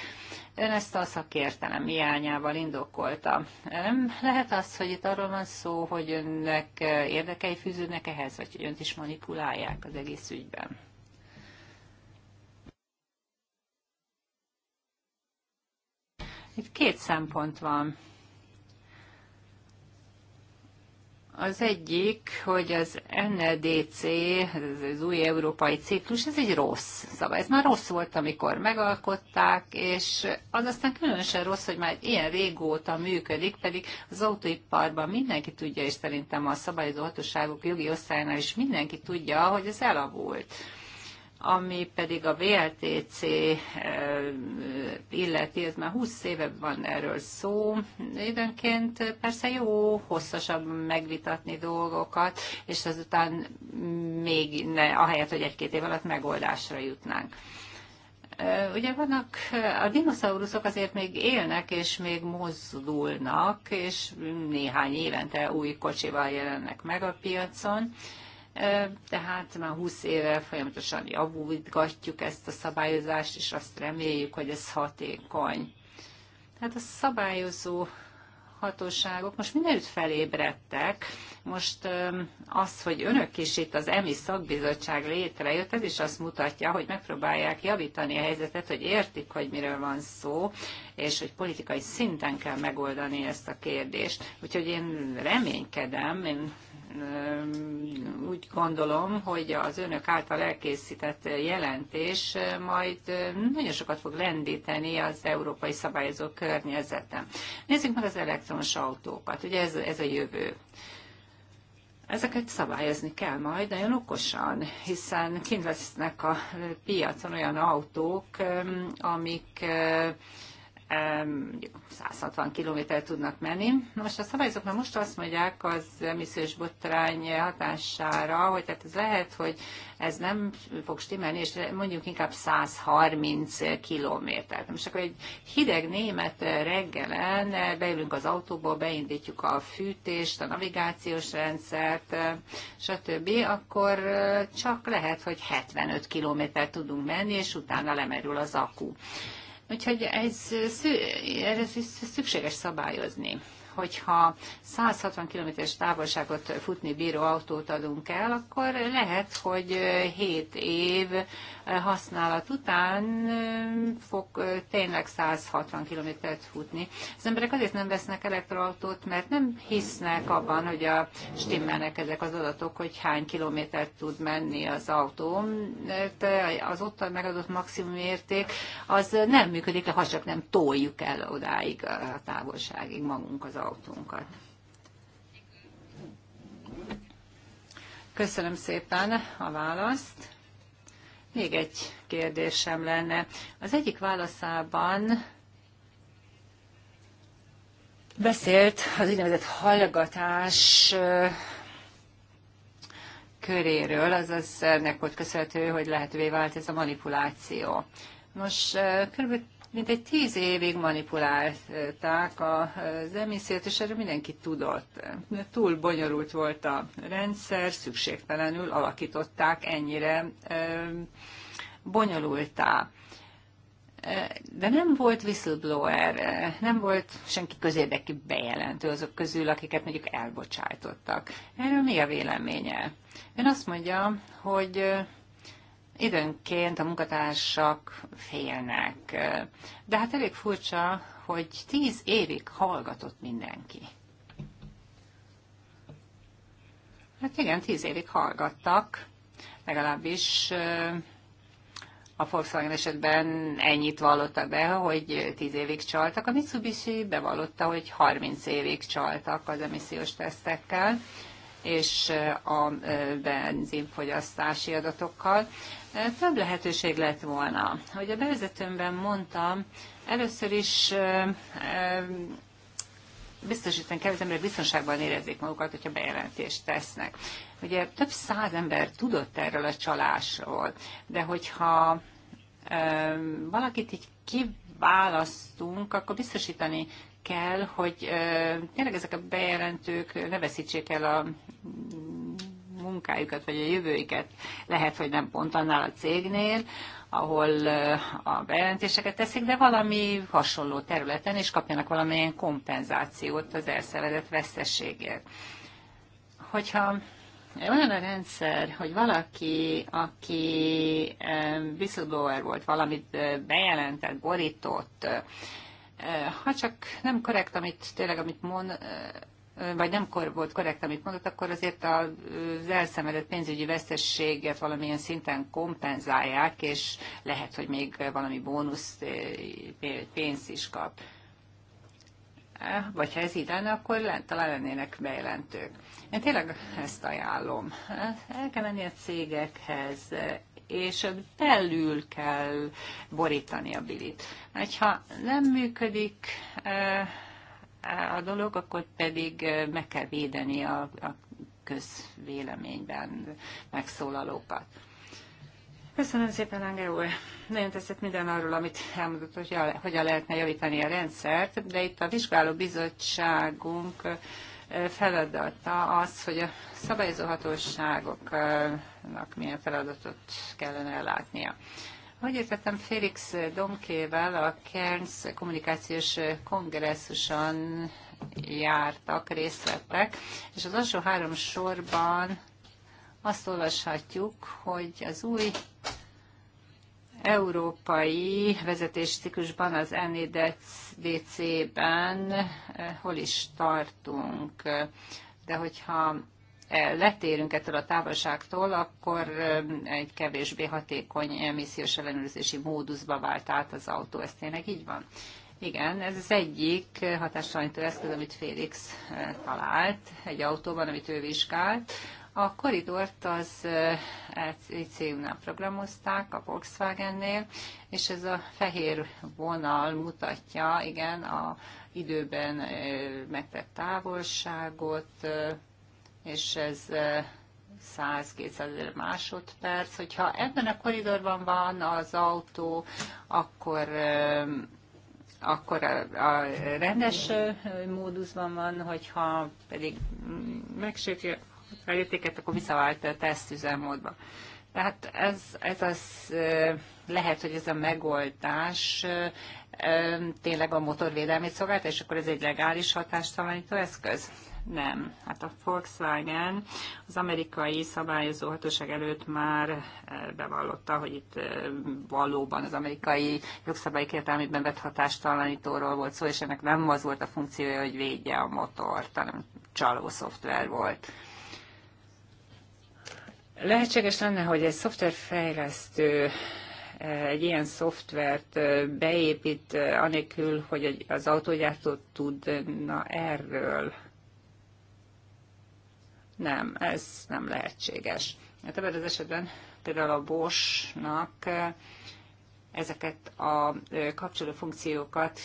Ön ezt a szakértelem hiányával indokolta. Nem lehet az, hogy itt arról van szó, hogy önnek érdekei fűződnek ehhez, vagy hogy önt is manipulálják az egész ügyben? Itt két szempont van. Az egyik, hogy az NLDC, e ez az új európai ciklus, ez egy rossz szava. Ez már rossz volt, amikor megalkották, és az aztán különösen rossz, hogy már ilyen régóta működik, pedig az autóiparban mindenki tudja, és szerintem a szabályozó hatóságok jogi osztályánál is mindenki tudja, hogy ez elavult ami pedig a VLTC eh, illeti, ez már 20 éve van erről szó. Időnként persze jó hosszasabb megvitatni dolgokat, és azután még ne, ahelyett, hogy egy-két év alatt megoldásra jutnánk. Eh, ugye vannak, a dinoszauruszok azért még élnek, és még mozdulnak, és néhány évente új kocsival jelennek meg a piacon tehát már 20 éve folyamatosan javulgatjuk ezt a szabályozást, és azt reméljük, hogy ez hatékony. Hát a szabályozó hatóságok most mindenütt felébredtek. Most az, hogy önök is itt az EMI szakbizottság létrejött, ez is azt mutatja, hogy megpróbálják javítani a helyzetet, hogy értik, hogy miről van szó, és hogy politikai szinten kell megoldani ezt a kérdést. Úgyhogy én reménykedem, én úgy gondolom, hogy az önök által elkészített jelentés majd nagyon sokat fog lendíteni az európai szabályozó környezetem. Nézzük meg az elektromos autókat, ugye ez, ez a jövő. Ezeket szabályozni kell majd nagyon okosan, hiszen kint lesznek a piacon olyan autók, amik 160 kilométer tudnak menni. most a már most azt mondják az emissziós botrány hatására, hogy tehát ez lehet, hogy ez nem fog stimmelni, és mondjuk inkább 130 km. Most akkor egy hideg német reggelen beülünk az autóba, beindítjuk a fűtést, a navigációs rendszert, stb., akkor csak lehet, hogy 75 km tudunk menni, és utána lemerül az akku. Úgyhogy ez, ez szükséges szabályozni hogyha 160 km-es távolságot futni bíró autót adunk el, akkor lehet, hogy 7 év használat után fog tényleg 160 kilométert futni. Az emberek azért nem vesznek elektroautót, mert nem hisznek abban, hogy a stimmelnek ezek az adatok, hogy hány kilométert tud menni az autó. Mert az ott megadott maximum érték az nem működik ha csak nem toljuk el odáig a távolságig magunk az autó autónkat. Köszönöm szépen a választ. Még egy kérdésem lenne. Az egyik válaszában beszélt az úgynevezett hallgatás köréről, azaz ennek volt köszönhető, hogy lehetővé vált ez a manipuláció. Most kb mint egy tíz évig manipulálták az emissziót, és erről mindenki tudott. Túl bonyolult volt a rendszer, szükségtelenül alakították ennyire bonyolultá. De nem volt whistleblower, nem volt senki közérdekű bejelentő azok közül, akiket mondjuk elbocsájtottak. Erről mi a véleménye? Ön azt mondja, hogy Időnként a munkatársak félnek, de hát elég furcsa, hogy tíz évig hallgatott mindenki. Hát igen, tíz évig hallgattak, legalábbis a Volkswagen esetben ennyit vallottak be, hogy 10 évig csaltak. A Mitsubishi bevallotta, hogy 30 évig csaltak az emissziós tesztekkel és a benzinfogyasztási adatokkal. Több lehetőség lett volna. Hogy a bevezetőmben mondtam, először is biztosítani kell, hogy emberek biztonságban érezzék magukat, hogyha bejelentést tesznek. Ugye több száz ember tudott erről a csalásról, de hogyha valakit így kiválasztunk, akkor biztosítani kell, hogy tényleg ezek a bejelentők ne veszítsék el a munkájukat, vagy a jövőiket. Lehet, hogy nem pont annál a cégnél, ahol a bejelentéseket teszik, de valami hasonló területen, és kapjanak valamilyen kompenzációt az elszenvedett veszteségért. Hogyha olyan a rendszer, hogy valaki, aki whistleblower volt, valamit bejelentett, borított, ha csak nem korrekt, amit tényleg, amit mond, vagy nem kor volt korrekt, amit mondott, akkor azért az elszenvedett pénzügyi vesztességet valamilyen szinten kompenzálják, és lehet, hogy még valami bónusz eh, pénz is kap. Eh, vagy ha ez így lenne, akkor talán lennének bejelentők. Én tényleg ezt ajánlom. Eh, el kell menni a cégekhez, és belül kell borítani a bilit. Ha nem működik, a dolog, akkor pedig meg kell védeni a, a közvéleményben megszólalókat. Köszönöm szépen, Langer úr. Nagyon teszett minden arról, amit elmondott, hogy hogyan lehetne javítani a rendszert, de itt a vizsgáló bizottságunk feladata az, hogy a szabályozó hatóságoknak milyen feladatot kellene ellátnia. Hogy értettem, Félix Domkével a Kerns kommunikációs kongresszuson jártak, részt vettek, és az alsó három sorban azt olvashatjuk, hogy az új európai vezetésciklusban, az NEDC-ben eh, hol is tartunk. De hogyha letérünk ettől a távolságtól, akkor egy kevésbé hatékony emissziós ellenőrzési móduszba vált át az autó. Ez tényleg így van? Igen, ez az egyik hatástalanító eszköz, amit Félix talált egy autóban, amit ő vizsgált. A koridort az hát ICU-nál programozták, a Volkswagennél, és ez a fehér vonal mutatja, igen, a időben megtett távolságot, és ez 100-200 másodperc. Hogyha ebben a koridorban van az autó, akkor akkor a rendes módusban van, hogyha pedig megsérti a értéket, akkor visszavált a tesztüzemmódba. Tehát ez, ez az, lehet, hogy ez a megoldás tényleg a motorvédelmét szolgálta, és akkor ez egy legális hatástalanító eszköz nem. Hát a Volkswagen az amerikai szabályozó hatóság előtt már eh, bevallotta, hogy itt eh, valóban az amerikai jogszabályi értelmében vett hatástalanítóról volt szó, és ennek nem az volt a funkciója, hogy védje a motort, hanem csaló szoftver volt. Lehetséges lenne, hogy egy szoftverfejlesztő eh, egy ilyen szoftvert beépít, anélkül, hogy az autógyártó tudna erről. Nem, ez nem lehetséges. Hát ebben az esetben például a Bosnak ezeket a kapcsoló funkciókat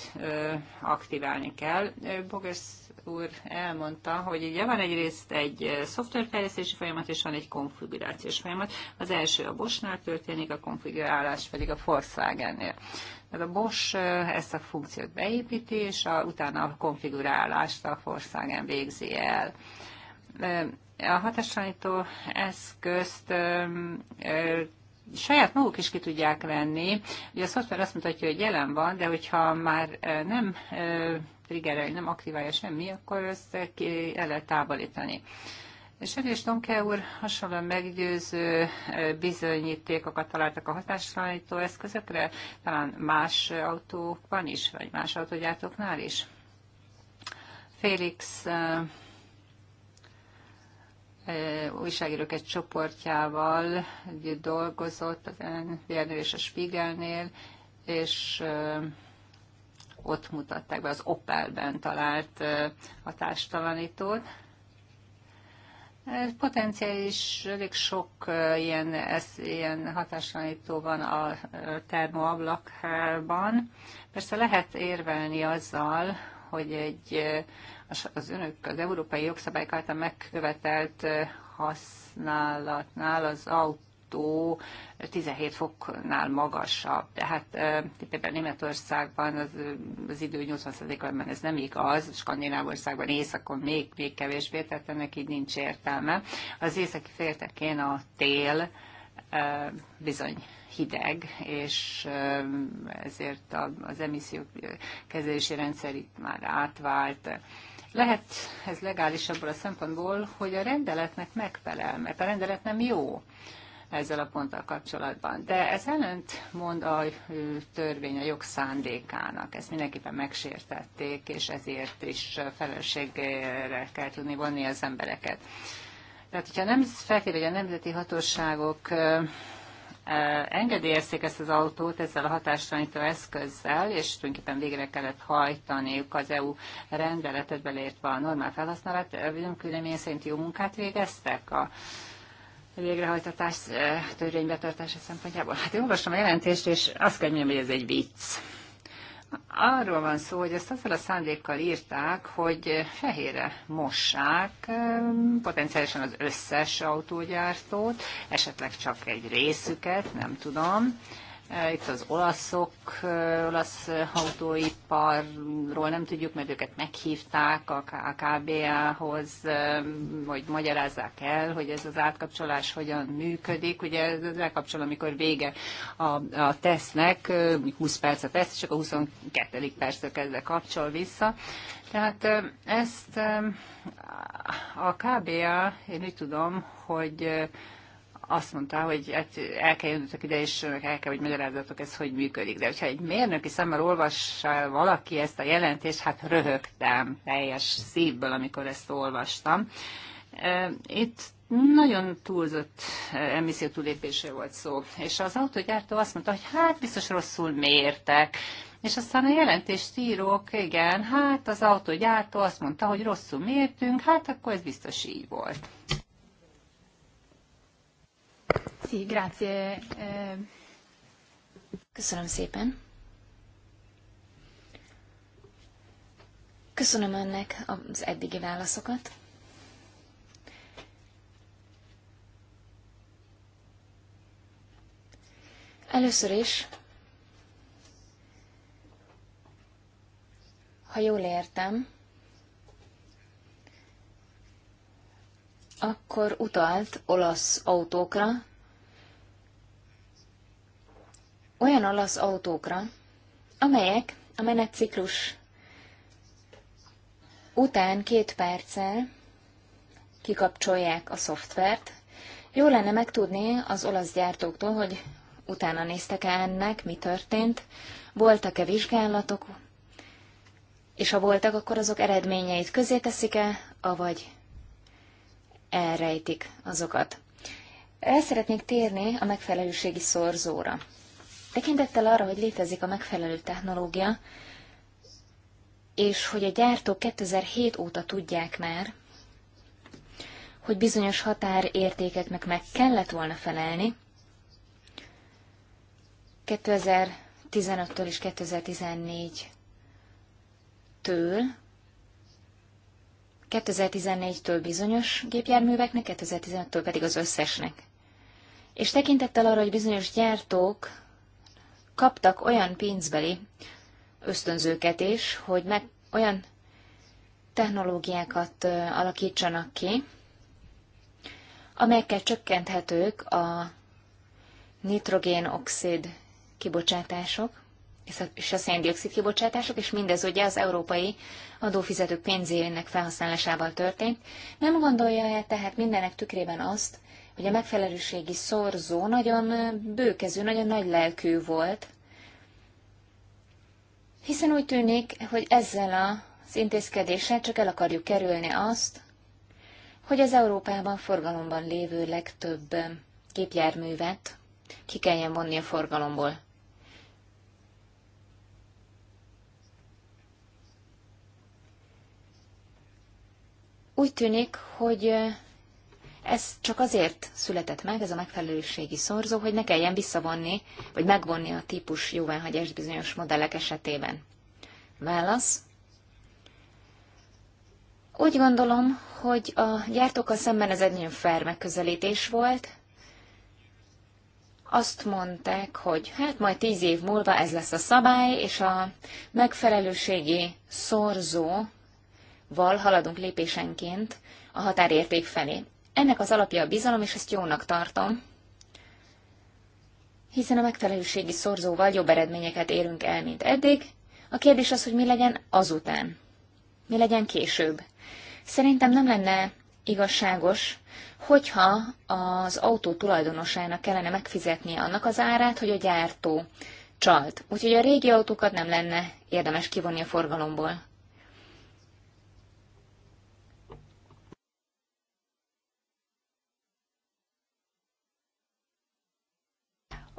aktiválni kell. Bogesz úr elmondta, hogy ugye van egyrészt egy szoftverfejlesztési folyamat, és van egy konfigurációs folyamat. Az első a Bosnál történik, a konfigurálás pedig a Volkswagen-nél. Tehát a Bosch ezt a funkciót beépíti, és a, utána a konfigurálást a Volkswagen végzi el a hatásanító eszközt saját maguk is ki tudják venni. Ugye a szoftver azt mutatja, hogy jelen van, de hogyha már nem triggerelj, nem aktiválja semmi, akkor ezt ki el lehet távolítani. És Erős Donke úr hasonlóan meggyőző bizonyítékokat találtak a hatástalanító eszközökre, talán más autókban is, vagy más autógyártóknál is. Félix újságírók egy csoportjával együtt dolgozott az Vérnő és a Spiegelnél, és ott mutatták be az Opelben talált hatástalanítót. Potenciális elég sok ilyen, ez, ilyen hatásanító van a termoablakban. Persze lehet érvelni azzal, hogy egy, az önök az európai jogszabályok által megkövetelt használatnál az autó 17 foknál magasabb. Tehát például Németországban az, az idő 80%-ban ez nem igaz, Skandinávországban északon még, még kevésbé, tehát ennek így nincs értelme. Az északi féltekén a tél bizony hideg, és ezért az emissziók kezelési rendszer itt már átvált. Lehet ez legális abból a szempontból, hogy a rendeletnek megfelel, mert a rendelet nem jó ezzel a ponttal kapcsolatban. De ez ellent mond a törvény a jogszándékának. Ezt mindenképpen megsértették, és ezért is felelősségre kell tudni vonni az embereket. Tehát, hogyha nem feltétlenül, hogy a nemzeti hatóságok engedélyezték ezt az autót ezzel a hatástalanító eszközzel, és tulajdonképpen végre kellett hajtaniuk az EU rendeletet beleértve a normál felhasználat, Véleményem szerint jó munkát végeztek a végrehajtatás törvénybetartása szempontjából. Hát én olvastam a jelentést, és azt kell mondjam, hogy ez egy vicc. Arról van szó, hogy ezt azzal a szándékkal írták, hogy fehére mossák potenciálisan az összes autógyártót, esetleg csak egy részüket, nem tudom. Eh, itt az olaszok, eh, olasz eh, autóiparról nem tudjuk, mert őket meghívták a KBA-hoz, hogy magyarázzák el, hogy ez az átkapcsolás hogyan működik. Ugye ez lekapcsol, amikor vége a, a tesznek, 20 perc a teszt, csak a 22. perctől kezdve kapcsol vissza. Tehát ezt a KBA, én úgy tudom, hogy azt mondta, hogy hát el kell jönnötök ide, és el kell, hogy magyarázatok ez, hogy működik. De hogyha egy mérnöki szemmel olvassa valaki ezt a jelentést, hát röhögtem teljes szívből, amikor ezt olvastam. E, itt nagyon túlzott e, emisszió túlépésre volt szó, és az autógyártó azt mondta, hogy hát biztos rosszul mértek, és aztán a jelentést írók, igen, hát az autógyártó azt mondta, hogy rosszul mértünk, hát akkor ez biztos így volt. Sì, grazie. Eh. Köszönöm szépen. Köszönöm önnek az eddigi válaszokat. Először is, ha jól értem, akkor utalt olasz autókra, olyan olasz autókra, amelyek a menetciklus után két perccel kikapcsolják a szoftvert. Jó lenne megtudni az olasz gyártóktól, hogy utána néztek-e ennek, mi történt, voltak-e vizsgálatok, és ha voltak, akkor azok eredményeit közé teszik-e, avagy elrejtik azokat. El szeretnék térni a megfelelőségi szorzóra. Tekintettel arra, hogy létezik a megfelelő technológia, és hogy a gyártók 2007 óta tudják már, hogy bizonyos határértékeknek meg kellett volna felelni, 2015-től és 2014-től 2014-től bizonyos gépjárműveknek, 2015-től pedig az összesnek. És tekintettel arra, hogy bizonyos gyártók kaptak olyan pénzbeli ösztönzőket is, hogy meg olyan technológiákat alakítsanak ki, amelyekkel csökkenthetők a nitrogénoxid kibocsátások és a széndiokszid kibocsátások, és mindez ugye az európai adófizetők pénzének felhasználásával történt. Nem gondolja-e tehát mindenek tükrében azt, hogy a megfelelőségi szorzó nagyon bőkező, nagyon nagy lelkű volt, hiszen úgy tűnik, hogy ezzel az intézkedéssel csak el akarjuk kerülni azt, hogy az Európában forgalomban lévő legtöbb gépjárművet ki kelljen vonni a forgalomból. Úgy tűnik, hogy ez csak azért született meg, ez a megfelelőségi szorzó, hogy ne kelljen visszavonni, vagy megvonni a típus jóváhagyást bizonyos modellek esetében. Válasz. Úgy gondolom, hogy a gyártókkal szemben ez egy nagyon fair megközelítés volt. Azt mondták, hogy hát majd tíz év múlva ez lesz a szabály, és a megfelelőségi szorzóval haladunk lépésenként a határérték felé. Ennek az alapja a bizalom, és ezt jónak tartom, hiszen a megfelelőségi szorzóval jobb eredményeket érünk el, mint eddig. A kérdés az, hogy mi legyen azután, mi legyen később. Szerintem nem lenne igazságos, hogyha az autó tulajdonosának kellene megfizetnie annak az árát, hogy a gyártó csalt. Úgyhogy a régi autókat nem lenne érdemes kivonni a forgalomból.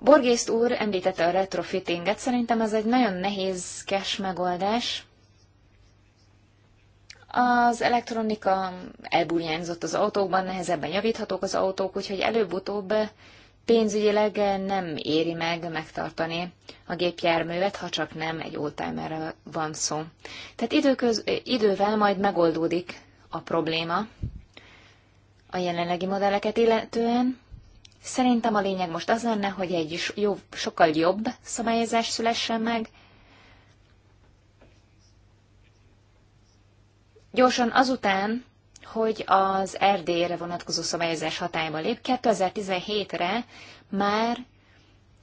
Borgészt úr említette a retrofittinget, szerintem ez egy nagyon nehézkes megoldás. Az elektronika elburjánzott az autókban, nehezebben javíthatók az autók, úgyhogy előbb-utóbb pénzügyileg nem éri meg megtartani a gépjárművet, ha csak nem egy oldtimerre van szó. Tehát időköz, idővel majd megoldódik a probléma a jelenlegi modelleket illetően, Szerintem a lényeg most az lenne, hogy egy jó, sokkal jobb szabályozás szülessen meg. Gyorsan azután, hogy az Erdélyre vonatkozó szabályozás hatályba lép, 2017-re már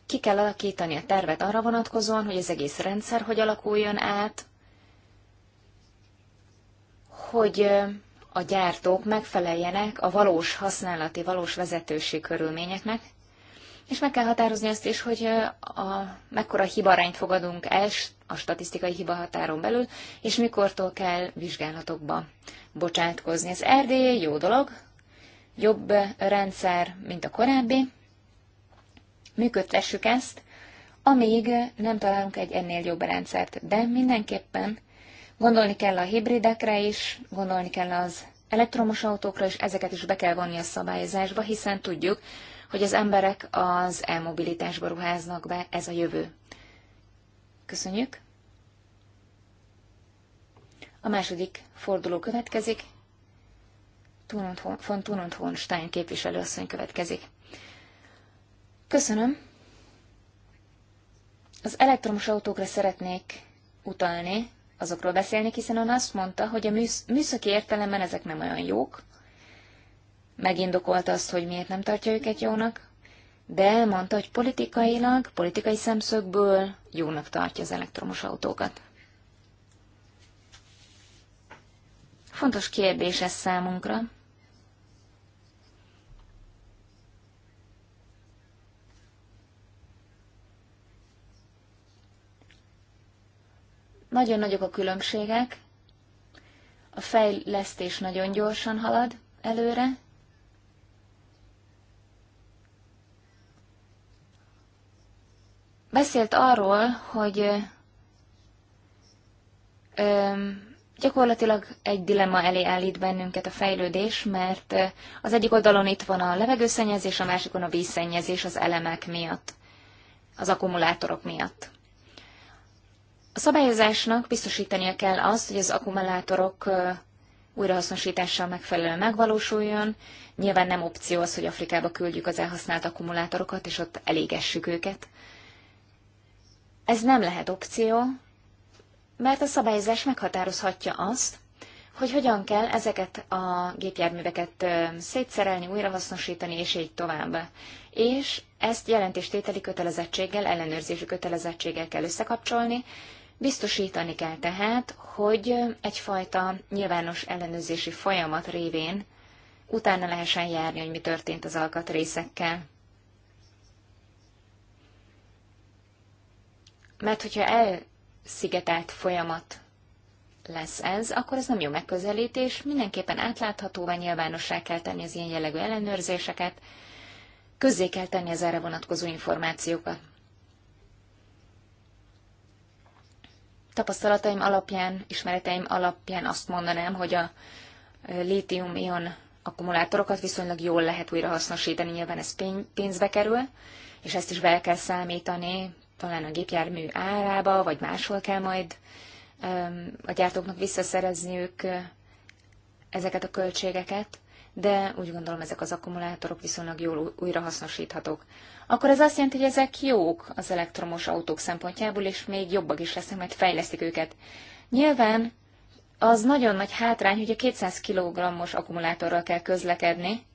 ki kell alakítani a tervet arra vonatkozóan, hogy az egész rendszer hogy alakuljon át, hogy a gyártók megfeleljenek a valós használati, valós vezetőség körülményeknek, és meg kell határozni azt is, hogy a, mekkora hibarányt fogadunk el a statisztikai hibahatáron belül, és mikortól kell vizsgálatokba bocsátkozni. Az Erdély jó dolog, jobb rendszer, mint a korábbi. Működtessük ezt, amíg nem találunk egy ennél jobb rendszert, de mindenképpen Gondolni kell a hibridekre is, gondolni kell az elektromos autókra, és ezeket is be kell vonni a szabályozásba, hiszen tudjuk, hogy az emberek az elmobilitásba ruháznak be, ez a jövő. Köszönjük! A második forduló következik. Von Tunund Hornstein képviselőasszony következik. Köszönöm. Az elektromos autókra szeretnék utalni azokról beszélnék, hiszen ön azt mondta, hogy a műsz- műszaki értelemben ezek nem olyan jók. Megindokolta azt, hogy miért nem tartja őket jónak, de mondta, hogy politikailag, politikai szemszögből jónak tartja az elektromos autókat. Fontos kérdés ez számunkra, Nagyon nagyok a különbségek, a fejlesztés nagyon gyorsan halad előre, Beszélt arról, hogy ö, gyakorlatilag egy dilemma elé állít bennünket a fejlődés, mert az egyik oldalon itt van a levegőszennyezés, a másikon a vízszennyezés az elemek miatt, az akkumulátorok miatt. A szabályozásnak biztosítania kell azt, hogy az akkumulátorok újrahasznosítással megfelelően megvalósuljon. Nyilván nem opció az, hogy Afrikába küldjük az elhasznált akkumulátorokat, és ott elégessük őket. Ez nem lehet opció, mert a szabályozás meghatározhatja azt, hogy hogyan kell ezeket a gépjárműveket szétszerelni, újrahasznosítani, és így tovább. És ezt jelentéstételi kötelezettséggel, ellenőrzési kötelezettséggel kell összekapcsolni, Biztosítani kell tehát, hogy egyfajta nyilvános ellenőrzési folyamat révén utána lehessen járni, hogy mi történt az alkatrészekkel. Mert hogyha elszigetelt folyamat lesz ez, akkor ez nem jó megközelítés, mindenképpen átláthatóvá nyilvánossá kell tenni az ilyen jellegű ellenőrzéseket, közzé kell tenni az erre vonatkozó információkat. tapasztalataim alapján, ismereteim alapján azt mondanám, hogy a lítium-ion akkumulátorokat viszonylag jól lehet újra hasznosítani, nyilván ez pénzbe kerül, és ezt is be kell számítani, talán a gépjármű árába, vagy máshol kell majd a gyártóknak visszaszerezniük ezeket a költségeket, de úgy gondolom ezek az akkumulátorok viszonylag jól újrahasznosíthatók akkor ez azt jelenti, hogy ezek jók az elektromos autók szempontjából, és még jobbak is lesznek, mert fejlesztik őket. Nyilván az nagyon nagy hátrány, hogy a 200 kg-os akkumulátorral kell közlekedni.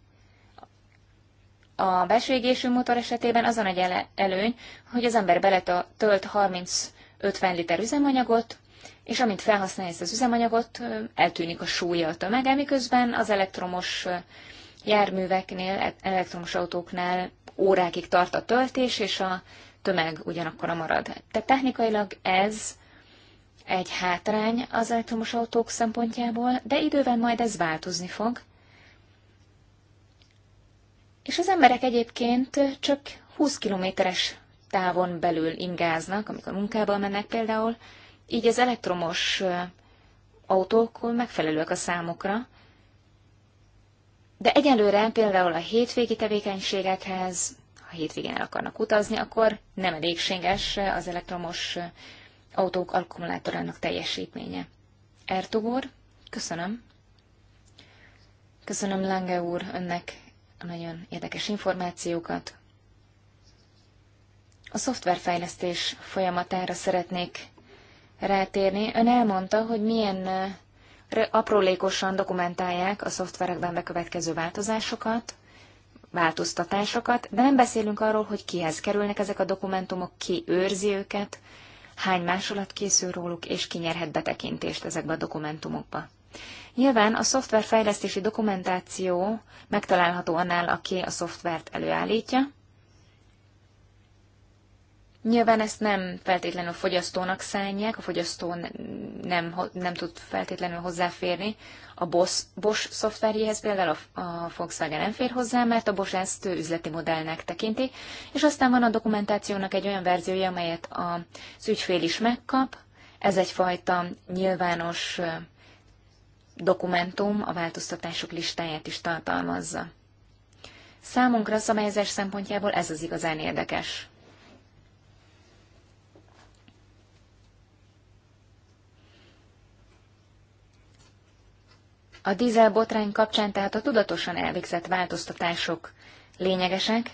A belső égésű motor esetében az a nagy előny, hogy az ember beletölt 30-50 liter üzemanyagot, és amint felhasználja ezt az üzemanyagot, eltűnik a súlya a tömege, miközben az elektromos járműveknél, e- elektromos autóknál órákig tart a töltés, és a tömeg ugyanakkor marad. Tehát technikailag ez egy hátrány az elektromos autók szempontjából, de idővel majd ez változni fog. És az emberek egyébként csak 20 kilométeres távon belül ingáznak, amikor munkába mennek például, így az elektromos autók megfelelőek a számokra, de egyelőre például a hétvégi tevékenységekhez, ha hétvégén el akarnak utazni, akkor nem elégséges az elektromos autók akkumulátorának teljesítménye. Ertug úr, köszönöm. Köszönöm Lange úr önnek a nagyon érdekes információkat. A szoftverfejlesztés folyamatára szeretnék rátérni. Ön elmondta, hogy milyen aprólékosan dokumentálják a szoftverekben bekövetkező változásokat, változtatásokat, de nem beszélünk arról, hogy kihez kerülnek ezek a dokumentumok, ki őrzi őket, hány másolat készül róluk, és ki nyerhet betekintést ezekbe a dokumentumokba. Nyilván a szoftverfejlesztési dokumentáció megtalálható annál, aki a szoftvert előállítja, Nyilván ezt nem feltétlenül fogyasztónak szállják, a fogyasztó nem, nem tud feltétlenül hozzáférni. A Bosch, Bosch szoftverjéhez például a, a Volkswagen nem fér hozzá, mert a Bosch ezt üzleti modellnek tekinti, és aztán van a dokumentációnak egy olyan verziója, amelyet az ügyfél is megkap. Ez egyfajta nyilvános dokumentum a változtatások listáját is tartalmazza. Számunkra a szabályozás szempontjából ez az igazán érdekes A dízel botrány kapcsán tehát a tudatosan elvégzett változtatások lényegesek.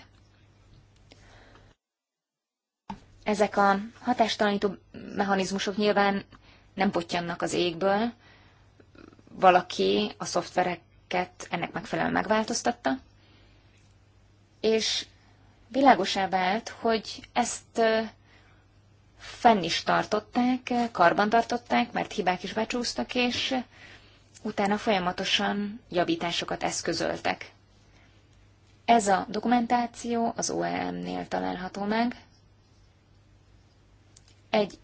Ezek a hatástalanító mechanizmusok nyilván nem potyannak az égből, valaki a szoftvereket ennek megfelelően megváltoztatta, és világosá vált, hogy ezt fenn is tartották, karban tartották, mert hibák is becsúsztak, és utána folyamatosan javításokat eszközöltek. Ez a dokumentáció az OEM-nél található meg. Egy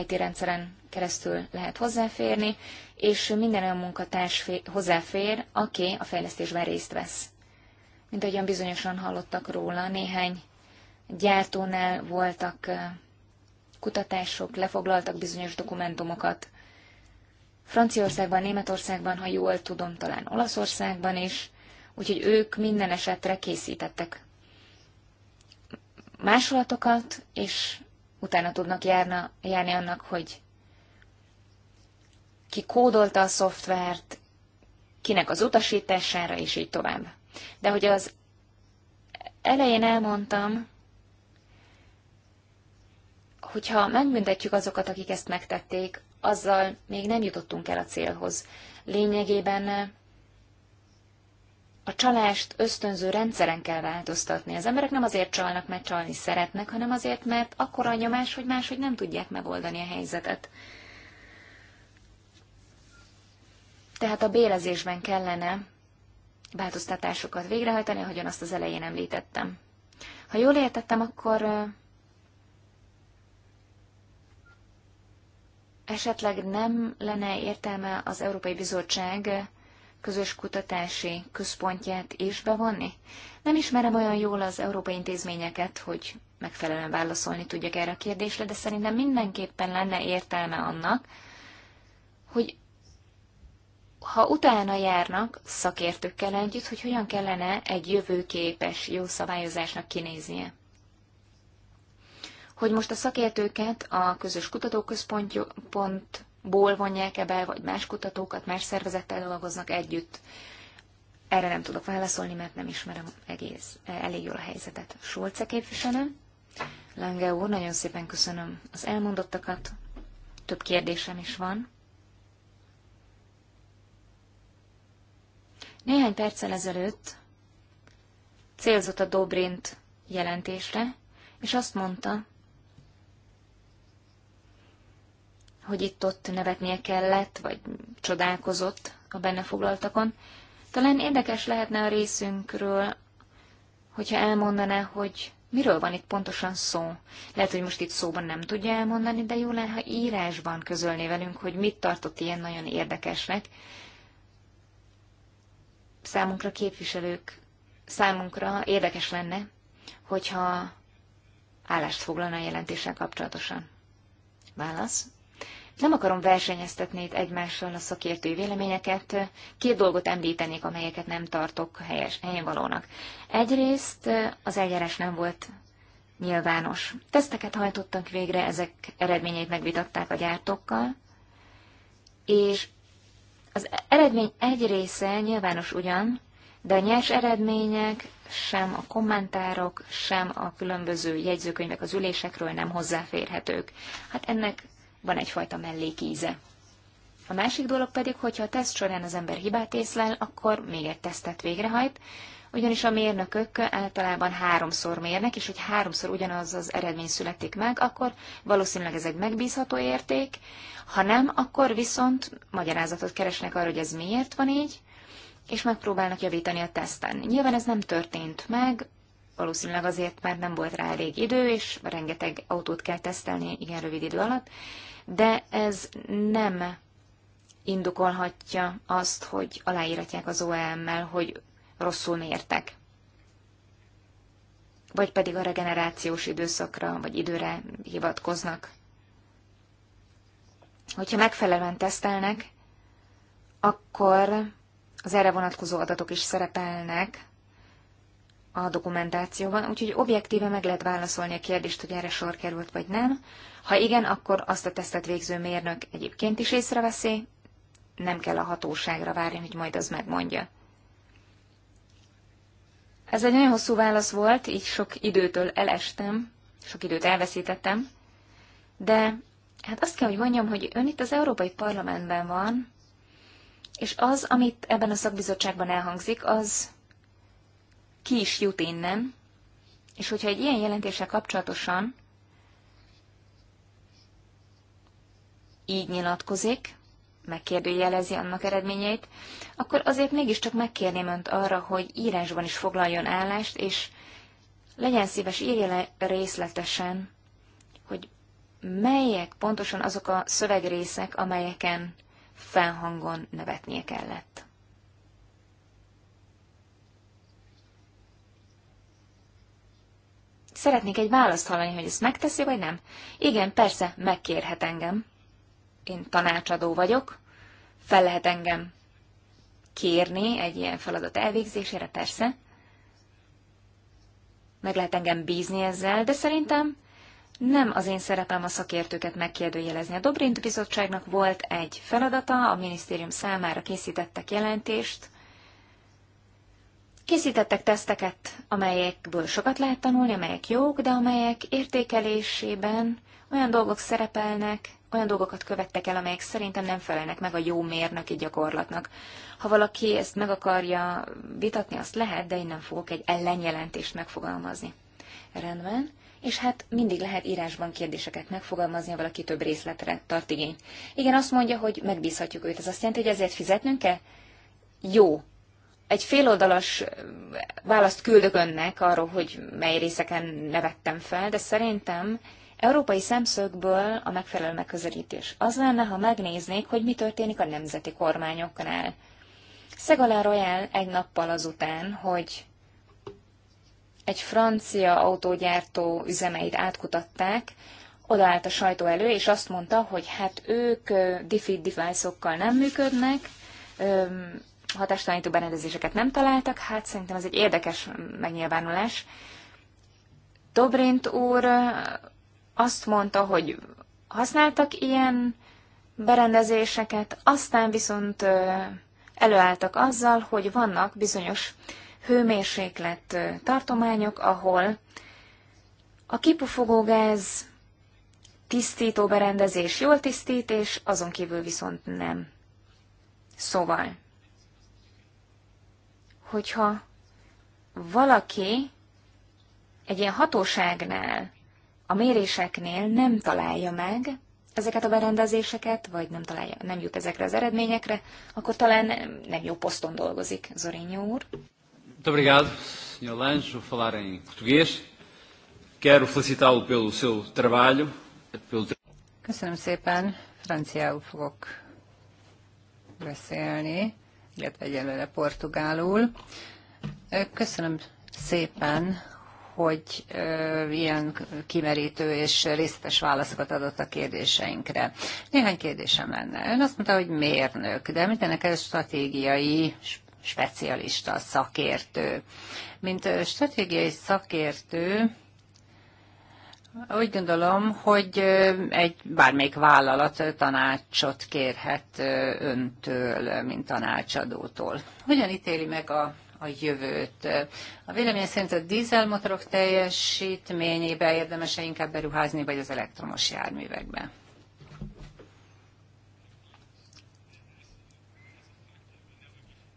IT rendszeren keresztül lehet hozzáférni, és minden olyan munkatárs hozzáfér, aki a fejlesztésben részt vesz. Mint ahogyan bizonyosan hallottak róla, néhány gyártónál voltak eh, kutatások, lefoglaltak bizonyos dokumentumokat, Franciaországban, Németországban, ha jól tudom, talán Olaszországban is, úgyhogy ők minden esetre készítettek másolatokat, és utána tudnak járna, járni annak, hogy ki kódolta a szoftvert, kinek az utasítására, és így tovább. De hogy az elején elmondtam, hogyha megbüntetjük azokat, akik ezt megtették, azzal még nem jutottunk el a célhoz. Lényegében eh, a csalást ösztönző rendszeren kell változtatni. Az emberek nem azért csalnak, mert csalni szeretnek, hanem azért, mert akkor a nyomás, hogy máshogy nem tudják megoldani a helyzetet. Tehát a bélezésben kellene változtatásokat végrehajtani, ahogyan azt az elején említettem. Ha jól értettem, akkor eh, esetleg nem lenne értelme az Európai Bizottság közös kutatási központját is bevonni? Nem ismerem olyan jól az európai intézményeket, hogy megfelelően válaszolni tudjak erre a kérdésre, de szerintem mindenképpen lenne értelme annak, hogy ha utána járnak szakértőkkel együtt, hogy hogyan kellene egy jövőképes jó szabályozásnak kinéznie hogy most a szakértőket a közös kutatóközpontból vonják-e be, vagy más kutatókat, más szervezettel dolgoznak együtt. Erre nem tudok válaszolni, mert nem ismerem egész, elég jól a helyzetet. Solce képviselő. Lange úr, nagyon szépen köszönöm az elmondottakat. Több kérdésem is van. Néhány perccel ezelőtt célzott a Dobrint jelentésre, és azt mondta, hogy itt-ott nevetnie kellett, vagy csodálkozott a benne foglaltakon. Talán érdekes lehetne a részünkről, hogyha elmondaná, hogy miről van itt pontosan szó. Lehet, hogy most itt szóban nem tudja elmondani, de jó lenne, ha írásban közölné velünk, hogy mit tartott ilyen nagyon érdekesnek. Számunkra képviselők, számunkra érdekes lenne, hogyha állást foglalna a jelentéssel kapcsolatosan. Válasz. Nem akarom versenyeztetni itt egymással a szakértői véleményeket. Két dolgot említenék, amelyeket nem tartok helyes, helyén valónak. Egyrészt az eljárás nem volt nyilvános. Teszteket hajtottak végre, ezek eredményeit megvitatták a gyártókkal, és az eredmény egy része nyilvános ugyan, de a nyers eredmények sem a kommentárok, sem a különböző jegyzőkönyvek az ülésekről nem hozzáférhetők. Hát ennek van egyfajta mellékíze. A másik dolog pedig, hogyha a teszt során az ember hibát észlel, akkor még egy tesztet végrehajt, ugyanis a mérnökök általában háromszor mérnek, és hogy háromszor ugyanaz az eredmény születik meg, akkor valószínűleg ez egy megbízható érték, ha nem, akkor viszont magyarázatot keresnek arra, hogy ez miért van így, és megpróbálnak javítani a teszten. Nyilván ez nem történt meg, valószínűleg azért, mert nem volt rá elég idő, és rengeteg autót kell tesztelni igen rövid idő alatt, de ez nem indokolhatja azt, hogy aláíratják az OEM-mel, hogy rosszul mértek. Vagy pedig a regenerációs időszakra, vagy időre hivatkoznak. Hogyha megfelelően tesztelnek, akkor az erre vonatkozó adatok is szerepelnek a dokumentációban, úgyhogy objektíve meg lehet válaszolni a kérdést, hogy erre sor került vagy nem. Ha igen, akkor azt a tesztet végző mérnök egyébként is észreveszi, nem kell a hatóságra várni, hogy majd az megmondja. Ez egy nagyon hosszú válasz volt, így sok időtől elestem, sok időt elveszítettem, de hát azt kell, hogy mondjam, hogy ön itt az Európai Parlamentben van, és az, amit ebben a szakbizottságban elhangzik, az ki is jut innen, és hogyha egy ilyen jelentéssel kapcsolatosan így nyilatkozik, megkérdőjelezi annak eredményeit, akkor azért mégiscsak megkérném Önt arra, hogy írásban is foglaljon állást, és legyen szíves, írja le részletesen, hogy melyek pontosan azok a szövegrészek, amelyeken felhangon nevetnie kellett. Szeretnék egy választ hallani, hogy ezt megteszi, vagy nem. Igen, persze, megkérhet engem. Én tanácsadó vagyok. Fel lehet engem kérni egy ilyen feladat elvégzésére, persze. Meg lehet engem bízni ezzel, de szerintem nem az én szerepem a szakértőket megkérdőjelezni. A Dobrint Bizottságnak volt egy feladata, a minisztérium számára készítettek jelentést, Készítettek teszteket, amelyekből sokat lehet tanulni, amelyek jók, de amelyek értékelésében olyan dolgok szerepelnek, olyan dolgokat követtek el, amelyek szerintem nem felelnek meg a jó mérnöki gyakorlatnak. Ha valaki ezt meg akarja vitatni, azt lehet, de én nem fogok egy ellenjelentést megfogalmazni. Rendben. És hát mindig lehet írásban kérdéseket megfogalmazni, ha valaki több részletre tart igény. Igen, azt mondja, hogy megbízhatjuk őt. Ez azt jelenti, hogy ezért fizetnünk kell? Jó, egy féloldalas választ küldök önnek arról, hogy mely részeken nevettem fel, de szerintem európai szemszögből a megfelelő megközelítés az lenne, ha megnéznék, hogy mi történik a nemzeti kormányoknál. Szegalá Royal egy nappal azután, hogy egy francia autógyártó üzemeit átkutatták, odaállt a sajtó elő, és azt mondta, hogy hát ők defeat device-okkal nem működnek, hatástalanító berendezéseket nem találtak, hát szerintem ez egy érdekes megnyilvánulás. Dobrint úr azt mondta, hogy használtak ilyen berendezéseket, aztán viszont előálltak azzal, hogy vannak bizonyos hőmérséklet tartományok, ahol a kipufogógáz tisztító berendezés jól tisztít, és azon kívül viszont nem. Szóval hogyha valaki egy ilyen hatóságnál, a méréseknél nem találja meg ezeket a berendezéseket, vagy nem, találja, nem jut ezekre az eredményekre, akkor talán nem, jó poszton dolgozik, Zorinho úr. Muito obrigado, Sr. Lange, vou falar em português. Quero felicitá-lo pelo seu trabalho. Pelo... Köszönöm szépen, franciául fogok beszélni illetve egyelőre portugálul. Köszönöm szépen, hogy ilyen kimerítő és részletes válaszokat adott a kérdéseinkre. Néhány kérdésem lenne. Ön azt mondta, hogy mérnök, de mindenek ez stratégiai specialista, szakértő. Mint stratégiai szakértő, úgy gondolom, hogy egy bármelyik vállalat tanácsot kérhet öntől, mint tanácsadótól. Hogyan ítéli meg a a jövőt. A vélemény szerint a dízelmotorok teljesítményébe érdemes -e inkább beruházni, vagy az elektromos járművekbe?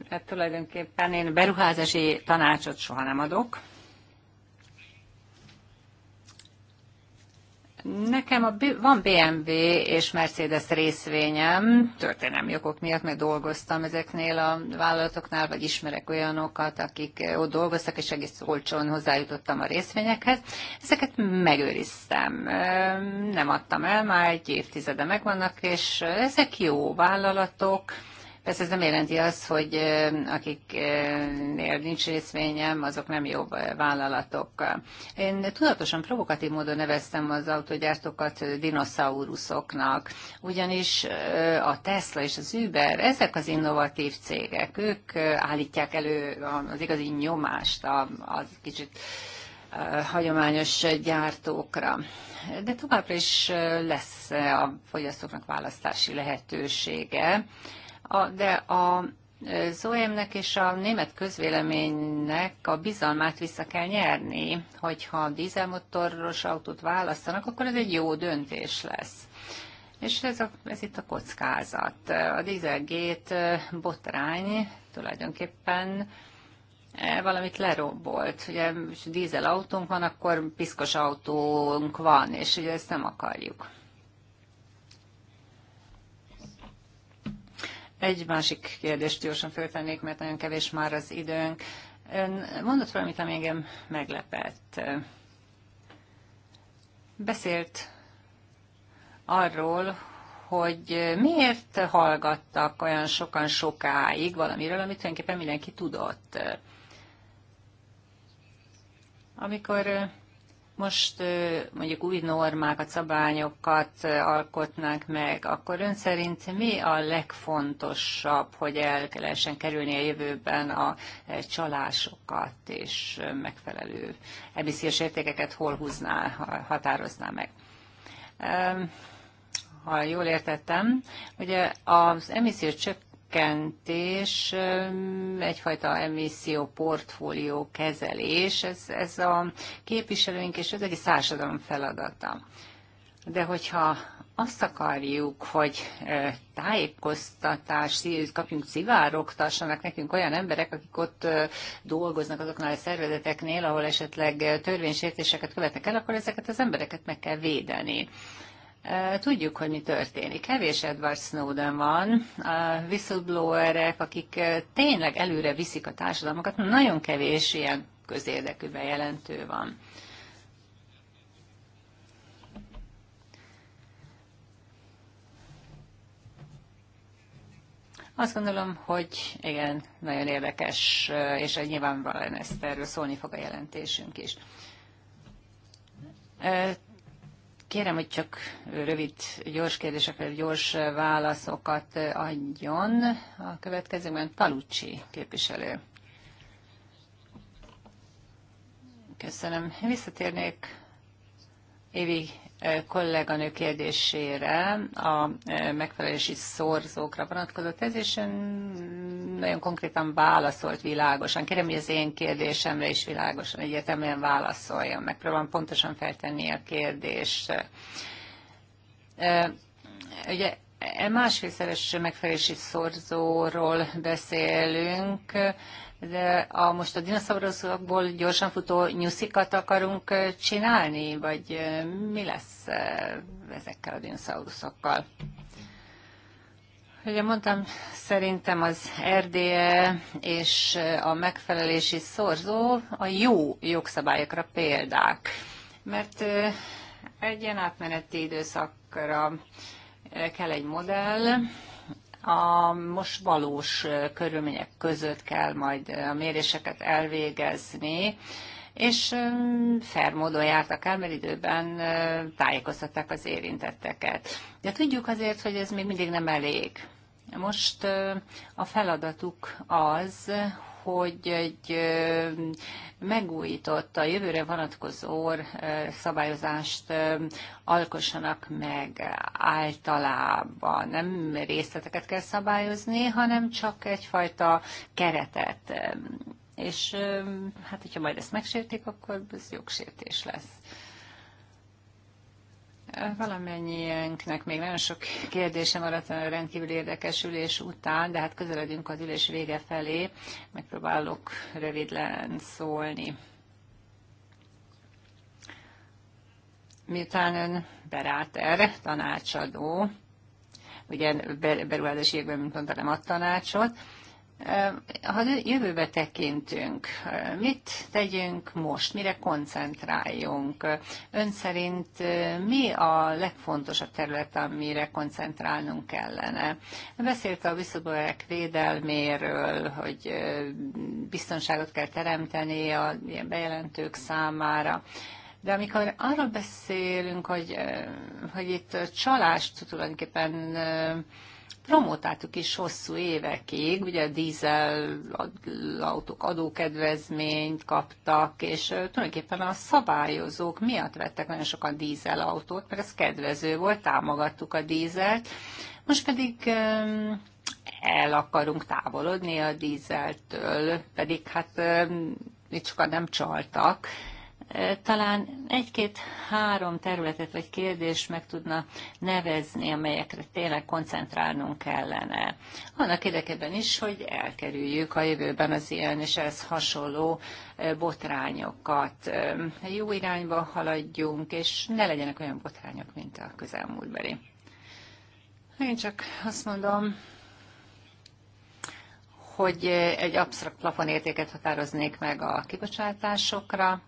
Hát tulajdonképpen én beruházási tanácsot soha nem adok. Nekem a, van BMW és Mercedes részvényem, történelmi okok miatt, mert dolgoztam ezeknél a vállalatoknál, vagy ismerek olyanokat, akik ott dolgoztak, és egész olcsón hozzájutottam a részvényekhez. Ezeket megőriztem, nem adtam el, már egy évtizede megvannak, és ezek jó vállalatok, Persze ez nem jelenti azt, hogy akiknél nincs részvényem, azok nem jobb vállalatok. Én tudatosan provokatív módon neveztem az autógyártókat dinoszauruszoknak, ugyanis a Tesla és az Uber, ezek az innovatív cégek, ők állítják elő az igazi nyomást, a, a kicsit hagyományos gyártókra. De továbbra is lesz a fogyasztóknak választási lehetősége a, de a az e, nek és a német közvéleménynek a bizalmát vissza kell nyerni, hogyha a dízelmotoros autót választanak, akkor ez egy jó döntés lesz. És ez, a, ez itt a kockázat. A dízelgét e, botrány tulajdonképpen e, valamit lerombolt. Ugye dízel autónk van, akkor piszkos autónk van, és ugye ezt nem akarjuk. Egy másik kérdést gyorsan föltennék, mert nagyon kevés már az időnk. Ön mondott valamit, ami engem meglepett. Beszélt arról, hogy miért hallgattak olyan sokan sokáig valamiről, amit tulajdonképpen mindenki tudott. Amikor most mondjuk új normákat, szabályokat alkotnánk meg, akkor ön szerint mi a legfontosabb, hogy el lehessen kerülni a jövőben a csalásokat és megfelelő emissziós értékeket hol húzná, határozná meg? ha jól értettem, ugye az emissziós csökkentés csökkentés, egyfajta emisszió portfólió kezelés, ez, ez a képviselőink és az egész társadalom feladata. De hogyha azt akarjuk, hogy tájékoztatás, kapjunk, szivárogtassanak nekünk olyan emberek, akik ott dolgoznak azoknál a szervezeteknél, ahol esetleg törvénysértéseket követnek el, akkor ezeket az embereket meg kell védeni. Tudjuk, hogy mi történik. Kevés Edward Snowden van, a whistleblowerek, akik tényleg előre viszik a társadalmakat, nagyon kevés ilyen közérdekű bejelentő van. Azt gondolom, hogy igen, nagyon érdekes, és nyilvánvalóan ezt erről szólni fog a jelentésünk is. Kérem, hogy csak rövid, gyors kérdésekre, gyors válaszokat adjon a következőben. Talucsi képviselő. Köszönöm. Visszatérnék Évi kolléganő kérdésére a e, megfelelési szorzókra vonatkozott ez, és nagyon konkrétan válaszolt világosan. Kérem, hogy az én kérdésemre is világosan, egyértelműen válaszoljon. Megpróbálom pontosan feltenni a kérdést. E, ugye e másfélszeres megfelelési szorzóról beszélünk, de a, most a dinoszauruszokból gyorsan futó nyuszikat akarunk csinálni, vagy mi lesz ezekkel a dinoszauruszokkal? Ugye mondtam, szerintem az RDE és a megfelelési szorzó a jó jogszabályokra példák. Mert egy ilyen átmeneti időszakra kell egy modell, a most valós körülmények között kell majd a méréseket elvégezni, és fair módon jártak el, mert időben tájékoztatták az érintetteket. De tudjuk azért, hogy ez még mindig nem elég. Most a feladatuk az, hogy egy megújított, a jövőre vonatkozó szabályozást alkossanak meg általában. Nem részleteket kell szabályozni, hanem csak egyfajta keretet. És hát, hogyha majd ezt megsértik, akkor ez jogsértés lesz. Valamennyiünknek még nagyon sok kérdése maradt a rendkívül érdekes ülés után, de hát közeledünk az ülés vége felé. Megpróbálok röviden szólni. Miután ön beráter, tanácsadó, ugye beruházási évben, mint mondta, nem ad tanácsot, ha jövőbe tekintünk, mit tegyünk most, mire koncentráljunk? Ön szerint mi a legfontosabb terület, amire koncentrálnunk kellene? Beszélt a visszabőrek védelméről, hogy biztonságot kell teremteni a ilyen bejelentők számára. De amikor arról beszélünk, hogy, hogy itt csalást tulajdonképpen promotáltuk is hosszú évekig, ugye a dízel autók adókedvezményt kaptak, és tulajdonképpen a szabályozók miatt vettek nagyon sokan dízel autót, mert ez kedvező volt, támogattuk a dízelt, most pedig el akarunk távolodni a dízeltől, pedig hát itt sokan nem csaltak, talán egy-két-három területet vagy kérdést meg tudna nevezni, amelyekre tényleg koncentrálnunk kellene. Annak érdekében is, hogy elkerüljük a jövőben az ilyen és ez hasonló botrányokat. Jó irányba haladjunk, és ne legyenek olyan botrányok, mint a közelmúltbeli. Én csak azt mondom, hogy egy absztrakt plafonértéket határoznék meg a kibocsátásokra,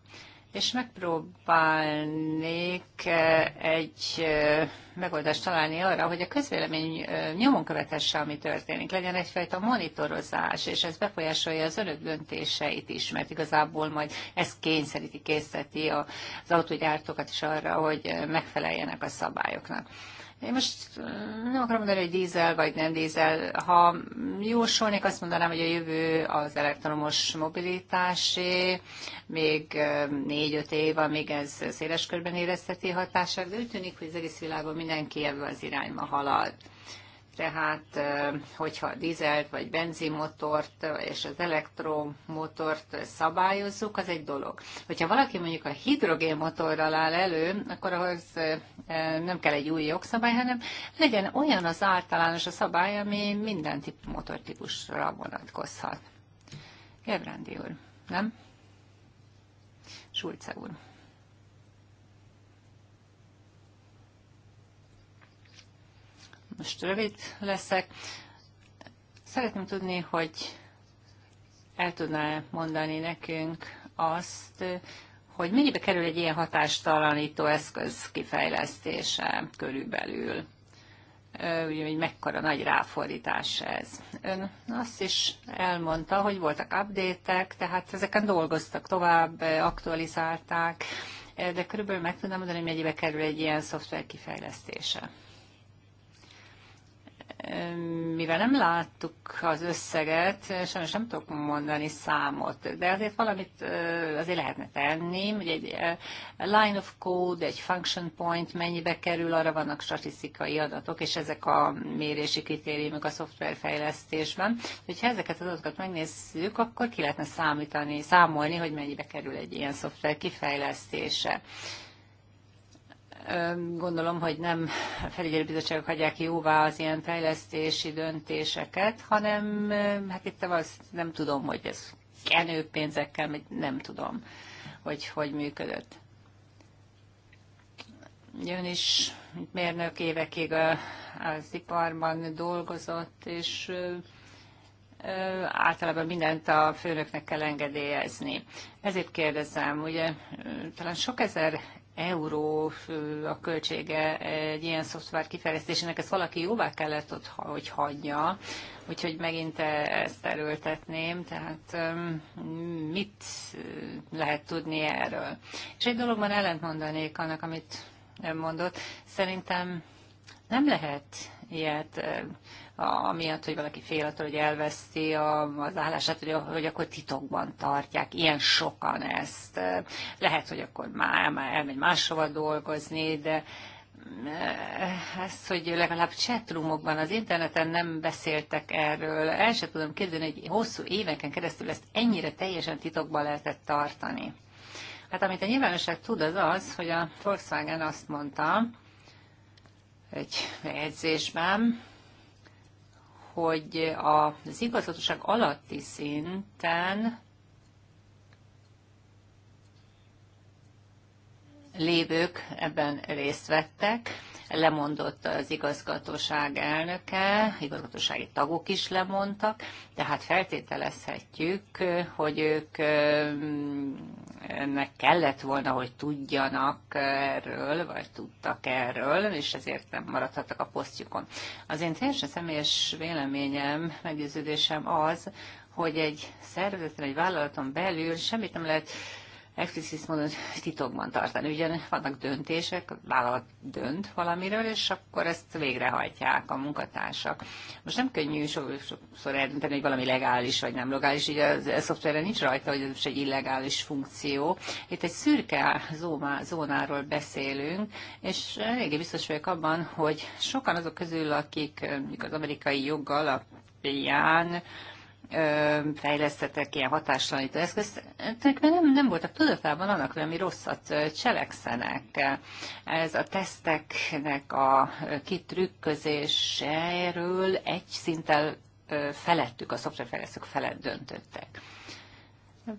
és megpróbálnék eh, egy eh, megoldást találni arra, hogy a közvélemény eh, nyomon követesse, ami történik. Legyen egyfajta monitorozás, és ez befolyásolja az önök döntéseit is, mert igazából majd ez kényszeríti, készíteti az autógyártókat is arra, hogy megfeleljenek a szabályoknak. Én most nem akarom mondani, hogy dízel vagy nem dízel. Ha jósolnék, azt mondanám, hogy a jövő az elektromos mobilitásé, még négy-öt év, amíg ez széles körben érezteti hatását, de úgy tűnik, hogy az egész világon mindenki ebbe az irányba halad. Tehát, hogyha dizelt vagy benzinmotort és az elektromotort szabályozzuk, az egy dolog. Hogyha valaki mondjuk a hidrogénmotorral áll elő, akkor ahhoz nem kell egy új jogszabály, hanem legyen olyan az általános a szabály, ami minden tip motortípusra vonatkozhat. Gebrandi úr, nem? Schulze úr. most rövid leszek. Szeretném tudni, hogy el tudná mondani nekünk azt, hogy mennyibe kerül egy ilyen hatástalanító eszköz kifejlesztése körülbelül? Ugye, hogy mekkora nagy ráfordítás ez. Ön azt is elmondta, hogy voltak update tehát ezeken dolgoztak tovább, aktualizálták, de körülbelül meg tudnám mondani, hogy mennyibe kerül egy ilyen szoftver kifejlesztése mivel nem láttuk az összeget, sajnos nem tudok mondani számot, de azért valamit azért lehetne tenni, hogy egy line of code, egy function point mennyibe kerül, arra vannak statisztikai adatok, és ezek a mérési kritériumok a szoftverfejlesztésben. Hogyha ezeket az adatokat megnézzük, akkor ki lehetne számítani, számolni, hogy mennyibe kerül egy ilyen szoftver kifejlesztése gondolom, hogy nem felügyelőbizottságok hagyják jóvá az ilyen fejlesztési döntéseket, hanem hát itt azt nem tudom, hogy ez kenő pénzekkel, nem tudom, hogy hogy működött. Jön is, mint mérnök évekig az iparban dolgozott, és általában mindent a főnöknek kell engedélyezni. Ezért kérdezem, ugye talán sok ezer euró a költsége egy ilyen szoftver kifejlesztésének, ezt valaki jóvá kellett, hogy hagyja, úgyhogy megint e, ezt erőltetném, tehát mit lehet tudni erről. És egy dologban ellentmondanék annak, amit ön mondott, szerintem nem lehet ilyet amiatt, hogy valaki fél attól, hogy elveszti a, az állását, hogy, hogy akkor titokban tartják ilyen sokan ezt. Lehet, hogy akkor már, már elmegy máshova dolgozni, de eh, ezt, hogy legalább chatroomokban, az interneten nem beszéltek erről. El sem tudom képzelni, hogy hosszú éveken keresztül ezt ennyire teljesen titokban lehetett tartani. Hát amit a nyilvánosság tud, az az, hogy a Volkswagen azt mondta egy jegyzésben, hogy az igazgatóság alatti szinten lévők ebben részt vettek, lemondott az igazgatóság elnöke, igazgatósági tagok is lemondtak, tehát feltételezhetjük, hogy ők ennek kellett volna, hogy tudjanak erről, vagy tudtak erről, és ezért nem maradhattak a posztjukon. Az én teljesen személyes véleményem, meggyőződésem az, hogy egy szervezeten, egy vállalaton belül semmit nem lehet explicit módon titokban tartani. Ugyan vannak döntések, a vállalat dönt valamiről, és akkor ezt végrehajtják a munkatársak. Most nem könnyű sokszor eldönteni, hogy valami legális vagy nem legális, így a e szoftveren nincs rajta, hogy ez most egy illegális funkció. Itt egy szürke zónáról beszélünk, és eléggé biztos vagyok abban, hogy sokan azok közül, akik eh, az amerikai joggal a pián fejlesztettek ilyen hatástalanító eszközt, mert nem, nem voltak tudatában annak, hogy ami rosszat cselekszenek. Ez a teszteknek a kitrükközéséről egy szinten felettük, a szoftverfejlesztők felett döntöttek.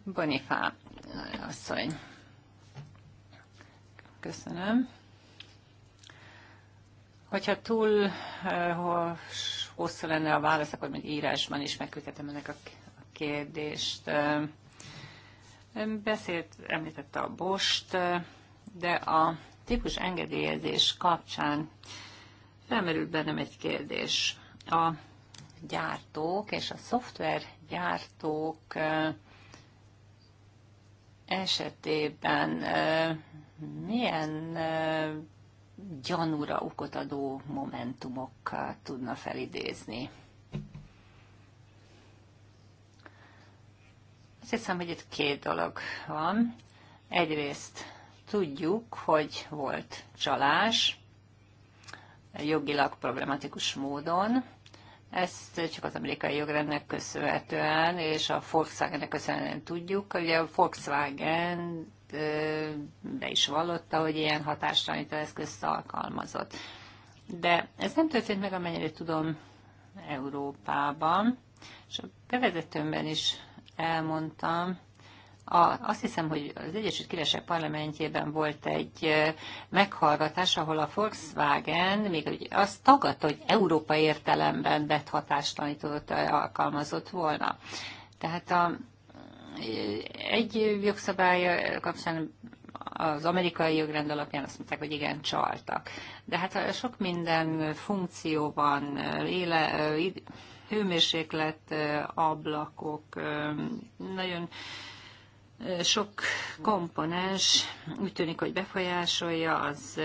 Bonifá asszony. Köszönöm. Hogyha túl hosszú lenne a válasz, akkor még írásban is megküldhetem ennek a kérdést. Ön beszélt, említette a Bost, de a típus engedélyezés kapcsán felmerült bennem egy kérdés. A gyártók és a szoftvergyártók esetében milyen gyanúra okot adó momentumokkal tudna felidézni. Azt hiszem, hogy itt két dolog van. Egyrészt tudjuk, hogy volt csalás, jogilag problematikus módon, ezt csak az amerikai jogrendnek köszönhetően, és a Volkswagennek köszönhetően tudjuk. Ugye a Volkswagen be is vallotta, hogy ilyen hatástalanító eszközt alkalmazott. De ez nem történt meg, amennyire tudom, Európában, és a bevezetőmben is elmondtam, a, azt hiszem, hogy az Egyesült Királyság parlamentjében volt egy meghallgatás, ahol a Volkswagen még azt tagadta, hogy Európa értelemben vett hatástalanítót alkalmazott volna. Tehát a, egy jogszabály kapcsán az amerikai jogrend alapján azt mondták, hogy igen, csaltak. De hát sok minden funkcióban, éle, hőmérséklet, ablakok, nagyon sok komponens úgy tűnik, hogy befolyásolja az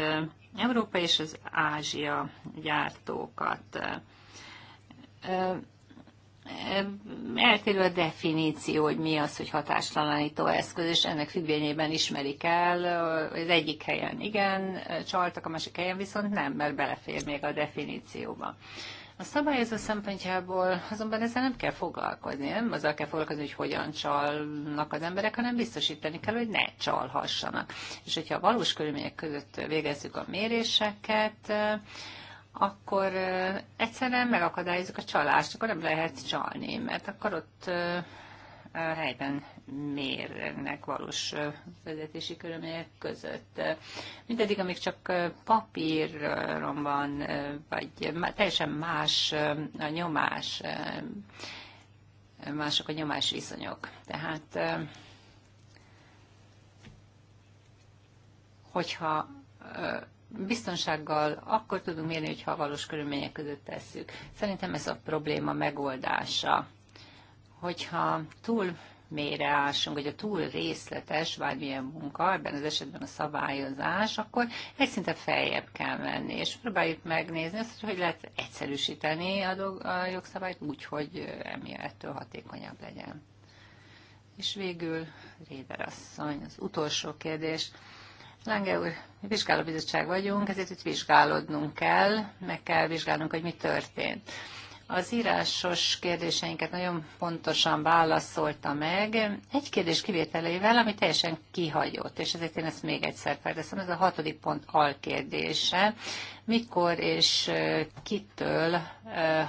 Európa és az Ázsia gyártókat eltérő a definíció, hogy mi az, hogy hatástalanító eszköz, és ennek függvényében ismerik el, az egyik helyen igen, csaltak, a másik helyen viszont nem, mert belefér még a definícióba. A szabályozó szempontjából azonban ezzel nem kell foglalkozni, nem azzal kell foglalkozni, hogy hogyan csalnak az emberek, hanem biztosítani kell, hogy ne csalhassanak. És hogyha a valós körülmények között végezzük a méréseket, akkor egyszerűen megakadályozunk a csalást, akkor nem lehet csalni, mert akkor ott helyben mérnek valós vezetési körülmények között. Mindeddig, amíg csak papíron van, vagy teljesen más a nyomás, mások a nyomás viszonyok. Tehát hogyha biztonsággal akkor tudunk mérni, hogyha a valós körülmények között tesszük. Szerintem ez a probléma megoldása. Hogyha túl mélyre ásunk, hogy a túl részletes bármilyen munka, ebben az esetben a szabályozás, akkor egy szinte feljebb kell menni, és próbáljuk megnézni azt, hogy lehet egyszerűsíteni a, dolg, a jogszabályt úgy, hogy ettől hatékonyabb legyen. És végül Réder asszony, az utolsó kérdés. Lange úr, mi vizsgálóbizottság vagyunk, ezért itt vizsgálódnunk kell, meg kell vizsgálnunk, hogy mi történt. Az írásos kérdéseinket nagyon pontosan válaszolta meg, egy kérdés kivételével, ami teljesen kihagyott, és ezért én ezt még egyszer felteszem, ez a hatodik pont alkérdése. Mikor és kitől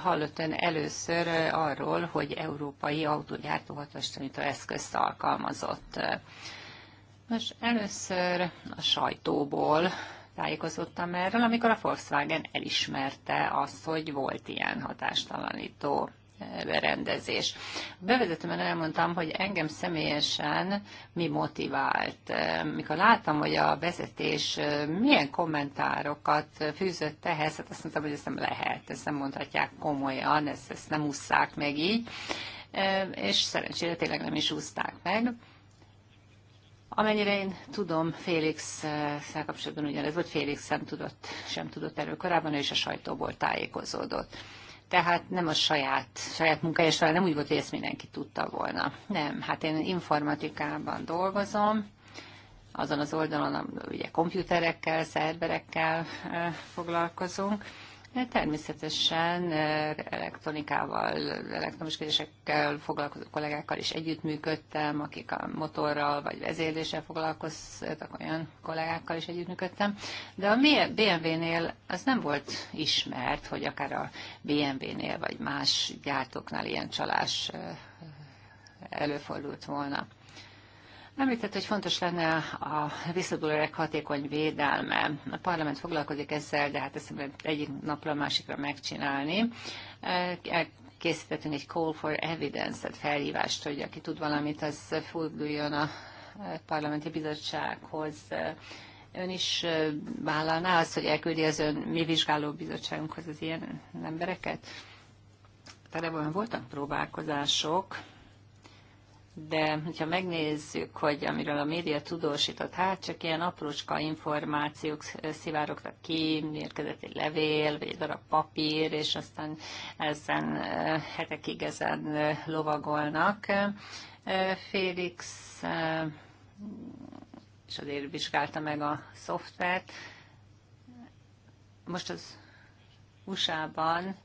hallott ön először arról, hogy európai autógyártó hatalmasító eszközt alkalmazott? Most először a sajtóból tájékozottam erről, amikor a Volkswagen elismerte azt, hogy volt ilyen hatástalanító berendezés. Eh, a bevezetőben elmondtam, hogy engem személyesen mi motivált. Eh, mikor láttam, hogy a vezetés eh, milyen kommentárokat fűzött ehhez, hát azt mondtam, hogy ezt nem lehet, ezt nem mondhatják komolyan, ezt, ezt nem ússzák meg így, és szerencsére tényleg nem is úszták meg. Amennyire én tudom, Félix-szel kapcsolatban ugyanez volt, Félix sem tudott, sem tudott erről korábban, és a sajtóból tájékozódott. Tehát nem a saját, saját munkája, saját nem úgy volt, hogy ezt mindenki tudta volna. Nem, hát én informatikában dolgozom, azon az oldalon, ugye komputerekkel, szerverekkel eh, foglalkozunk, de természetesen eh, elektronikával, elektromos kérdésekkel foglalkozó kollégákkal is együttműködtem, akik a motorral vagy vezérléssel foglalkoztak, olyan kollégákkal is együttműködtem, de a BMW-nél az nem volt ismert, hogy akár a BMW-nél vagy más gyártóknál ilyen csalás eh, előfordult volna. Említett, hogy fontos lenne a whistleblowerek hatékony védelme. A parlament foglalkozik ezzel, de hát ezt egyik napra a másikra megcsinálni készítettünk egy call for evidence-et, felhívást, hogy aki tud valamit, az forduljon a parlamenti bizottsághoz. Ön is vállalná azt, hogy elküldi az ön mi vizsgáló bizottságunkhoz az ilyen embereket? Tehát voltak próbálkozások, de hogyha megnézzük, hogy amiről a média tudósított, hát csak ilyen aprócska információk szivárogtak ki, érkezett egy levél, vagy egy darab papír, és aztán ezen eh, hetekig ezen eh, lovagolnak. Eh, Félix és azért vizsgálta meg a szoftvert. Most az USA-ban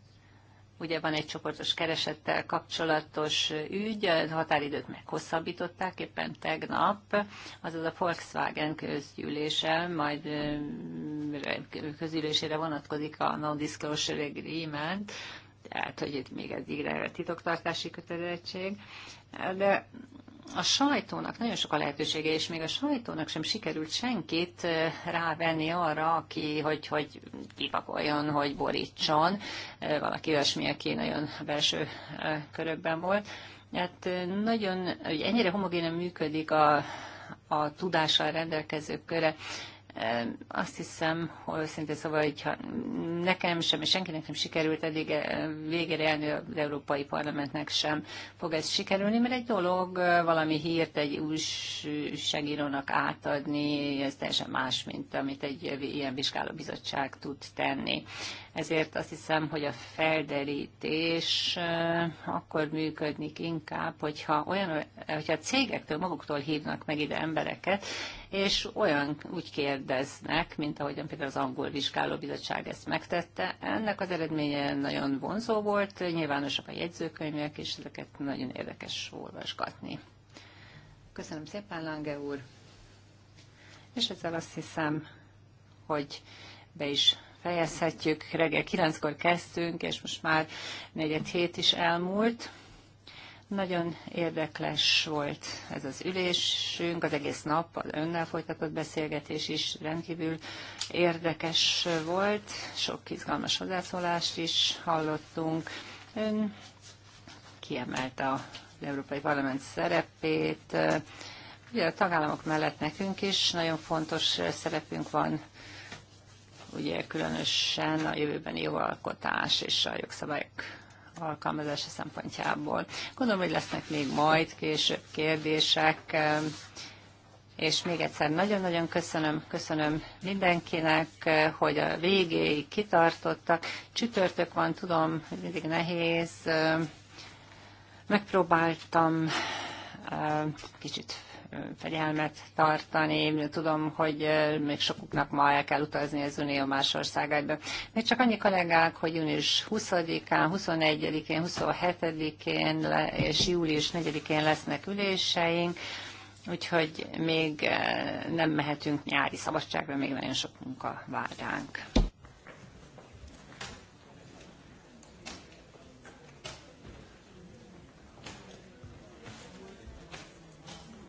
Ugye van egy csoportos keresettel kapcsolatos ügy, a határidőt meghosszabbították éppen tegnap, azaz a Volkswagen közgyűlése, majd közülésére vonatkozik a non-disclosure agreement, tehát hogy itt még eddigre titoktartási kötelezettség, de a sajtónak nagyon sok a lehetősége, és még a sajtónak sem sikerült senkit rávenni arra, aki, hogy, hogy kipakoljon, hogy borítson. Valaki olyasmi, aki nagyon belső körökben volt. Hát nagyon, hogy ennyire homogénen működik a, a tudással rendelkezők köre, azt hiszem, hogy szintén szóval, hogyha nekem sem, és senkinek nem sikerült eddig végére elnő az Európai Parlamentnek sem fog ez sikerülni, mert egy dolog valami hírt egy újságírónak átadni, ez teljesen más, mint amit egy ilyen vizsgálóbizottság tud tenni ezért azt hiszem, hogy a felderítés eh, akkor működik inkább, hogyha, olyan, hogyha a cégektől maguktól hívnak meg ide embereket, és olyan úgy kérdeznek, mint ahogyan például az angol vizsgálóbizottság ezt megtette. Ennek az eredménye nagyon vonzó volt, nyilvánosak a jegyzőkönyvek, és ezeket nagyon érdekes olvasgatni. Köszönöm szépen, Lange úr! És ezzel azt hiszem, hogy be is fejezhetjük. Reggel kilenckor kezdtünk, és most már negyed hét is elmúlt. Nagyon érdekes volt ez az ülésünk, az egész nap, az önnel folytatott beszélgetés is rendkívül érdekes volt, sok izgalmas hozzászólást is hallottunk. Ön kiemelte az Európai Parlament szerepét, Ugye a tagállamok mellett nekünk is nagyon fontos szerepünk van ugye különösen a jövőbeni jogalkotás és a jogszabályok alkalmazása szempontjából. Gondolom, hogy lesznek még majd később kérdések, és még egyszer nagyon-nagyon köszönöm, köszönöm mindenkinek, hogy a végéig kitartottak. Csütörtök van, tudom, hogy mindig nehéz. Megpróbáltam eh, kicsit fegyelmet tartani. Tudom, hogy még sokuknak ma el kell utazni az Unió más országába. Még csak annyi kollégák, hogy június 20-án, 21-én, 27-én és július 4-én lesznek üléseink, úgyhogy még nem mehetünk nyári szabadságra, még nagyon sok munka vár ránk.